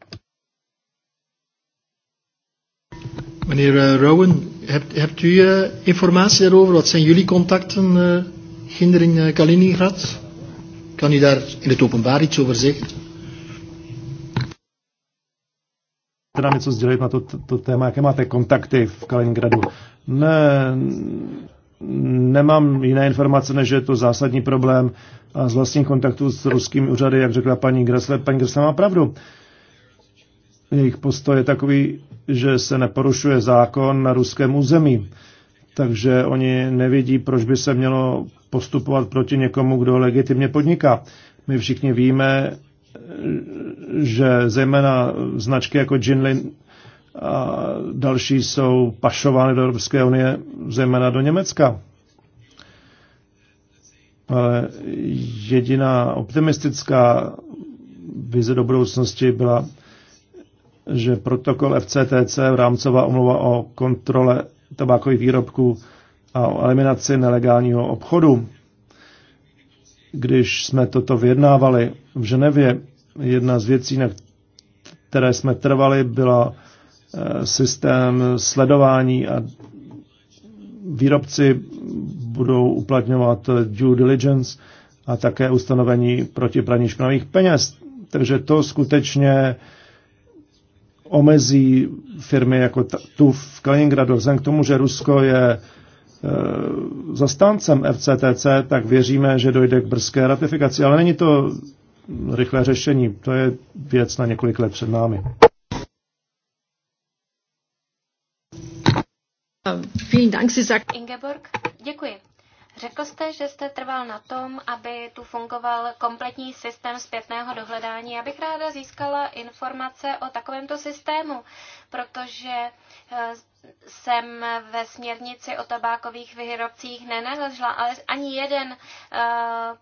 Meneer uh, Rowan, hebt, hebt u uh, informatie daarover? Wat zijn jullie contacten, uh, Ginder in uh, Kaliningrad? Kan u daar in het openbaar iets over zeggen? teda něco sdělit na to, to, to téma, jaké máte kontakty v Kaliningradu. Ne, nemám jiné informace, než že je to zásadní problém a z vlastních kontaktů s ruskými úřady, jak řekla paní Gressle, paní Gressle má pravdu. Uh, jejich postoj je takový, že se neporušuje zákon na ruském území. Takže oni nevidí, proč by se mělo postupovat proti někomu, kdo legitimně podniká. My všichni víme, že zejména značky jako Jinlin a další jsou pašovány do Evropské unie, zejména do Německa. Ale jediná optimistická vize do budoucnosti byla že protokol FCTC, rámcová omluva o kontrole tabákových výrobků a o eliminaci nelegálního obchodu, když jsme toto vyjednávali v Ženevě, jedna z věcí, na které jsme trvali, byla eh, systém sledování a výrobci budou uplatňovat due diligence a také ustanovení proti praní špinavých peněz. Takže to skutečně omezí firmy jako tu v Kaliningradu. Vzhledem k tomu, že Rusko je e, zastáncem FCTC, tak věříme, že dojde k brzké ratifikaci. Ale není to rychlé řešení. To je věc na několik let před námi. Vielen Dank, Ingeborg, děkuji. Řekl jste, že jste trval na tom, aby tu fungoval kompletní systém zpětného dohledání. Já bych ráda získala informace o takovémto systému, protože eh, jsem ve směrnici o tabákových výrobcích nenalezla ale ani jeden eh,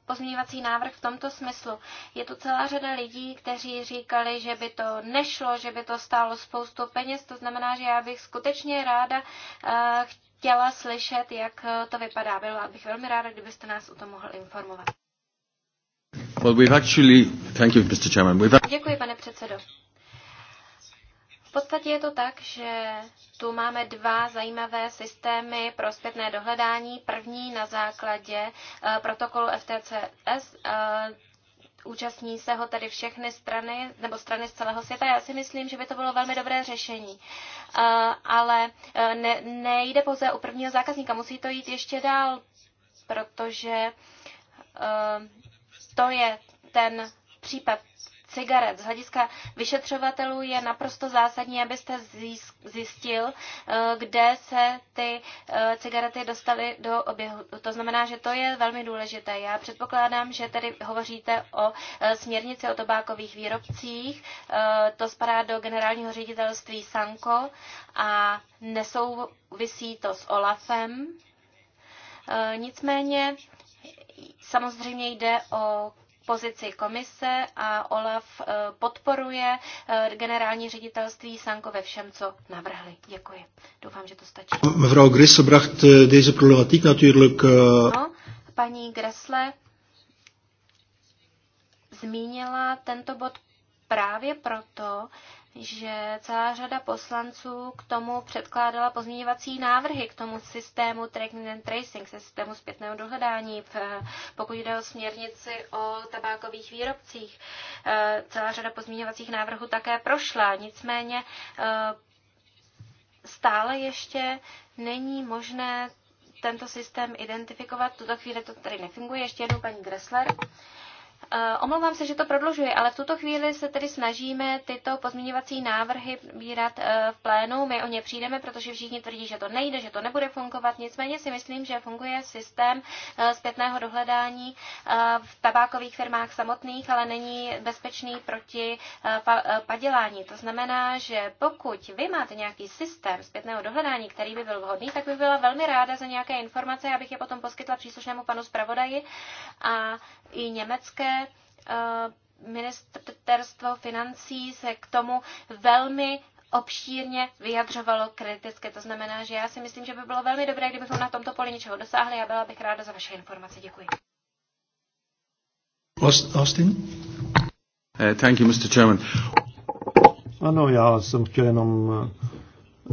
pozměňovací návrh v tomto smyslu. Je tu celá řada lidí, kteří říkali, že by to nešlo, že by to stálo spoustu peněz, to znamená, že já bych skutečně ráda chtěla eh, chtěla slyšet, jak eh, to vypadá. Byla bych velmi ráda, kdybyste nás o tom mohl informovat. Well, we've actually... Thank you, Mr. Chairman. We've... Děkuji, pane předsedo. V podstatě je to tak, že tu máme dva zajímavé systémy pro zpětné dohledání. První na základě eh, protokolu FTCS, eh, účastní se ho tady všechny strany, nebo strany z celého světa. Já si myslím, že by to bylo velmi dobré řešení. Eh, ale eh, ne, nejde pouze u prvního zákazníka, musí to jít ještě dál, protože eh, to je ten případ cigaret. Z hlediska vyšetřovatelů je naprosto zásadní, abyste zjistil, eh, kde se ty eh, cigarety dostaly do oběhu. To znamená, že to je velmi důležité. Já předpokládám, že tedy hovoříte o eh, směrnici o tobákových výrobcích. To spadá do generálního ředitelství Sanko a nesouvisí to s OLAFem. Nicméně samozřejmě jde o pozici komise a OLAF eh, podporuje eh, generální ředitelství Sanko ve všem, co navrhli. Děkuji. Doufám, že to stačí. Mevrouw Grisse bracht eh, deze problematiek natuurlijk... No, paní Gressle zmínila tento bod právě proto, že celá řada poslanců k tomu předkládala pozměňovací návrhy, k tomu systému tracking and tracing, systému zpětného dohledání, pokud jde o směrnici o tabákových výrobcích. E, celá řada pozměňovacích návrhů také prošla, nicméně e, stále ještě není možné tento systém identifikovat. tuto chvíli to tady nefunguje. Ještě jednou paní Gressler. Eh, omlouvám se, že to prodlužuje, ale v tuto chvíli se tedy snažíme tyto pozměňovací návrhy bírat eh, v plénu. My o ně přijdeme, protože všichni tvrdí, že to nejde, že to nebude fungovat. Nicméně si myslím, že funguje systém eh, zpětného dohledání v tabákových firmách samotných, ale není bezpečný proti padělání. To znamená, že pokud vy máte nějaký systém zpětného dohledání, který by byl vhodný, tak bych byla velmi ráda za nějaké informace, abych je potom poskytla příslušnému panu zpravodaji a i německé Eh, ministerstvo financí se k tomu velmi obšírně vyjadřovalo kriticky. To znamená, že já si myslím, že by bylo velmi dobré, kdybychom na tomto poli něčeho dosáhli a byla bych ráda za vaše informace. Děkuji. Austin? Uh, thank you, Mr. Chairman. Ano, já jsem chtěl jenom eh,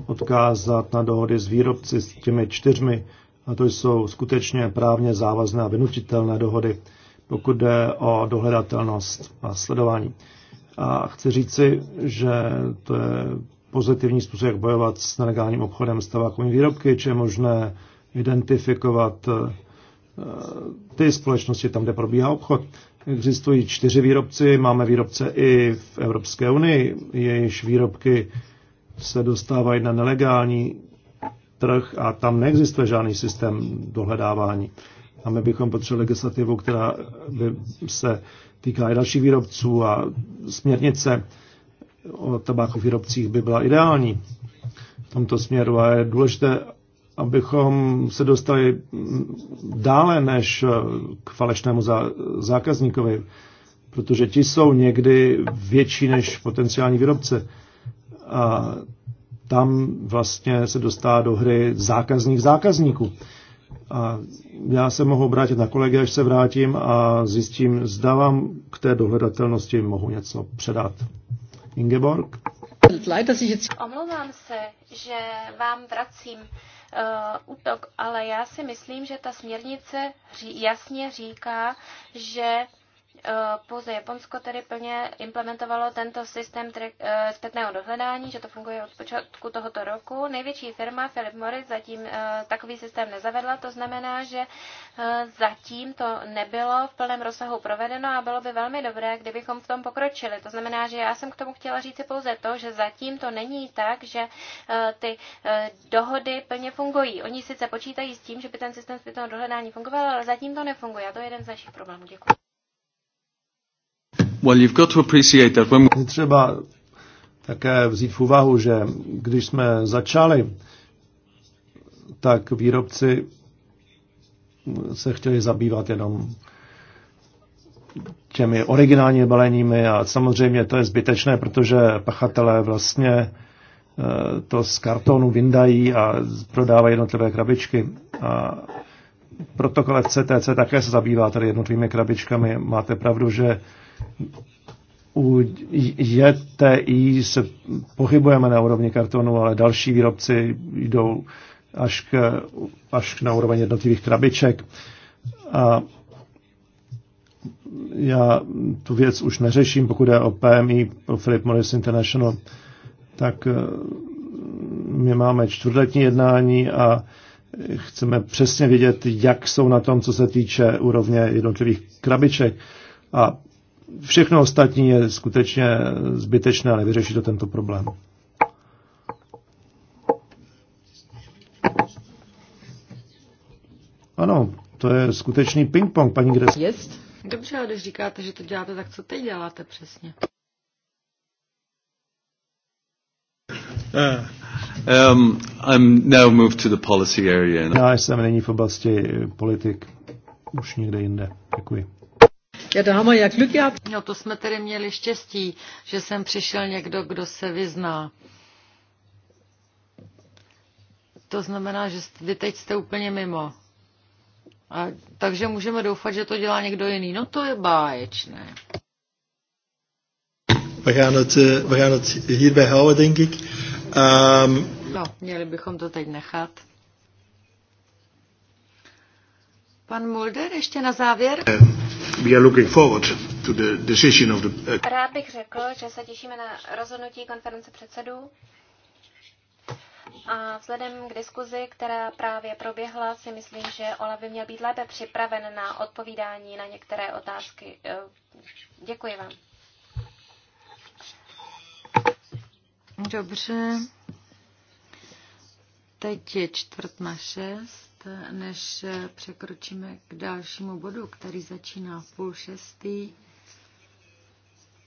odkázat na dohody s výrobci s těmi čtyřmi, a to jsou skutečně právně závazné a vynutitelné dohody pokud jde o dohledatelnost a sledování. A chci říci, že to je pozitivní způsob, jak bojovat s nelegálním obchodem s tabákovými výrobky, či je možné identifikovat eh, ty společnosti tam, kde probíhá obchod. Existují čtyři výrobci, máme výrobce i v Evropské unii, jejichž výrobky se dostávají na nelegální trh a tam neexistuje žádný systém dohledávání a my bychom potřebovali legislativu, která by se týká i dalších výrobců a směrnice o tabákových výrobcích by byla ideální v tomto směru a je důležité, abychom se dostali dále než k falešnému zákazníkovi, protože ti jsou někdy větší než potenciální výrobce. A tam vlastně se dostá do hry zákazník zákazníků. A já se mohu obrátit na kolegy, až se vrátím a zjistím, zda vám k té dohledatelnosti mohu něco předat. Ingeborg? Omlouvám se, že vám vracím uh, útok, ale já si myslím, že ta směrnice jasně říká, že Eh, pouze Japonsko tedy plně implementovalo tento systém eh, zpětného dohledání, že to funguje od počátku tohoto roku. Největší firma Philip Morris zatím eh, takový systém nezavedla, to znamená, že zatím to nebylo v plném rozsahu provedeno a bylo by velmi dobré, kdybychom v tom pokročili. To znamená, že já jsem k tomu chtěla říci pouze to, že zatím to není tak, že ty dohody plně fungují. Oni sice počítají s tím, že by ten systém zpětného dohledání fungoval, ale zatím to nefunguje. A to je jeden z našich problémů. Děkuji. Well, you've got to appreciate that when... Třeba také vzít v úvahu, že když jsme začali, tak výrobci se chtěli zabývat jenom těmi originálními baleními a samozřejmě to je zbytečné, protože pachatelé vlastně eh, to z kartonu vyndají a prodávají jednotlivé krabičky. A protokole CTC také se zabývá tady jednotlivými krabičkami. Máte pravdu, že u JTI se pohybujeme na úrovni kartonu, ale další výrobci jdou až, k, až na úroveň jednotlivých krabiček. A já tu věc už neřeším, pokud je o PMI, o Philip Morris International, tak eh, my máme čtvrtletní jednání a chceme přesně vidět, jak jsou na tom, co se týče úrovně jednotlivých krabiček. A všechno ostatní je skutečně zbytečné a nevyřeší to tento problém. Ano, to je skutečný ping-pong, paní Gres. Jest? Dobře, ale když říkáte, že to děláte, tak co teď děláte přesně? Uh, um, I'm now moved to the policy area. Já jsem nyní v oblasti politik, už někde jinde. Děkuji jak No to jsme tedy měli štěstí, že jsem přišel někdo, kdo se vyzná. To znamená, že vy teď jste úplně mimo. A, takže můžeme doufat, že to dělá někdo jiný. No to je báječné. We gaan het, we eh, gaan het hierbij houden, denk ik. Um... Ehm, no, měli bychom to teď nechat. Pan Mulder, ještě na závěr. Eh, we are looking forward to the decision of the... Eh, Rád bych řekl, že se těšíme na rozhodnutí konference předsedů. A vzhledem k diskuzi, která právě proběhla, si myslím, že Ola by měl být lépe připraven na odpovídání na některé otázky. Eh, děkuji vám. Dobře. Teď je čtvrt na šest než překročíme k dalšímu bodu, který začíná v půl šestý,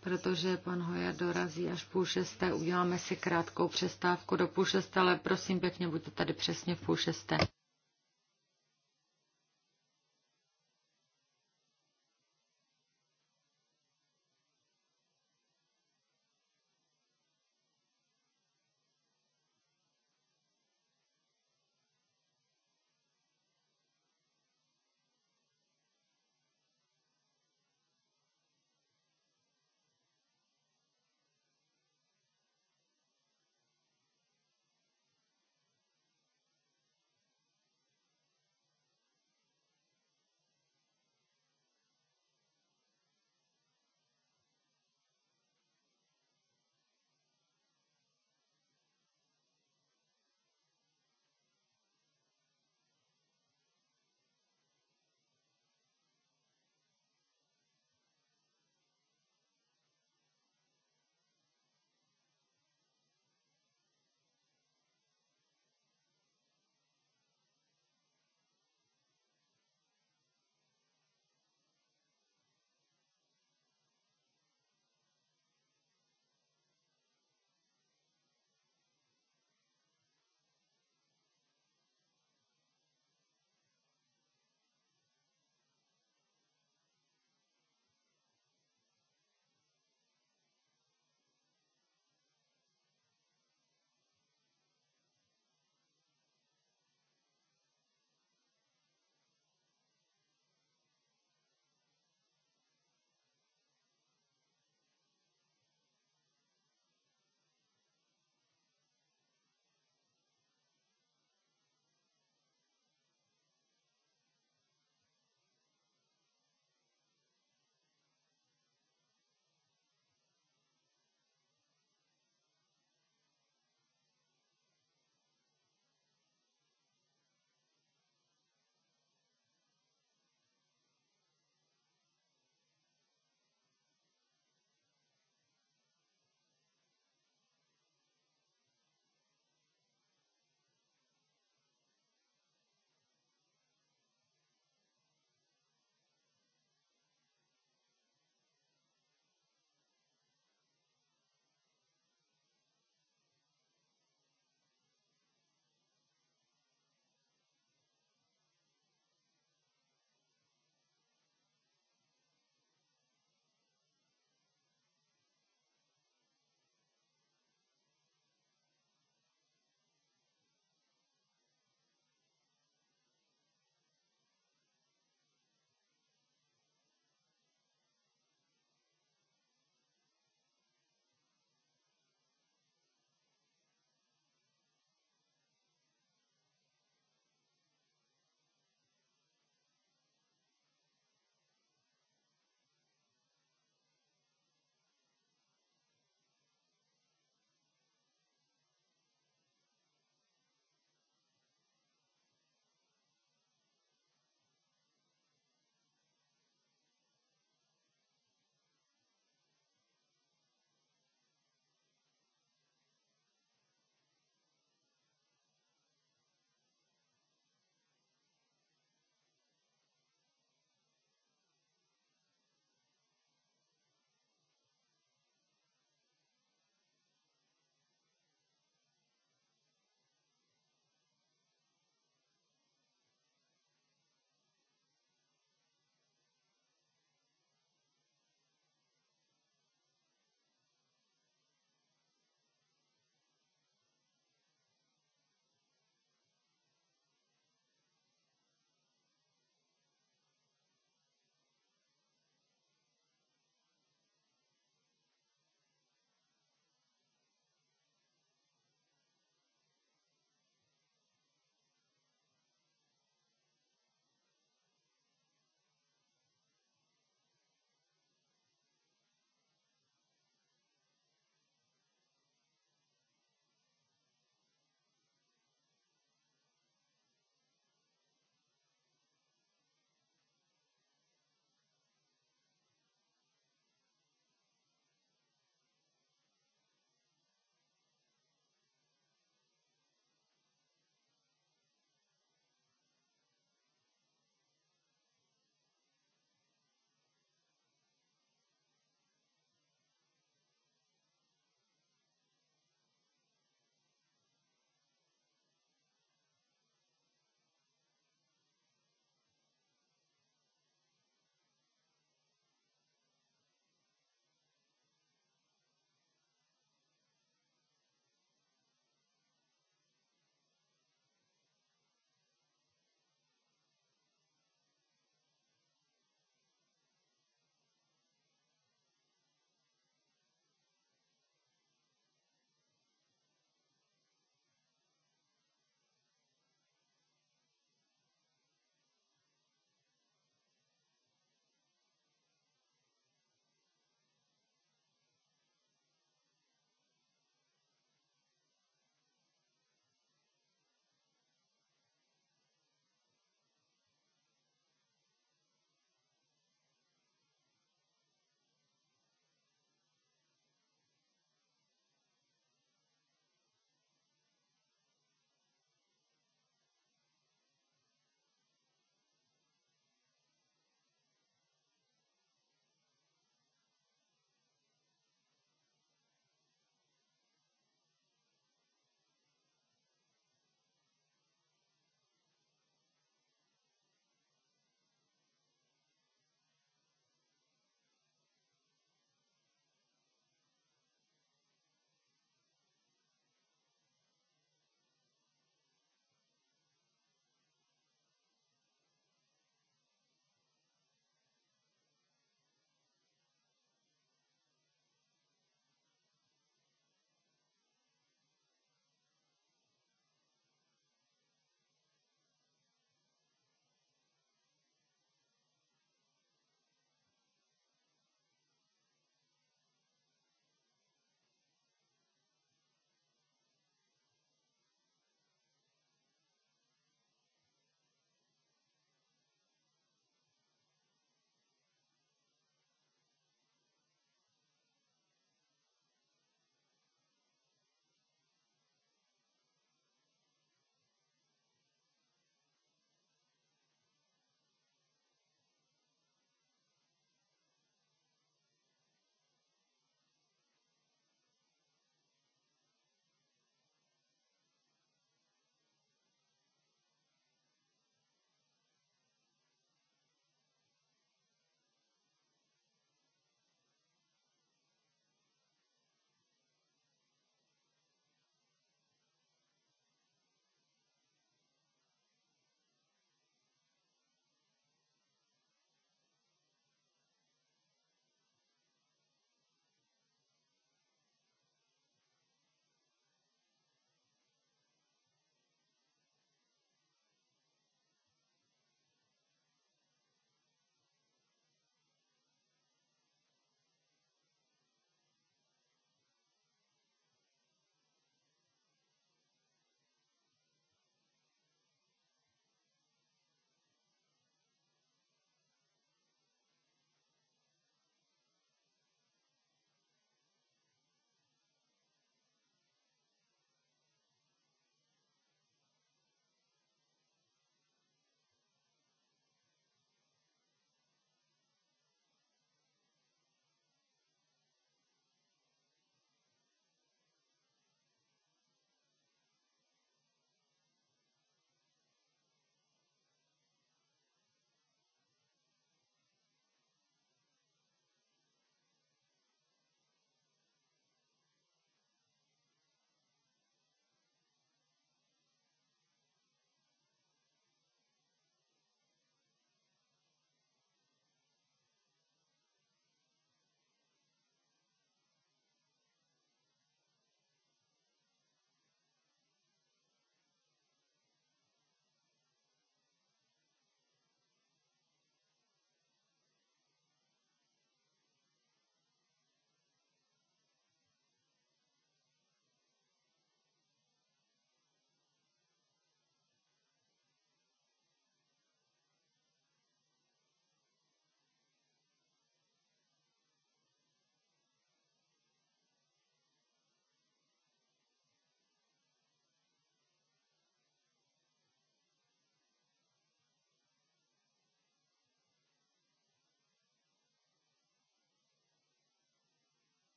protože pan Hoja dorazí až půl šesté. Uděláme si krátkou přestávku do půl šesté, ale prosím pěkně, buďte tady přesně v půl šesté.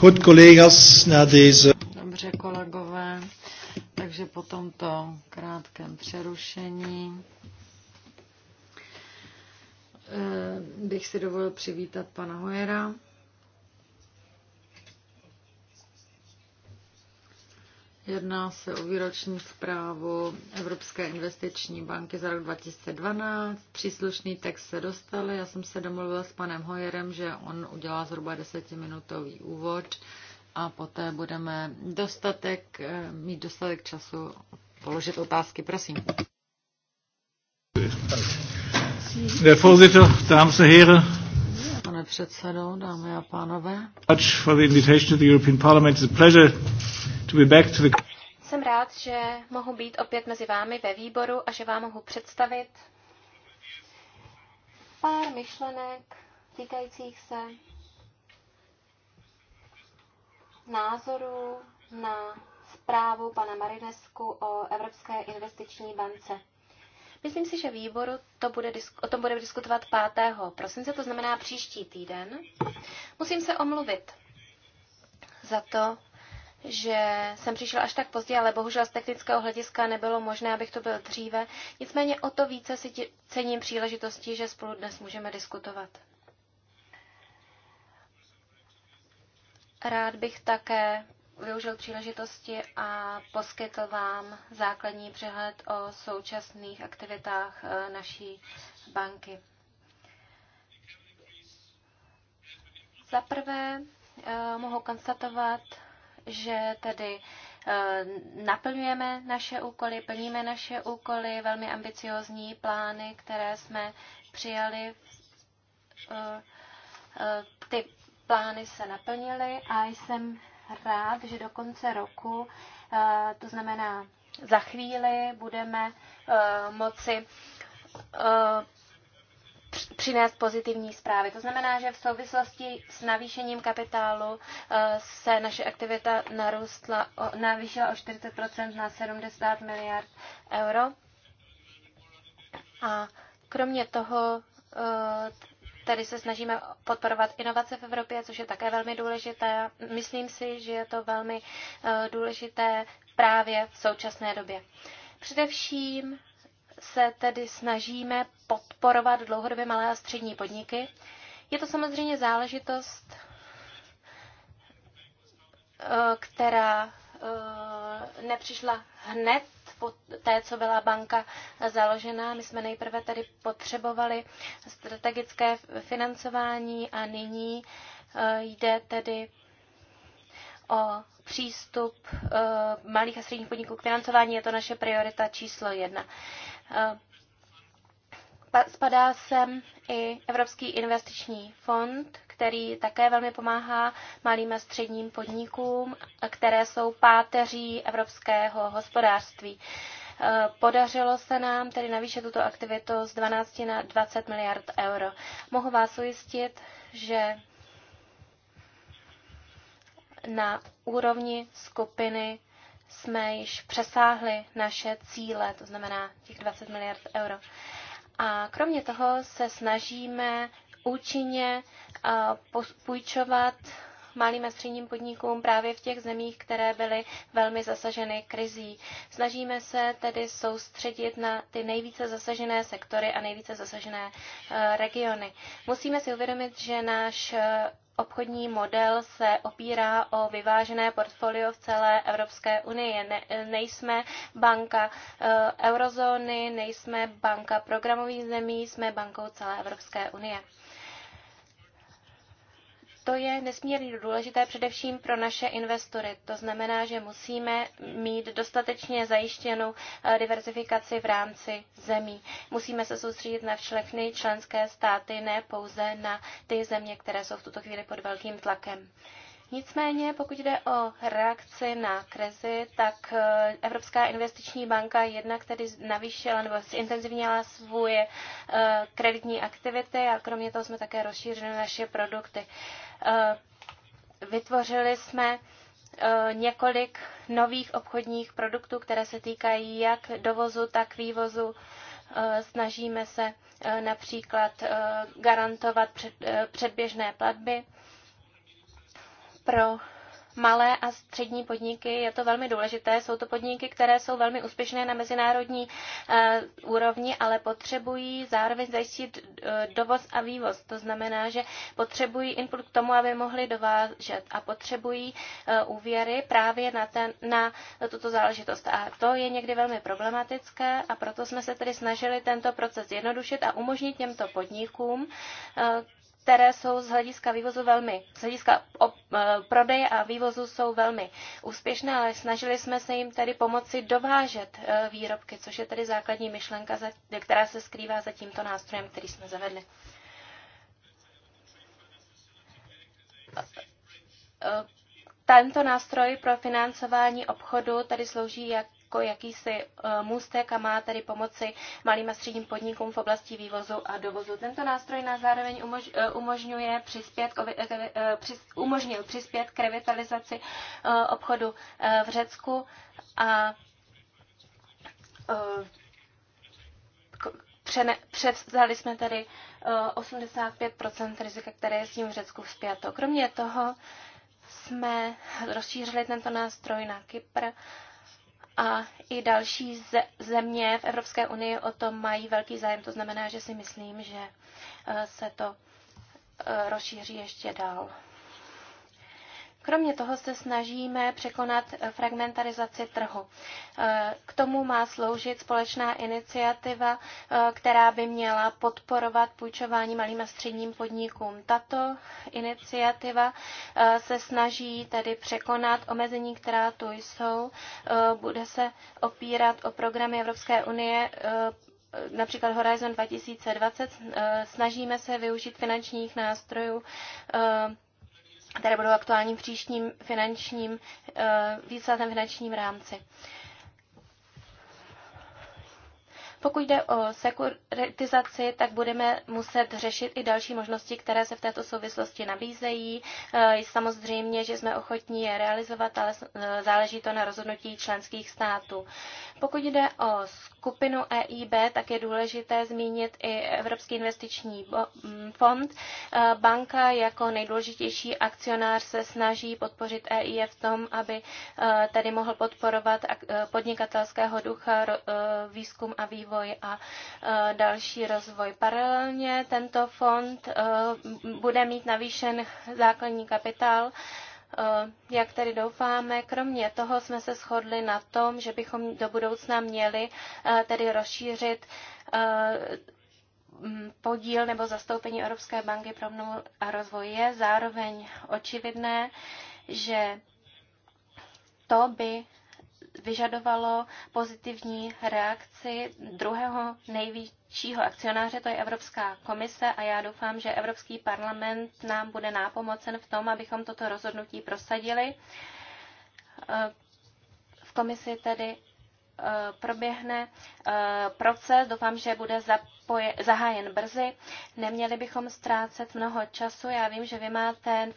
Goed, collega's, na deze... Dobře, kolegové. Takže po tomto krátkém přerušení eh, bych si dovolil přivítat pana Hojera. Jedná se o výroční zprávu Evropské investiční banky za rok 2012. Příslušný text se dostal. Já jsem se domluvila s panem Hojerem, že on udělá zhruba desetiminutový úvod a poté budeme dostatek, eh, mít dostatek času položit otázky. Prosím. Der Vorsitter, Damen und Herren. Pane předsedo, dámy a pánové. Much for the invitation to the European Parliament. It's a pleasure to be back to the... Jsem rád, že mohu být opět mezi vámi ve výboru a že vám mohu představit pár myšlenek týkajících se názorů na zprávu pana Marinesku o Evropské investiční bance. Myslím si, že výboru to bude, o tom bude diskutovat 5. prosince, to znamená příští týden. Musím se omluvit za to, že jsem přišel až tak pozdě, ale bohužel z technického hlediska nebylo možné, abych to byl dříve. Nicméně o to více si cením příležitosti, že spolu dnes můžeme diskutovat. Rád bych také využil příležitosti a poskytl vám základní přehled o současných aktivitách e, naší banky. Za prvé e, mohu konstatovat, že tedy e, naplňujeme naše úkoly, plníme naše úkoly, velmi ambiciozní plány, které jsme přijali. E, e, ty plány se naplnily a jsem rád, že do konce roku, to znamená za chvíli, budeme moci přinést pozitivní zprávy. To znamená, že v souvislosti s navýšením kapitálu eh, se naše aktivita narůstla, navýšila o 40 na 70 miliard euro. A kromě toho eh, tady se snažíme podporovat inovace v Evropě, což je také velmi důležité. Myslím si, že je to velmi eh, důležité právě v současné době. Především se tedy snažíme podporovat dlouhodobě malé a střední podniky. Je to samozřejmě záležitost, eh, která eh, nepřišla hned po té, co byla banka založena. My jsme nejprve tedy potřebovali strategické financování a nyní eh, jde tedy o přístup eh, malých a středních podniků k financování je to naše priorita číslo jedna. Eh, spadá sem i Evropský investiční fond, který také velmi pomáhá malým a středním podnikům, které jsou páteří evropského hospodářství. Eh, podařilo se nám tedy navýšit tuto aktivitu z 12 na 20 miliard euro. Mohu vás ujistit, že na úrovni skupiny jsme již přesáhli naše cíle, to znamená těch 20 miliard euro. A kromě toho se snažíme účinně eh, půjčovat malým a středním podnikům právě v těch zemích, které byly velmi zasaženy krizí. Snažíme se tedy soustředit na ty nejvíce zasažené sektory a nejvíce zasažené eh, regiony. Musíme si uvědomit, že náš eh, obchodní model se opírá o vyvážené portfolio v celé Evropské unii. Ne, nejsme banka eh, eurozóny, nejsme banka programových zemí, jsme bankou celé Evropské unie. To je nesmírně důležité především pro naše investory. To znamená, že musíme mít dostatečně zajištěnou eh, diversifikaci v rámci zemí. Musíme se soustředit na všechny členské státy, ne pouze na ty země, které jsou v tuto chvíli pod velkým tlakem. Nicméně, pokud jde o reakci na krizi, tak eh, Evropská investiční banka jednak tedy navýšila nebo zintenzivnila svoje eh, kreditní aktivity a kromě toho jsme také rozšířili naše produkty. Eh, vytvořili jsme eh, několik nových obchodních produktů, které se týkají jak dovozu, tak vývozu. Eh, snažíme se například garantovat předběžné platby pro malé a střední podniky. Je to velmi důležité. Jsou to podniky, které jsou velmi úspěšné na mezinárodní eh, úrovni, ale potřebují zároveň zajistit eh, dovoz a vývoz. To znamená, že potřebují input k tomu, aby mohli dovážet a potřebují eh, úvěry právě na, ten, na tuto záležitost. A to je někdy velmi problematické a proto jsme se tedy snažili tento proces jednodušit a umožnit těmto podnikům, které jsou z hlediska vývozu velmi, z hlediska eh, prodeje a vývozu jsou velmi úspěšné, ale snažili jsme se jim tedy pomoci dovážet eh, výrobky, což je tedy základní myšlenka, která se skrývá za tímto nástrojem, který jsme zavedli. Eh, tento nástroj pro financování obchodu tady slouží jak jako jakýsi eh, můstek a má tedy pomoci malým a středním podnikům v oblasti vývozu a dovozu. Tento nástroj nás zároveň eh, umožňuje přispět, eh, umožnil přispět k revitalizaci obchodu v Řecku a převzali jsme tady 85 rizika, které je s tím v Řecku vzpěto. Kromě toho jsme rozšířili tento nástroj na Kypr a i další země v Evropské unii o tom mají velký zájem. To znamená, že si myslím, že eh, se to eh, rozšíří ještě dál. Kromě toho se snažíme překonat fragmentarizaci trhu. Eh, k tomu má sloužit společná iniciativa, eh, která by měla podporovat půjčování malým a středním podnikům. Tato iniciativa eh, se snaží tedy překonat omezení, která tu jsou. Bude se opírat o programy Evropské unie například Horizon 2020. Snažíme se využít finančních nástrojů které budou aktuální v příštím finančním, eh, víceletém finančním rámci. Pokud jde o sekuritizaci, tak budeme muset řešit i další možnosti, které se v této souvislosti nabízejí. E, samozřejmě, že jsme ochotní je realizovat, ale e, záleží to na rozhodnutí členských států. Pokud jde o skupinu EIB, tak je důležité zmínit i Evropský investiční fond. E, banka jako nejdůležitější akcionář se snaží podpořit EIF v tom, aby tady mohl podporovat podnikatelského ducha, výzkum a vývoj rozvoj a e, další rozvoj. Paralelně tento fond e, bude mít navýšen základní kapitál e, jak tedy doufáme, kromě toho jsme se shodli na tom, že bychom do budoucna měli tedy rozšířit podíl nebo zastoupení Evropské banky pro mnou a rozvoj je zároveň očividné, že to by vyžadovalo pozitivní reakci druhého největšího akcionáře, to je Evropská komise a já doufám, že Evropský parlament nám bude nápomocen v tom, abychom toto rozhodnutí prosadili. Eh, v komisi tedy eh, proběhne eh, proces. Doufám, že bude zapoje, zahájen brzy. Neměli bychom ztrácet mnoho času. Já vím, že vy máte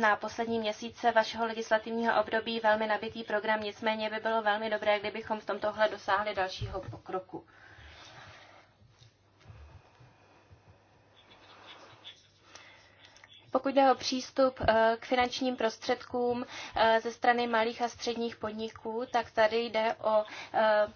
na poslední měsíce vašeho legislativního období velmi nabitý program, nicméně by bylo velmi dobré, kdybychom v tomto ohledu dosáhli dalšího pokroku. Pokud jde o přístup eh, k finančním prostředkům eh, ze strany malých a středních podniků, tak tady jde o eh,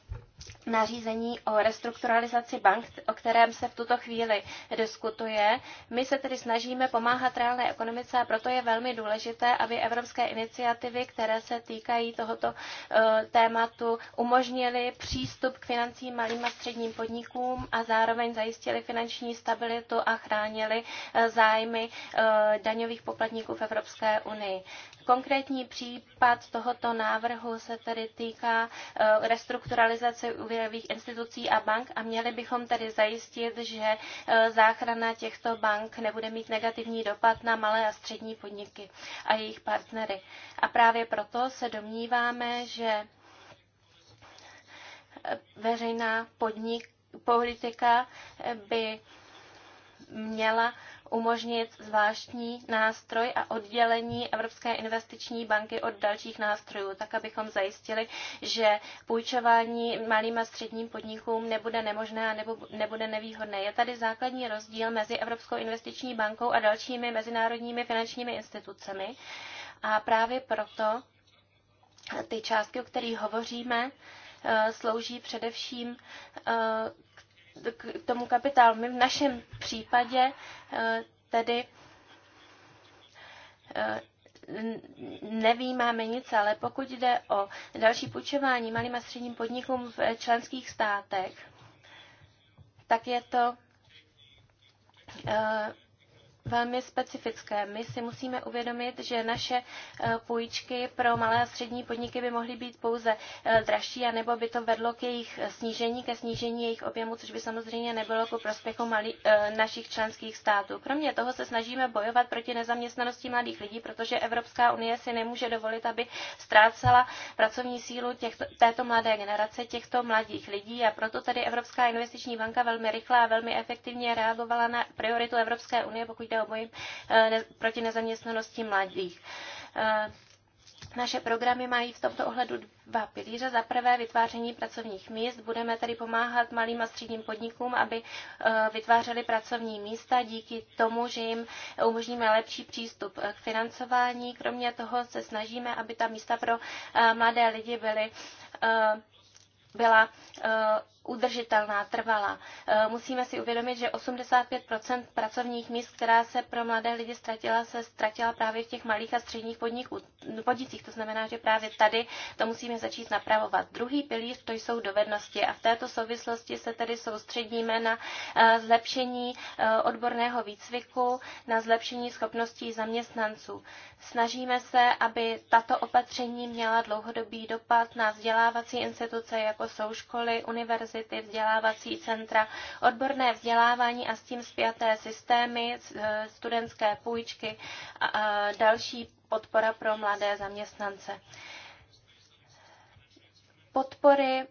nařízení o restrukturalizaci bank, o kterém se v tuto chvíli diskutuje. My se tedy snažíme pomáhat reálné ekonomice a proto je velmi důležité, aby evropské iniciativy, které se týkají tohoto eh, tématu, umožnily přístup k financím malým a středním podnikům a zároveň zajistili finanční stabilitu a chránili eh, zájmy eh, daňových poplatníků v Evropské unii. Konkrétní případ tohoto návrhu se tedy týká restrukturalizace práci úvěrových institucí a bank a měli bychom tedy zajistit, že e, záchrana těchto bank nebude mít negativní dopad na malé a střední podniky a jejich partnery. A právě proto se domníváme, že e, veřejná podnik, politika e, by měla umožnit zvláštní nástroj a oddělení Evropské investiční banky od dalších nástrojů, tak abychom zajistili, že půjčování malým a středním podnikům nebude nemožné a nebo, nebude nevýhodné. Je tady základní rozdíl mezi Evropskou investiční bankou a dalšími mezinárodními finančními institucemi a právě proto ty částky, o kterých hovoříme, eh, slouží především eh, k tomu kapitálu. My v našem případě eh, tedy eh, nevýmáme nic, ale pokud jde o další půjčování malým a středním podnikům v eh, členských státech, tak je to velmi specifické. My si musíme uvědomit, že naše eh, půjčky pro malé a střední podniky by mohly být pouze eh, dražší, anebo by to vedlo k jejich eh, snížení, ke snížení jejich objemu, což by samozřejmě nebylo ku prospěchu malý, našich členských států. Kromě toho se snažíme bojovat proti nezaměstnanosti mladých lidí, protože Evropská unie si nemůže dovolit, aby ztrácela pracovní sílu těchto, této mladé generace, těchto mladých lidí a proto tady Evropská investiční banka velmi rychle a velmi efektivně reagovala na prioritu Evropské unie, pokud jde o boji eh, proti nezaměstnanosti mladých. Eh, naše programy mají v tomto ohledu dva pilíře. Za prvé vytváření pracovních míst. Budeme tedy pomáhat malým a středním podnikům, aby eh, vytvářeli pracovní místa díky tomu, že jim umožníme lepší přístup k financování. Kromě toho se snažíme, aby ta místa pro mladé lidi byly, byla udržitelná, trvalá. E, musíme si uvědomit, že 85 pracovních míst, která se pro mladé lidi ztratila, se ztratila právě v těch malých a středních podnicích. To znamená, že právě tady to musíme začít napravovat. Druhý pilíř to jsou dovednosti a v této souvislosti se tedy soustředíme na e, zlepšení e, odborného výcviku, na zlepšení schopností zaměstnanců. Snažíme se, aby tato opatření měla dlouhodobý dopad na vzdělávací instituce, jako jsou školy, univerzity, univerzity, vzdělávací centra, odborné vzdělávání a s tím spjaté systémy, e, studentské půjčky a další podpora pro mladé zaměstnance. Podpory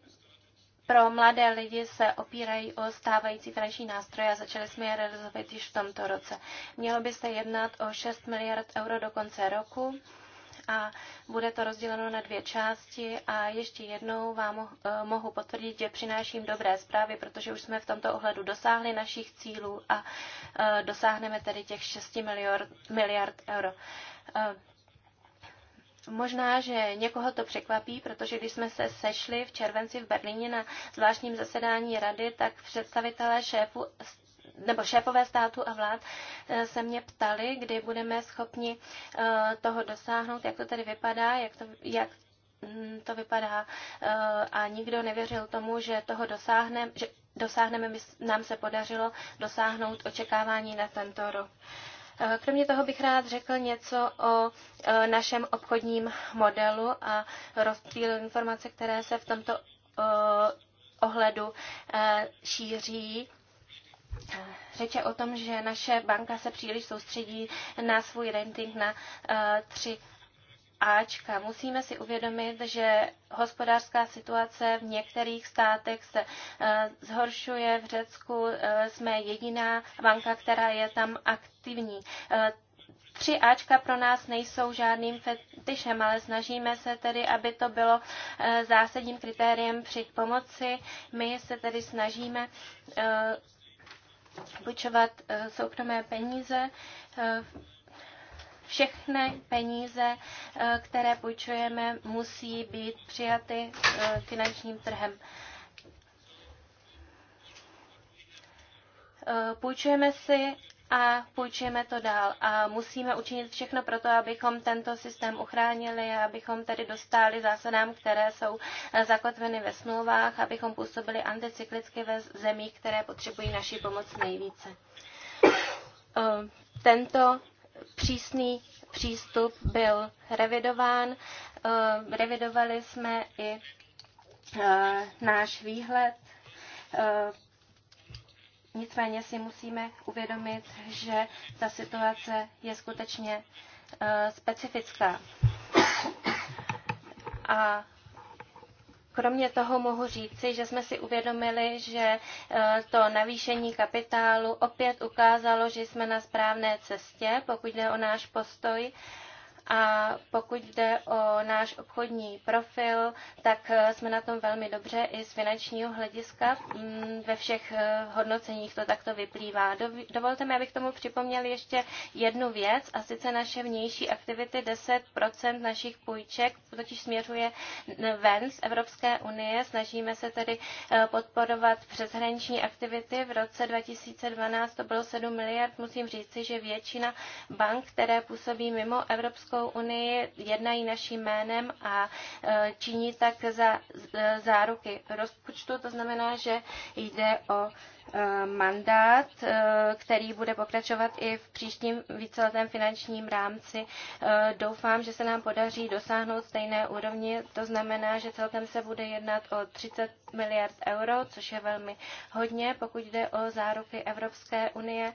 pro mladé lidi se opírají o stávající finanční nástroje a začali jsme je realizovat již v tomto roce. Mělo by se jednat o 6 miliard euro do konce roku a bude to rozděleno na dvě části a ještě jednou vám eh, mohu potvrdit, že přináším dobré zprávy, protože už jsme v tomto ohledu dosáhli našich cílů a eh, dosáhneme tedy těch 6 miliard, miliard euro. Eh, možná, že někoho to překvapí, protože když jsme se sešli v červenci v Berlíně na zvláštním zasedání rady, tak představitelé šéfů nebo šéfové státu a vlád eh, se mě ptali, kdy budeme schopni eh, toho dosáhnout, jak to tedy vypadá, jak to, jak mm, to vypadá eh, a nikdo nevěřil tomu, že toho dosáhneme, že dosáhneme, nám se podařilo dosáhnout očekávání na tento rok. Kromě toho bych rád řekl něco o našem obchodním modelu a rozptýl informace, které se v tomto ohledu šíří řeče o tom, že naše banka se příliš soustředí na svůj rating na eh, tři Ačka. Musíme si uvědomit, že hospodářská situace v některých státech se eh, zhoršuje. V Řecku eh, jsme jediná banka, která je tam aktivní. Tři Ačka pro nás nejsou žádným fetišem, ale snažíme se tedy, aby to bylo zásadním kritériem při pomoci. My se tedy snažíme půjčovat eh, soukromé peníze. Eh, všechny peníze, eh, které půjčujeme, musí být přijaty finančním trhem. Půjčujeme si a půjčujeme to dál. A musíme učinit všechno pro to, abychom tento systém uchránili, abychom tedy dostali zásadám, které jsou eh, zakotveny ve smlouvách, abychom působili anticyklicky ve zemích, které potřebují naší pomoc nejvíce. Eh, tento přísný přístup byl revidován. Eh, revidovali jsme i náš výhled Nicméně si musíme uvědomit, že ta situace je skutečně eh, specifická. A Kromě toho mohu říci, že jsme si uvědomili, že eh, to navýšení kapitálu opět ukázalo, že jsme na správné cestě, pokud jde o náš postoj a pokud jde o náš obchodní profil, tak eh, jsme na tom velmi dobře i z finančního hlediska. Mm, ve všech eh, hodnoceních to takto vyplývá. Dovolte mi, abych tomu připomněl ještě jednu věc, a sice naše vnější aktivity 10% našich půjček totiž směřuje ven z Evropské unie. Snažíme se tedy eh, podporovat přeshraniční aktivity. V roce 2012 to bylo 7 miliard. Musím říci, že většina bank, které působí mimo Evropskou Evropskou unii, jednají naším jménem a e, činí tak za e, záruky rozpočtu. To znamená, že jde o e, mandát, který bude pokračovat i v příštím víceletém finančním rámci. Doufám, že se nám podaří dosáhnout stejné úrovni. To znamená, že celkem se bude jednat o 30 miliard euro, což je velmi hodně, pokud jde o záruky Evropské unie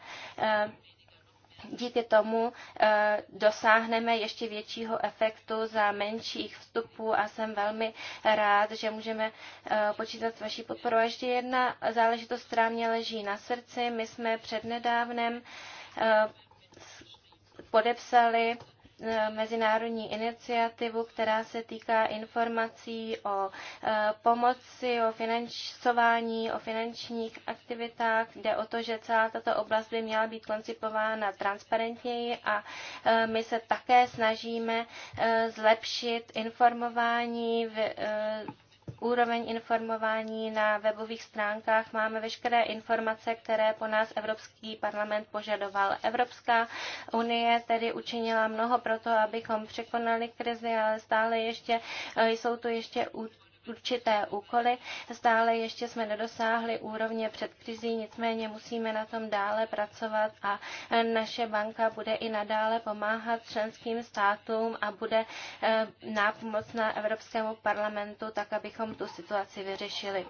díky tomu eh, dosáhneme ještě většího efektu za menších vstupů a jsem velmi rád, že můžeme eh, počítat s vaší podporou. A ještě jedna záležitost, která mě leží na srdci. My jsme přednedávnem eh, podepsali E, mezinárodní iniciativu, která se týká informací o e, pomoci, o financování, o finančních aktivitách. Jde o to, že celá tato oblast by měla být koncipována transparentněji a e, my se také snažíme zlepšit informování v úroveň informování na webových stránkách máme veškeré informace, které po nás Evropský parlament požadoval. Evropská unie tedy učinila mnoho pro to, abychom překonali krizi, ale stále ještě eh, jsou tu ještě určité úkoly. Stále ještě jsme nedosáhli úrovně před krizí, nicméně musíme na tom dále pracovat a naše banka bude i nadále pomáhat členským státům a bude eh, nápomocná Evropskému parlamentu, tak abychom tu situaci vyřešili.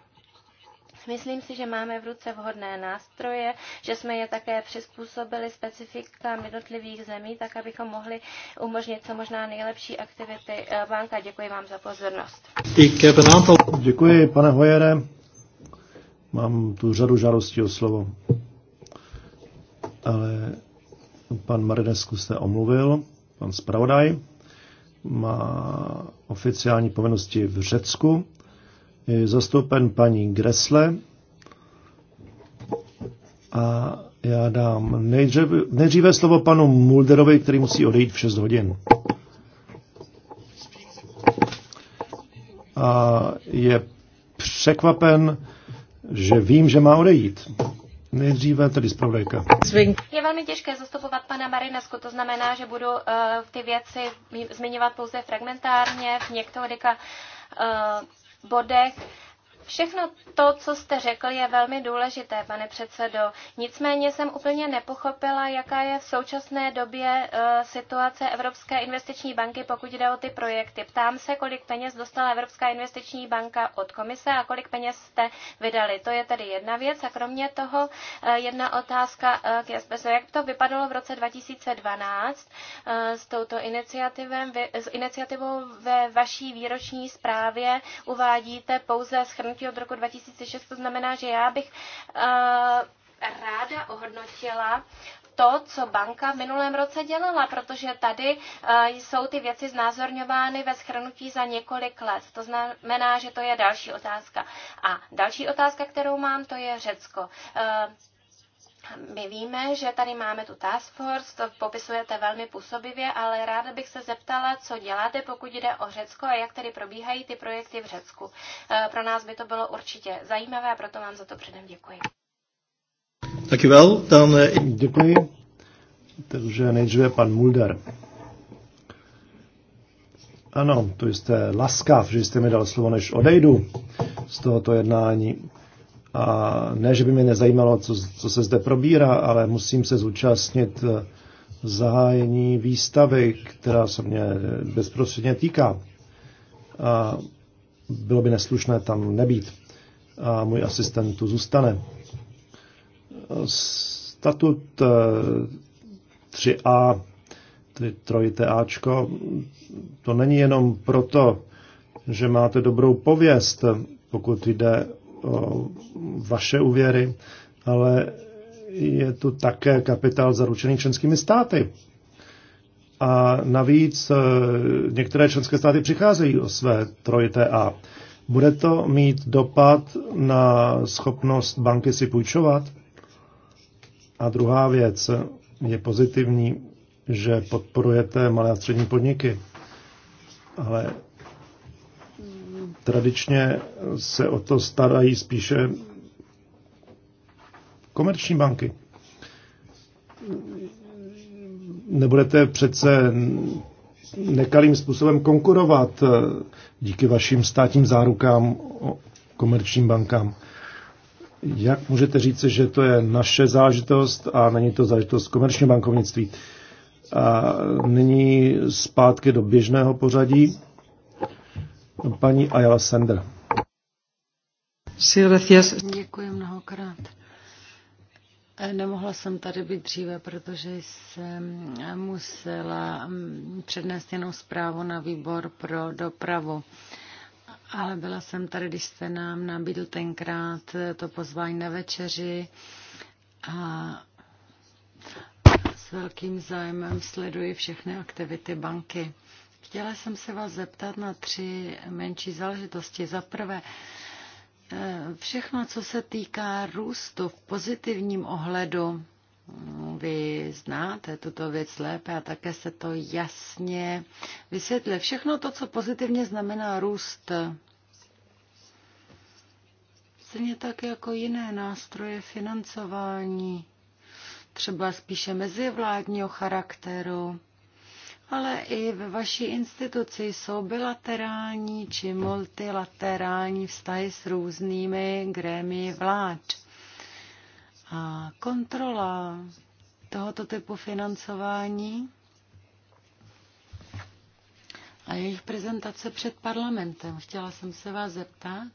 Myslím si, že máme v ruce vhodné nástroje, že jsme je také přizpůsobili specifikám jednotlivých zemí, tak abychom mohli umožnit co možná nejlepší aktivity eh, banka. Děkuji vám za pozornost. Děkuji, pane Hojere. Mám tu řadu žádostí o slovo. Ale pan Marinesku se omluvil, pan zpravodaj má oficiální povinnosti v Řecku je zastoupen paní Gresle a já dám nejdříve, nejdříve slovo panu Mulderovi, který musí odejít v 6 hodin. A je překvapen, že vím, že má odejít. Nejdříve tedy zpravodajka. Je velmi těžké zastupovat pana Marinesku, to znamená, že budu uh, ty věci zmiňovat pouze fragmentárně, v několika uh, eh, bodech Všechno to, co jste řekl, je velmi důležité, pane předsedo. Nicméně jsem úplně nepochopila, jaká je v současné době e, situace Evropské investiční banky, pokud jde o ty projekty. Ptám se, kolik peněz dostala Evropská investiční banka od komise a kolik peněz jste vydali. To je tedy jedna věc. A kromě toho e, jedna otázka e, k SPSO. Jak to vypadalo v roce 2012 s touto iniciativem, s iniciativou ve vaší výroční zprávě uvádíte pouze schrnutí platí od roku 2006, to znamená, že já bych eh, ráda ohodnotila to, co banka v minulém roce dělala, protože tady eh, jsou ty věci znázorňovány ve schrnutí za několik let. To znamená, že to je další otázka. A další otázka, kterou mám, to je Řecko. Eh, my víme, že tady máme tu task force, to popisujete velmi působivě, ale ráda bych se zeptala, co děláte, pokud jde o Řecko a jak tedy probíhají ty projekty v Řecku. E, pro nás by to bylo určitě zajímavé a proto vám za to předem děkuji. Taky vel, tam... E, děkuji. Takže nejdříve pan Mulder. Ano, to jste laskav, že jste mi dal slovo, než odejdu z tohoto jednání. A ne, že by mě nezajímalo, co, co se zde probírá, ale musím se zúčastnit eh, zahájení výstavy, která se mě bezprostředně týká. A bylo by neslušné tam nebýt. A můj asistent tu zůstane. Statut 3A, eh, tedy trojité Ačko, to není jenom proto, že máte dobrou pověst, pokud jde o eh, vaše úvěry, ale je tu také kapitál zaručený členskými státy. A navíc eh, některé členské státy přicházejí o své trojité A. Bude to mít dopad na schopnost banky si půjčovat? A druhá věc je pozitivní, že podporujete malé a střední podniky. Ale Tradičně se o to starají spíše komerční banky. Nebudete přece nekalým způsobem konkurovat eh, díky vašim státním zárukám komerčním bankám. Jak můžete říct, že to je naše zážitost a není to zážitost komerčního bankovnictví? A nyní zpátky do běžného pořadí. Paní Ayala Sender. Děkuji mnohokrát. E, nemohla jsem tady být dříve, protože jsem musela mm, přednést jenom zprávu na výbor pro dopravu. Ale byla jsem tady, když jste nám nabídl tenkrát to pozvání na večeři a s velkým zájmem sleduji všechny aktivity banky. Chtěla jsem se vás zeptat na tři menší záležitosti. Za prvé, e, všechno, co se týká růstu v pozitivním ohledu, mm, vy znáte tuto věc lépe a také se to jasně vysvětlí. Všechno to, co pozitivně znamená růst, stejně tak jako jiné nástroje financování, třeba spíše mezivládního charakteru, ale i ve vaší instituci jsou bilaterální či multilaterální vztahy s různými grémy vlád. A kontrola tohoto typu financování a jejich prezentace před parlamentem. Chtěla jsem se vás zeptat,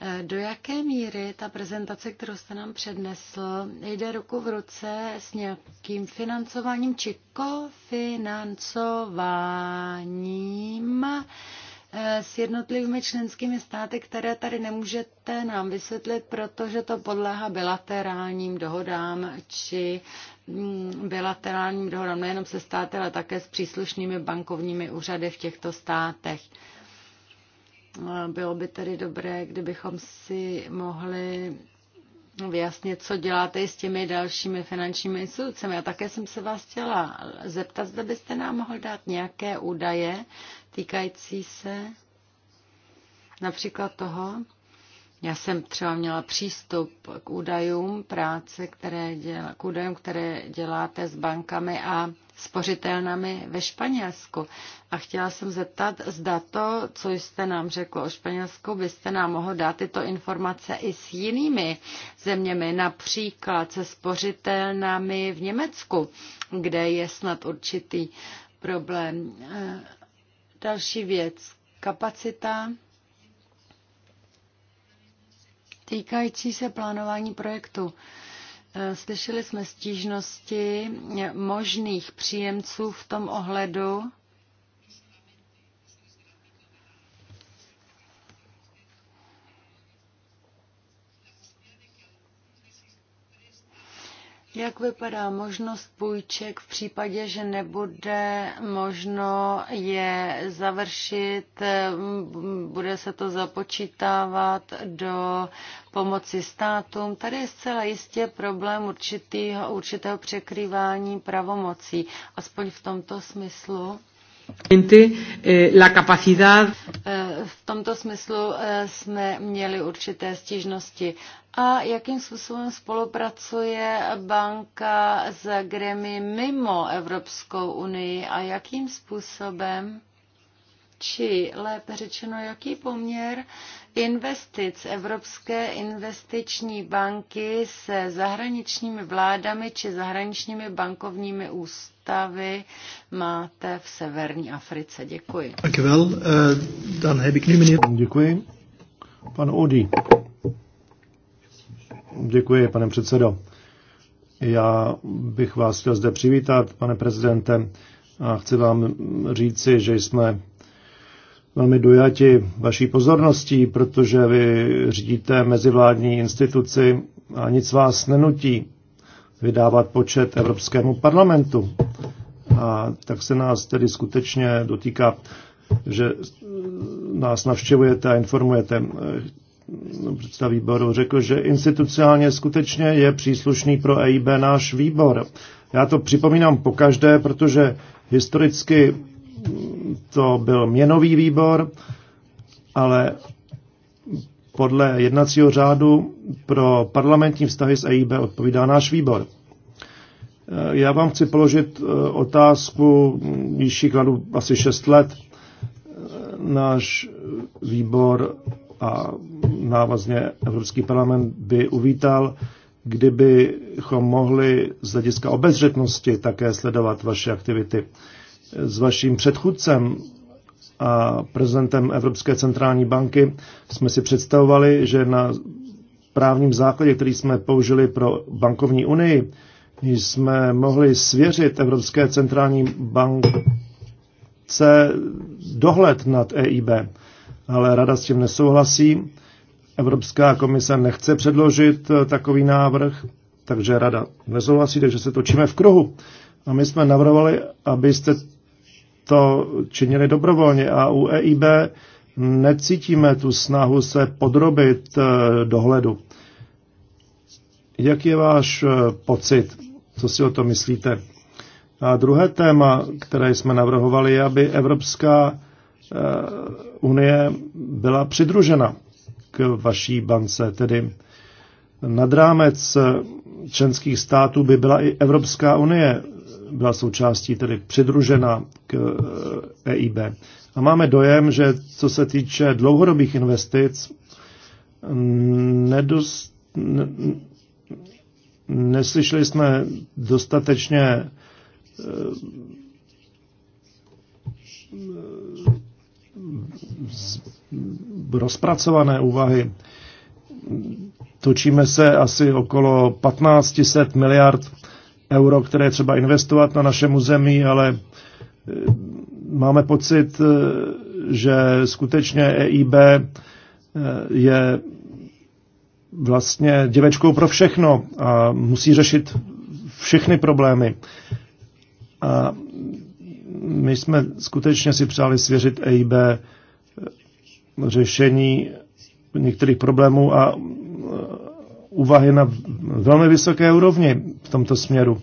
Eh, do jaké míry ta prezentace, kterou jste nám přednesl, jde ruku v ruce s nějakým financováním či kofinancováním eh, s jednotlivými členskými státy, které tady nemůžete nám vysvětlit, protože to podléhá bilaterálním dohodám či mm, bilaterálním dohodám nejenom se státy, ale také s příslušnými bankovními úřady v těchto státech. Eh, bylo by tedy dobré, kdybychom si mohli vyjasnit, co děláte s těmi dalšími finančními institucemi. A také jsem se vás chtěla zeptat, zda byste nám mohl dát nějaké údaje týkající se například toho, já jsem třeba měla přístup k údajům práce, které děla, k údajům, které děláte s bankami a spořitelnami ve Španělsku. A chtěla jsem zeptat, zda to, co jste nám řekl o Španělsku, byste nám mohl dát tyto informace i s jinými zeměmi, například se spořitelnami v Německu, kde je snad určitý problém. Eh, další věc, kapacita týkající se plánování projektu. E, slyšeli jsme stížnosti e, možných příjemců v tom ohledu, Jak vypadá možnost půjček v případě, že nebude možno je završit, bude se to započítávat do pomoci státům? Tady je zcela jistě problém určitýho, určitého překrývání pravomocí, aspoň v tomto smyslu Eh, eh, v tomto smyslu eh, jsme měli určité stížnosti. A jakým způsobem spolupracuje banka s gremi mimo Evropskou unii a jakým způsobem, či lépe řečeno, jaký poměr investic Evropské investiční banky se zahraničními vládami či zahraničními bankovními ústavy máte v severní Africe. Děkuji. Eh, Děkuji. Pan Odi. Děkuji, pane předsedo. Já bych vás chtěl zde přivítat, pane prezidente, a chci vám říci, že jsme velmi dojati vaší pozorností, protože vy řídíte mezivládní instituci a nic vás nenutí vydávat počet Evropskému parlamentu. A tak se nás tedy skutečně dotýká, že nás navštěvujete a informujete. Představ výboru řekl, že institucionálně skutečně je příslušný pro EIB náš výbor. Já to připomínám pokaždé, protože historicky to byl měnový výbor, ale podle jednacího řádu pro parlamentní vztahy s EIB odpovídá náš výbor. Eh, já vám chci položit eh, otázku, již kladu asi 6 let. Eh, náš výbor a návazně Evropský parlament by uvítal, kdybychom mohli z hlediska obezřetnosti také sledovat vaše aktivity s vaším předchůdcem a prezidentem Evropské centrální banky jsme si představovali, že na právním základě, který jsme použili pro bankovní unii, jsme mohli svěřit Evropské centrální bankce dohled nad EIB, ale rada s tím nesouhlasí. Evropská komise nechce předložit eh, takový návrh, takže rada nesouhlasí, takže se točíme v kruhu. A my jsme navrhovali, abyste to činili dobrovolně a u EIB necítíme tu snahu se podrobit eh, dohledu. Jak je váš eh, pocit? Co si o to myslíte? A druhé téma, které jsme navrhovali, je, aby Evropská eh, unie byla přidružena k vaší bance, tedy nad rámec členských států by byla i Evropská unie byla součástí tedy přidružena k EIB. Eh, e A máme dojem, že co se týče dlouhodobých investic, nedost, ne, neslyšeli jsme dostatečně eh, rozpracované úvahy. Točíme se asi okolo 1500 miliard euro, které třeba investovat na našem území, ale e, máme pocit, e, že skutečně EIB e, je vlastně děvečkou pro všechno a musí řešit všechny problémy. A my jsme skutečně si přáli svěřit EIB řešení některých problémů a úvahy na velmi vysoké úrovni v tomto směru,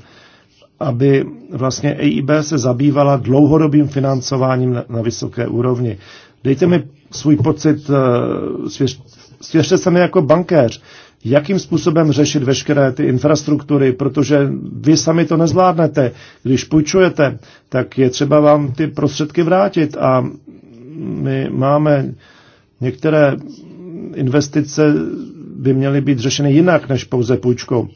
aby vlastně EIB se zabývala dlouhodobým financováním na, na vysoké úrovni. Dejte mi svůj pocit, eh, svěř, svěřte se mi jako bankéř, jakým způsobem řešit veškeré ty infrastruktury, protože vy sami to nezvládnete. Když půjčujete, tak je třeba vám ty prostředky vrátit a my máme některé investice by měly být řešeny jinak než pouze půjčkou.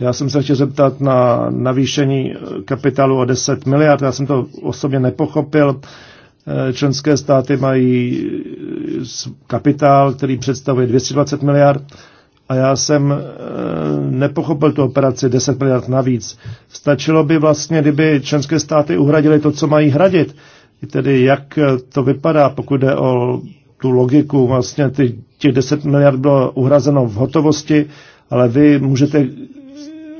Já jsem se chtěl zeptat na navýšení kapitálu o 10 miliard, já jsem to osobně nepochopil. Eh, členské státy mají eh, kapitál, který představuje 220 miliard a já jsem eh, nepochopil tu operaci 10 miliard navíc. Stačilo by vlastně, kdyby členské státy uhradily to, co mají hradit. Tedy jak to vypadá, pokud jde o tu logiku, vlastně ty těch 10 miliard bylo uhrazeno v hotovosti, ale vy můžete,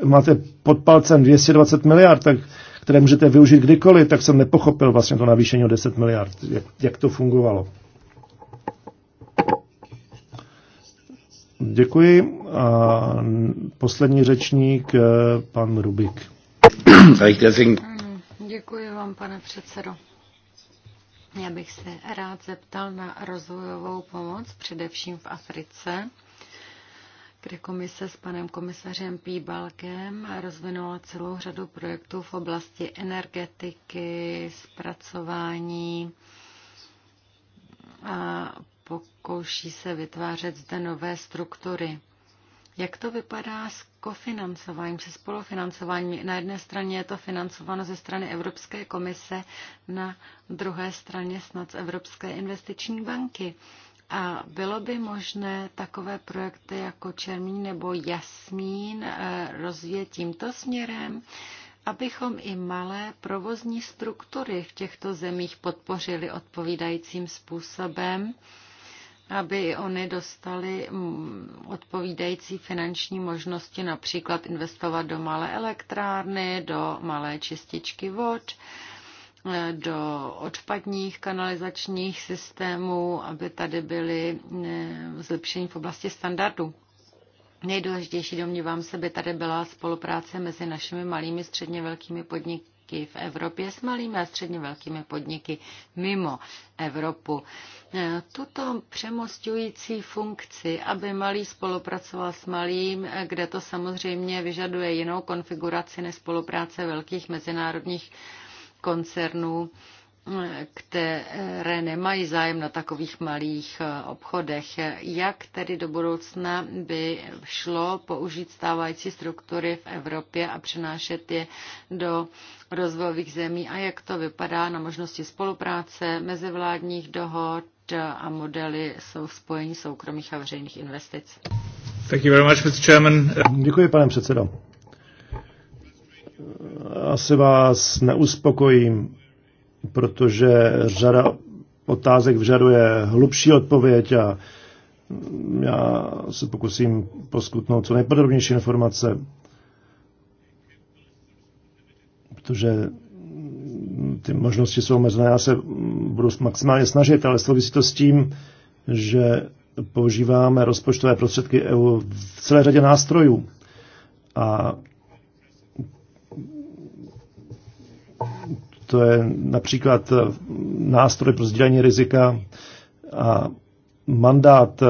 máte pod palcem 220 miliard, tak, které můžete využít kdykoliv, tak jsem nepochopil vlastně to navýšení o 10 miliard, jak, jak to fungovalo. Děkuji. A poslední řečník, eh, pan Rubik. Děkuji vám, pane předsedo. Já bych se rád zeptal na rozvojovou pomoc, především v Africe, kde komise s panem komisařem Píbalkem rozvinula celou řadu projektů v oblasti energetiky, zpracování a pokouší se vytvářet zde nové struktury. Jak to vypadá s kofinancováním, se spolufinancováním. Na jedné straně je to financováno ze strany Evropské komise, na druhé straně snad z Evropské investiční banky. A bylo by možné takové projekty jako Čermín nebo Jasmín eh, rozvíjet tímto směrem, abychom i malé provozní struktury v těchto zemích podpořili odpovídajícím způsobem aby oni dostali mm, odpovídající finanční možnosti například investovat do malé elektrárny, do malé čističky vod, eh, do odpadních kanalizačních systémů, aby tady byly eh, zlepšení v oblasti standardů. Nejdůležitější, domnívám se, by tady byla spolupráce mezi našimi malými středně velkými podniky podniky v Evropě s malými a středně velkými podniky mimo Evropu. E, tuto přemostující funkci, aby malý spolupracoval s malým, e, kde to samozřejmě vyžaduje jinou konfiguraci než spolupráce velkých mezinárodních koncernů, které nemají zájem na takových malých eh, obchodech. Jak tedy do budoucna by šlo použít stávající struktury v Evropě a přenášet je do rozvojových zemí a jak to vypadá na možnosti spolupráce, mezivládních dohod a modely jsou spojení soukromých a veřejných investic? Thank you very much, Mr. Chairman. Děkuji, pane předsedo. Asi vás neuspokojím protože řada otázek vžaduje hlubší odpověď a já se pokusím poskutnout co nejpodrobnější informace, protože ty možnosti jsou omezené. Já se budu maximálně snažit, ale souvisí to s tím, že používáme rozpočtové prostředky EU v celé řadě nástrojů. A to je například eh, nástroj pro sdílení rizika a mandát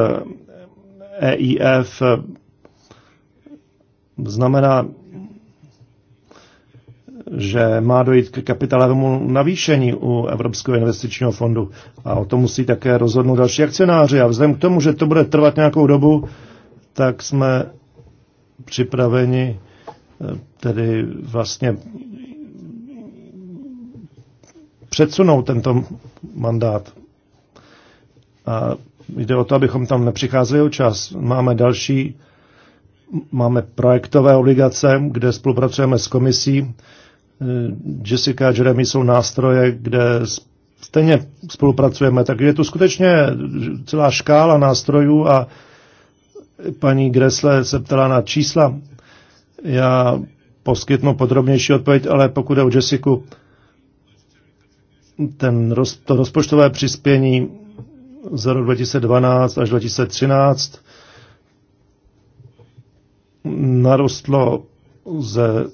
EIF eh, e eh, znamená, že má dojít k kapitálovému navýšení u Evropského investičního fondu. A o tom musí také rozhodnout další akcionáři. A vzhledem k tomu, že to bude trvat nějakou dobu, tak jsme připraveni tedy vlastně předsunout tento mandát. A jde o to, abychom tam nepřicházeli o čas. Máme další, máme projektové obligace, kde spolupracujeme s komisí. Eh, Jessica a Jeremy jsou nástroje, kde stejně spolupracujeme, takže je tu skutečně celá škála nástrojů a paní Gresle se ptala na čísla. Já poskytnu podrobnější odpověď, ale pokud je o Jessica, ten roz, to rozpočtové přispění za rok 2012 až 2013 narostlo ze,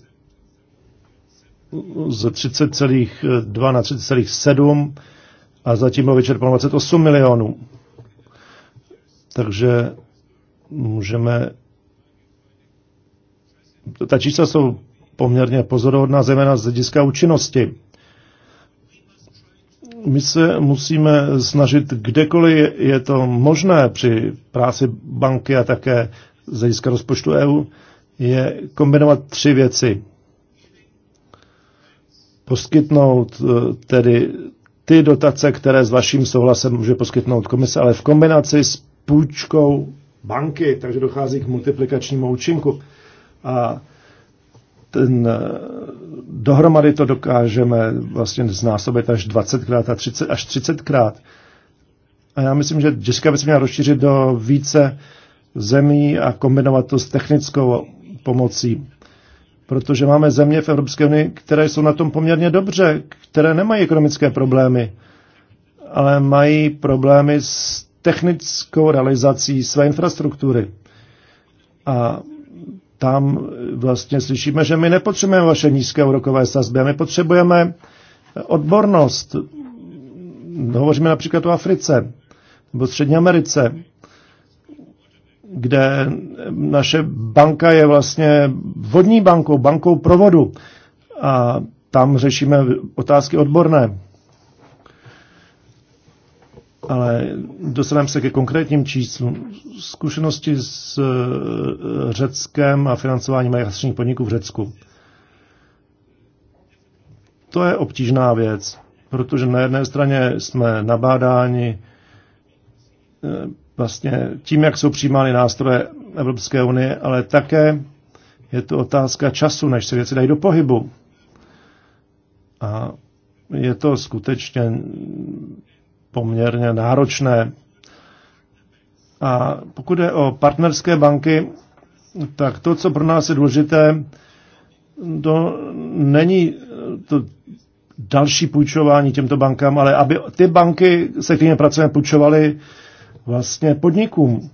ze 30,2 na 30,7 a zatím bylo vyčerpáno 28 milionů. Takže můžeme... Ta čísla jsou poměrně pozorovodná, zejména z hlediska účinnosti. My se musíme snažit kdekoliv je to možné při práci banky a také z hlediska rozpočtu EU, je kombinovat tři věci. Poskytnout eh, tedy ty dotace, které s vaším souhlasem může poskytnout komise, ale v kombinaci s půjčkou banky, takže dochází k multiplikačnímu účinku. A ten, eh, dohromady to dokážeme vlastně znásobit až 20krát a 30, až 30krát. A já myslím, že Česka by se měla rozšířit do více zemí a kombinovat to s technickou pomocí. Protože máme země v Evropské unii, které jsou na tom poměrně dobře, které nemají ekonomické problémy, ale mají problémy s technickou realizací své infrastruktury. A tam eh, vlastně slyšíme, že my nepotřebujeme vaše nízké úrokové sazby, my potřebujeme eh, odbornost. Hovoříme například o Africe nebo Střední Americe, kde eh, naše banka je vlastně vodní bankou, bankou provodu. A tam řešíme otázky odborné ale dostaneme se ke konkrétním číslům. Zkušenosti s eh, Řeckem a financováním jastrních podniků v Řecku. To je obtížná věc, protože na jedné straně jsme nabádáni eh, vlastně tím, jak jsou přijímány nástroje Evropské unie, ale také je to otázka času, než se věci dají do pohybu. A je to skutečně poměrně náročné. A pokud je o partnerské banky, tak to, co pro nás je důležité, to není eh, to další půjčování těmto bankám, ale aby ty banky, se kterými pracujeme, půjčovaly vlastně podnikům.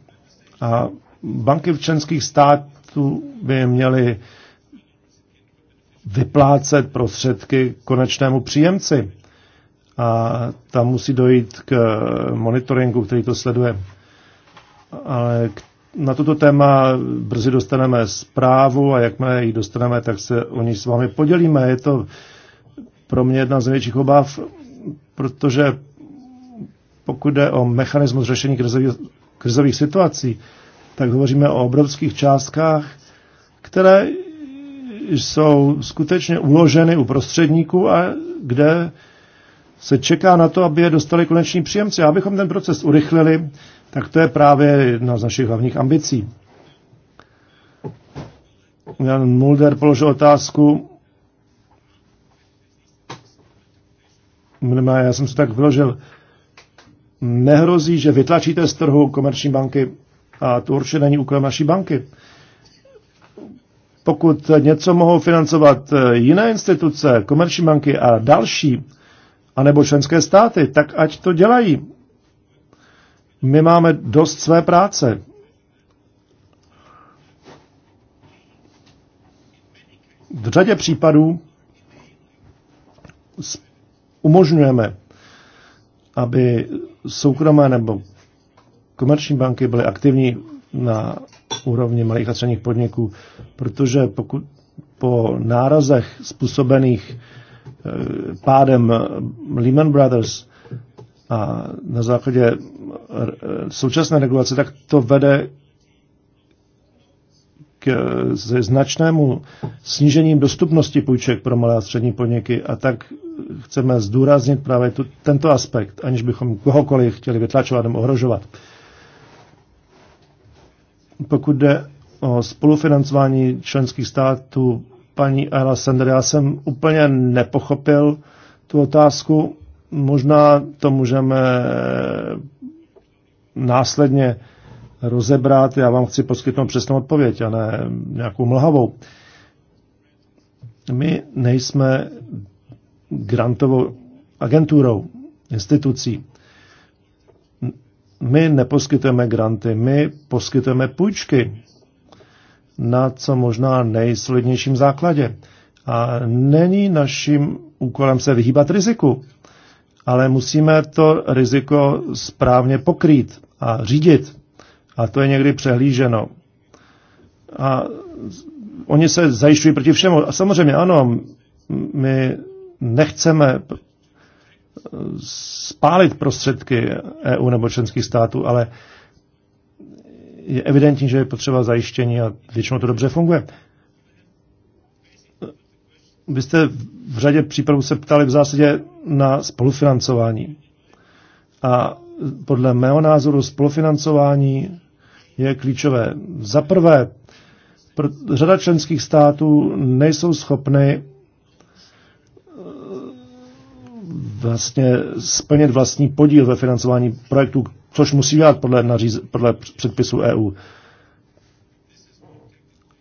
A banky v členských států by měly vyplácet prostředky konečnému příjemci a tam musí dojít k monitoringu, který to sleduje. Ale na toto téma brzy dostaneme zprávu a jakmile ji dostaneme, tak se o ní s vámi podělíme. Je to pro mě jedna z největších obav, protože pokud jde o mechanismus řešení krizových, krizových situací, tak hovoříme o obrovských částkách, které jsou skutečně uloženy u prostředníků a kde se čeká na to, aby je dostali koneční příjemci. A abychom ten proces urychlili, tak to je právě jedna z našich hlavních ambicí. Jan Mulder položil otázku. Já jsem se tak vyložil. Nehrozí, že vytlačíte z trhu komerční banky a to určitě není úkolem naší banky. Pokud něco mohou financovat eh, jiné instituce, komerční banky a další, anebo členské státy, tak ať to dělají. My máme dost své práce. V řadě případů umožňujeme, aby soukromé nebo komerční banky byly aktivní na úrovni malých a středních podniků, protože pokud po nárazech způsobených Eh, pádem eh, Lehman Brothers a na základě eh, současné regulace, tak to vede k značnému snížení dostupnosti půjček pro malé a střední podniky a tak chceme zdůraznit právě tu, tento aspekt, aniž bychom kohokoliv chtěli vytlačovat nebo ohrožovat. Pokud jde o spolufinancování členských států paní Ayla Sender. Já jsem úplně nepochopil tu otázku. Možná to můžeme následně rozebrat. Já vám chci poskytnout přesnou odpověď a ne nějakou mlhavou. My nejsme grantovou agenturou, institucí. My neposkytujeme granty, my poskytujeme půjčky na co možná nejsolidnějším základě. A není naším úkolem se vyhýbat riziku, ale musíme to riziko správně pokrýt a řídit. A to je někdy přehlíženo. A oni se zajišťují proti všemu. A samozřejmě ano, my nechceme spálit prostředky EU nebo členských států, ale je evidentní, že je potřeba zajištění a většinou to dobře funguje. Vy jste v řadě případů se ptali v zásadě na spolufinancování. A podle mého názoru spolufinancování je klíčové. Za prvé, řada členských států nejsou schopny vlastně splnit vlastní podíl ve financování projektů, což musí dělat podle, naříz, podle předpisu EU.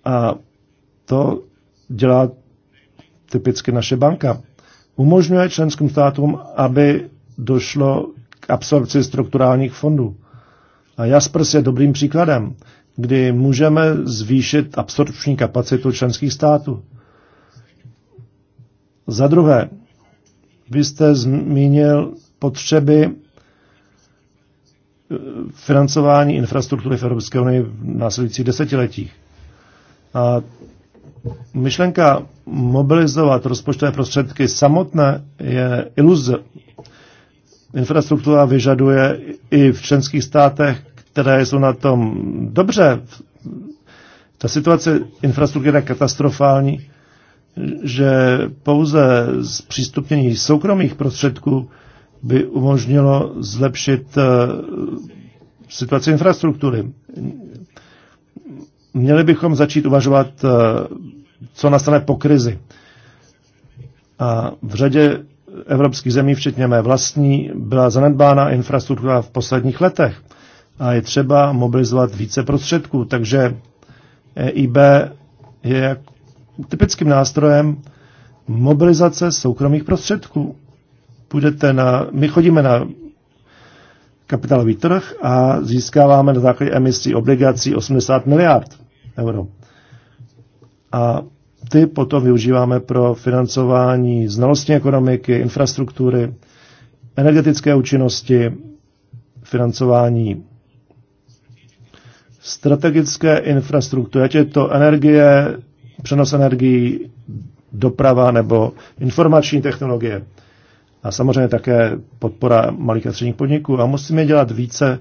A to dělá typicky naše banka. Umožňuje členským státům, aby došlo k absorpci strukturálních fondů. A Jaspers je dobrým příkladem, kdy můžeme zvýšit absorpční kapacitu členských států. Za druhé, vy jste zmínil potřeby eh, financování infrastruktury v Evropské unii v následujících desetiletích. A myšlenka mobilizovat rozpočtové prostředky samotné je iluze. Infrastruktura vyžaduje i v členských státech, které jsou na tom dobře. Ta situace infrastruktury je katastrofální, že pouze zpřístupnění soukromých prostředků by umožnilo zlepšit eh, situaci infrastruktury. Měli bychom začít uvažovat, eh, co nastane po krizi. A v řadě evropských zemí, včetně mé vlastní, byla zanedbána infrastruktura v posledních letech a je třeba mobilizovat více prostředků. Takže EIB je jak typickým nástrojem mobilizace soukromých prostředků. Půjdete na, my chodíme na kapitálový trh a získáváme na základě emisí obligací 80 miliard euro. A ty potom využíváme pro financování znalostní ekonomiky, infrastruktury, energetické účinnosti, financování strategické infrastruktury, ať je to energie, přenos energií, doprava nebo informační technologie. A samozřejmě také podpora malých a středních podniků. A musíme dělat více,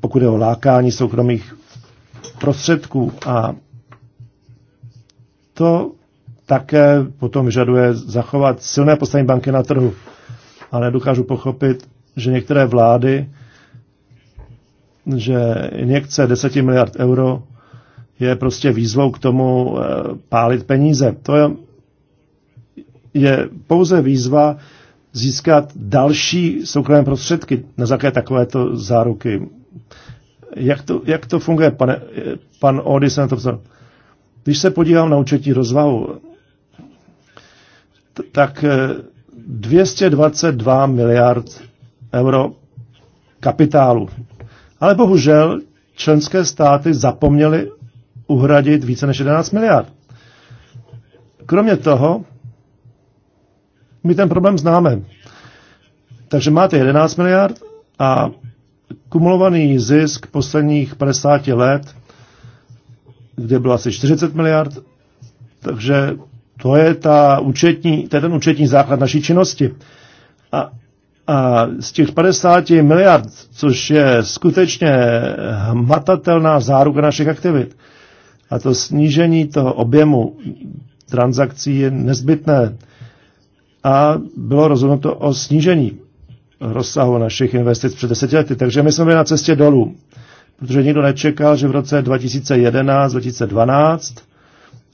pokud je o lákání soukromých prostředků. A to také potom vyžaduje zachovat silné postavení banky na trhu. Ale nedokážu pochopit, že některé vlády, že někce 10 miliard euro je prostě výzvou k tomu eh, pálit peníze. To je, je pouze výzva získat další soukromé prostředky na základě takovéto záruky. Jak to, jak to funguje, pane, eh, pan Ody se na to vzal. Když se podívám na účetní rozvahu, tak 222 eh, miliard euro kapitálu. Ale bohužel členské státy zapomněly uhradit více než 11 miliard. Kromě toho, my ten problém známe. Takže máte 11 miliard a kumulovaný zisk posledních 50 let, kde bylo asi 40 miliard, takže to je, ta účetní, to je ten účetní základ naší činnosti. A, a z těch 50 miliard, což je skutečně hmatatelná záruka našich aktivit, a to snížení toho objemu transakcí je nezbytné. A bylo rozhodnuto o snížení rozsahu našich investic před deseti lety. Takže my jsme byli na cestě dolů, protože nikdo nečekal, že v roce 2011, 2012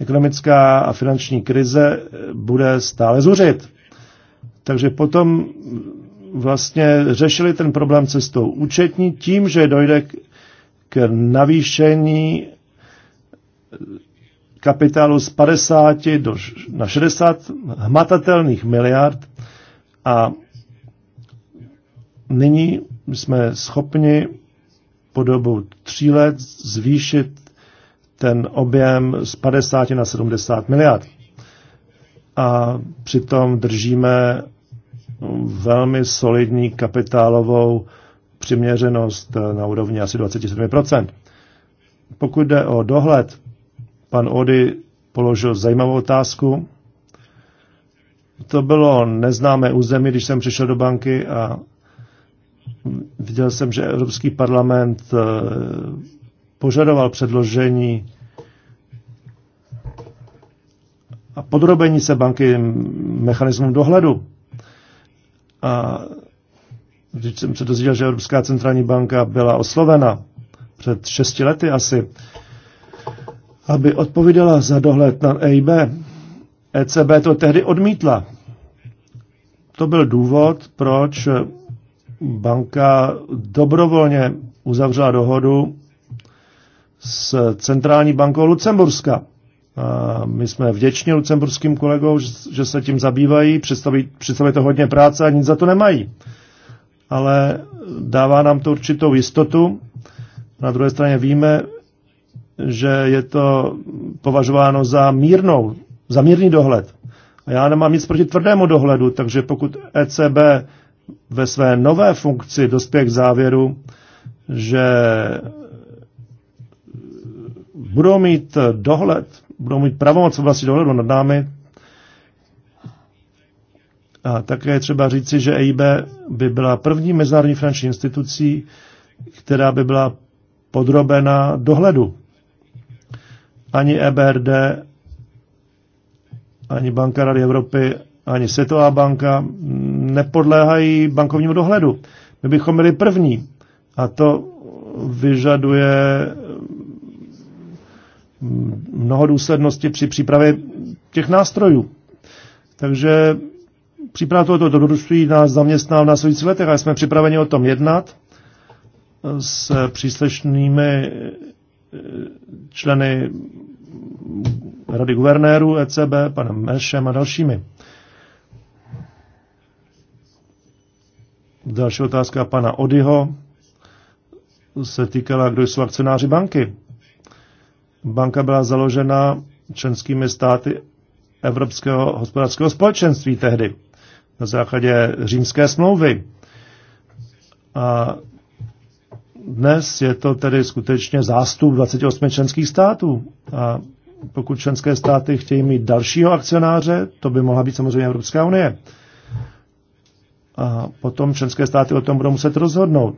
ekonomická a finanční krize bude stále zuřit. Takže potom vlastně řešili ten problém cestou účetní tím, že dojde k navýšení kapitálu z 50 do, na 60 hmatatelných miliard a nyní jsme schopni po dobu tří let zvýšit ten objem z 50 na 70 miliard. A přitom držíme velmi solidní kapitálovou přiměřenost na úrovni asi 27%. Pokud jde o dohled, Pan Ody položil zajímavou otázku. To bylo neznámé území, když jsem přišel do banky a viděl jsem, že Evropský parlament eh, požadoval předložení a podrobení se banky mechanismům dohledu. A když jsem se dozvěděl, že Evropská centrální banka byla oslovena před šesti lety asi, aby odpovídala za dohled nad EIB. ECB to tehdy odmítla. To byl důvod, proč banka dobrovolně uzavřela dohodu s Centrální bankou Lucemburska. A my jsme vděční lucemburským kolegům, že se tím zabývají, představí, to hodně práce a nic za to nemají. Ale dává nám to určitou jistotu. Na druhé straně víme, že je to považováno za mírnou, za mírný dohled. A já nemám nic proti tvrdému dohledu, takže pokud ECB ve své nové funkci dospěje k závěru, že budou mít dohled, budou mít pravomoc v oblasti dohledu nad námi, a také je třeba říci, že EIB by byla první mezinárodní finanční institucí, která by byla podrobena dohledu ani EBRD, ani Banka Rady Evropy, ani Světová banka nepodléhají bankovnímu dohledu. My bychom byli první a to vyžaduje mnoho důslednosti při přípravě těch nástrojů. Takže příprava tohoto dobrodružství nás zaměstná v následujících letech a jsme připraveni o tom jednat s příslušnými členy Rady guvernérů ECB, panem Mešem a dalšími. Další otázka pana Odyho se týkala, kdo jsou akcionáři banky. Banka byla založena členskými státy Evropského hospodářského společenství tehdy na základě římské smlouvy. A dnes je to tedy skutečně zástup 28 členských států. A pokud členské státy chtějí mít dalšího akcionáře, to by mohla být samozřejmě Evropská unie. A potom členské státy o tom budou muset rozhodnout.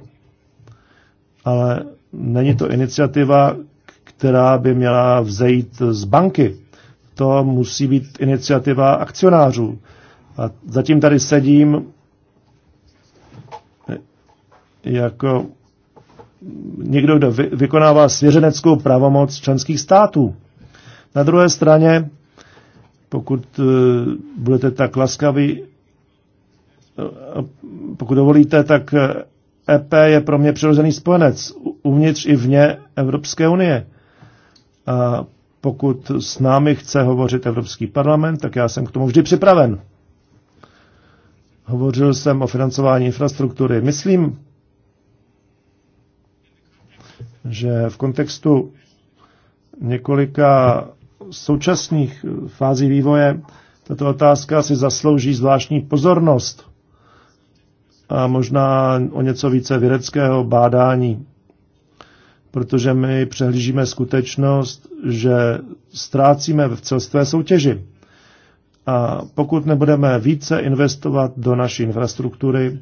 Ale není to iniciativa, která by měla vzejít z banky. To musí být iniciativa akcionářů. A zatím tady sedím jako někdo, kdo vy, vykonává svěřeneckou pravomoc členských států. Na druhé straně, pokud uh, budete tak laskaví, uh, pokud dovolíte, tak EP eh, e je pro mě přirozený spojenec uvnitř i vně Evropské unie. A pokud s námi chce hovořit Evropský parlament, tak já jsem k tomu vždy připraven. Hovořil jsem o financování infrastruktury. Myslím, že v kontextu několika současných fází vývoje tato otázka si zaslouží zvláštní pozornost a možná o něco více vědeckého bádání, protože my přehlížíme skutečnost, že ztrácíme v celstvé soutěži. A pokud nebudeme více investovat do naší infrastruktury,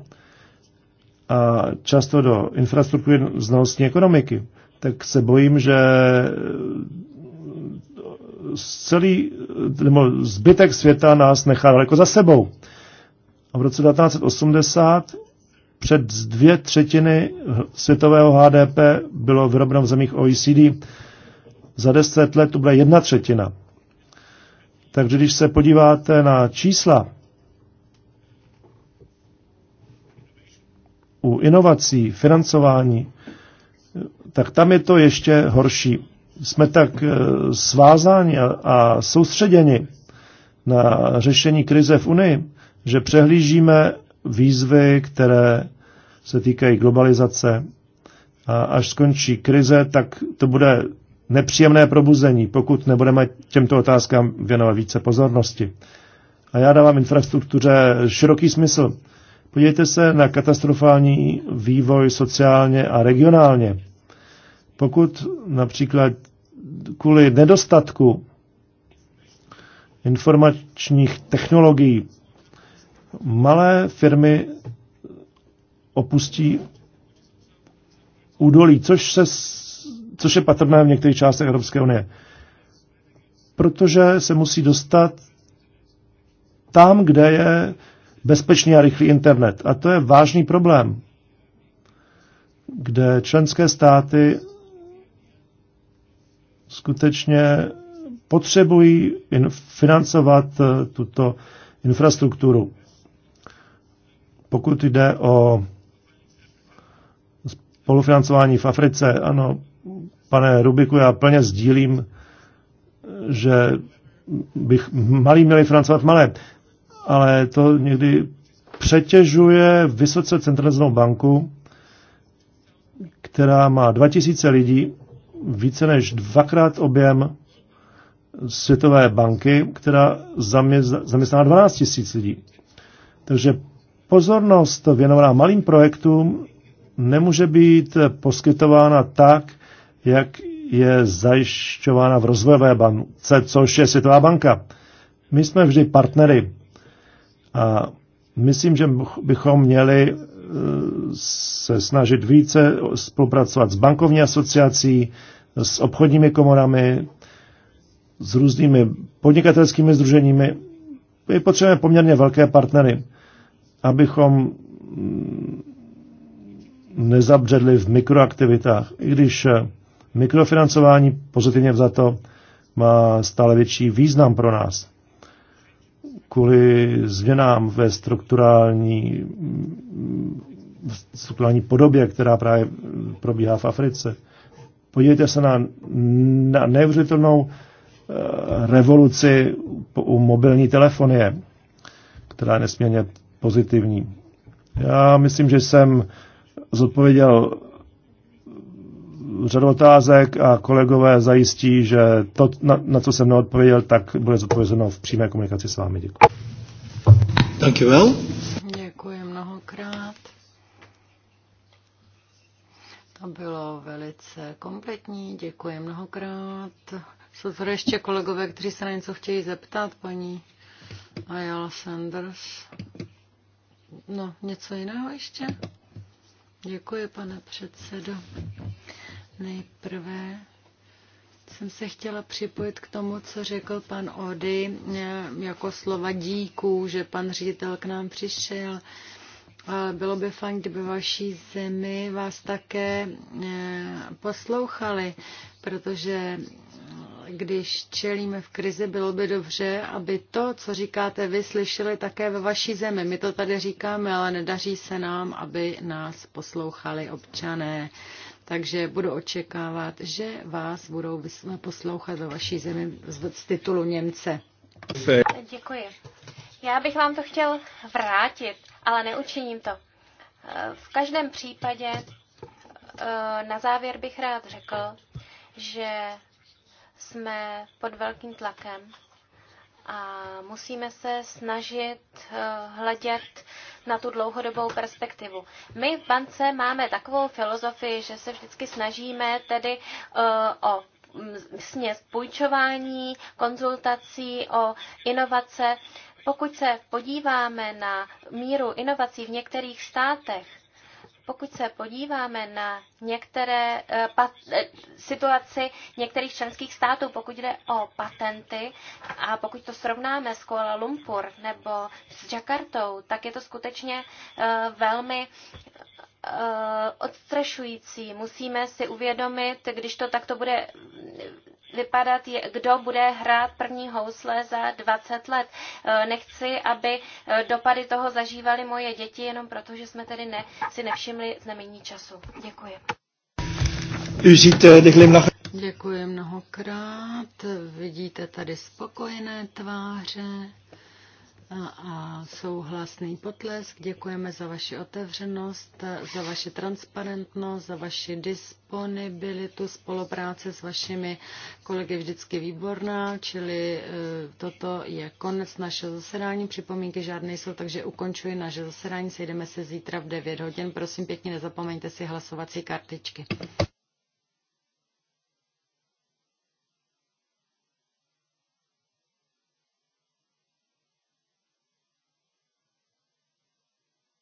a často do infrastruktury znalostní ekonomiky, tak se bojím, že eh, celý, nebo zbytek světa nás nechá daleko za sebou. A v roce 1980 před dvě třetiny světového HDP bylo vyrobeno v zemích OECD. Za deset let to byla jedna třetina. Takže když se podíváte na čísla, u inovací, financování, tak tam je to ještě horší. Jsme tak eh, svázáni a, soustředěni na řešení krize v Unii, že přehlížíme výzvy, které se týkají globalizace. A až skončí krize, tak to bude nepříjemné probuzení, pokud nebudeme těmto otázkám věnovat více pozornosti. A já dávám infrastruktuře široký smysl. Podívejte se na katastrofální vývoj sociálně a regionálně. Pokud například kvůli nedostatku informačních technologií malé firmy opustí údolí, což, se, což je patrné v některých částech Evropské unie. Protože se musí dostat tam, kde je bezpečný a rychlý internet. A to je vážný problém, kde členské státy skutečně potřebují financovat eh, tuto infrastrukturu. Pokud jde o spolufinancování v Africe, ano, pane Rubiku, já plně sdílím, že bych malí měli financovat malé ale to někdy přetěžuje vysoce centralizovanou banku, která má 2000 lidí, více než dvakrát objem Světové banky, která zaměstná 12 000 lidí. Takže pozornost věnovaná malým projektům nemůže být poskytována tak, jak je zajišťována v rozvojové bance, což je Světová banka. My jsme vždy partnery a myslím, že bychom měli e, se snažit více spolupracovat s bankovní asociací, s obchodními komorami, s různými podnikatelskými združeními. My potřebujeme poměrně velké partnery, abychom mm, nezabředli v mikroaktivitách, i když e, mikrofinancování pozitivně vzato má stále větší význam pro nás kvůli změnám ve strukturální, strukturální podobě, která právě probíhá v Africe. Podívejte se na, na neuvěřitelnou eh, revoluci u mobilní telefonie, která je nesmírně pozitivní. Já myslím, že jsem zodpověděl řadu otázek a kolegové zajistí, že to, na, na co jsem neodpověděl, tak bude zodpovězeno v přímé komunikaci s vámi. Děkuji. Thank you well. Děkuji mnohokrát. To bylo velice kompletní. Děkuji mnohokrát. Jsou tady ještě kolegové, kteří se na něco chtějí zeptat, paní Ayala Sanders. No, něco jiného ještě? Děkuji, pane předsedo. Nejprve jsem se chtěla připojit k tomu, co řekl pan Ody, eh, jako slova díků, že pan ředitel k nám přišel. Ale bylo by fajn, kdyby vaší zemi vás také eh, poslouchali, protože když čelíme v krizi, bylo by dobře, aby to, co říkáte vy, také ve vaší zemi. My to tady říkáme, ale nedaří se nám, aby nás poslouchali občané takže budu očekávat, že vás budou poslouchat do vaší zemi z titulu Němce. Děkuji. Já bych vám to chtěl vrátit, ale neučiním to. Eh, v každém případě eh, na závěr bych rád řekl, že jsme pod velkým tlakem a musíme se snažit eh, hledět na tu dlouhodobou perspektivu. My v bance máme takovou filozofii, že se vždycky snažíme tedy eh, o mm, směs půjčování, konzultací, o inovace. Pokud se podíváme na míru inovací v některých státech, pokud se podíváme na některé eh, pat, eh, situaci některých členských států, pokud jde o patenty a pokud to srovnáme s Kuala Lumpur nebo s Jakartou, tak je to skutečně eh, velmi odstrašující. Musíme si uvědomit, když to takto bude vypadat, kdo bude hrát první housle za 20 let. Eh, nechci, aby eh, dopady toho zažívaly moje děti, jenom proto, že jsme tedy ne, si nevšimli znamení času. Děkuji. Děkuji mnohokrát. Vidíte tady spokojené tváře a souhlasný potlesk. Děkujeme za vaši otevřenost, za vaši transparentnost, za vaši disponibilitu. Spolupráce s vašimi kolegy vždycky výborná, čili e, toto je konec našeho zasedání. Připomínky žádné jsou, takže ukončuji naše zasedání. Sejdeme se zítra v 9 hodin. Prosím pěkně, nezapomeňte si hlasovací kartičky.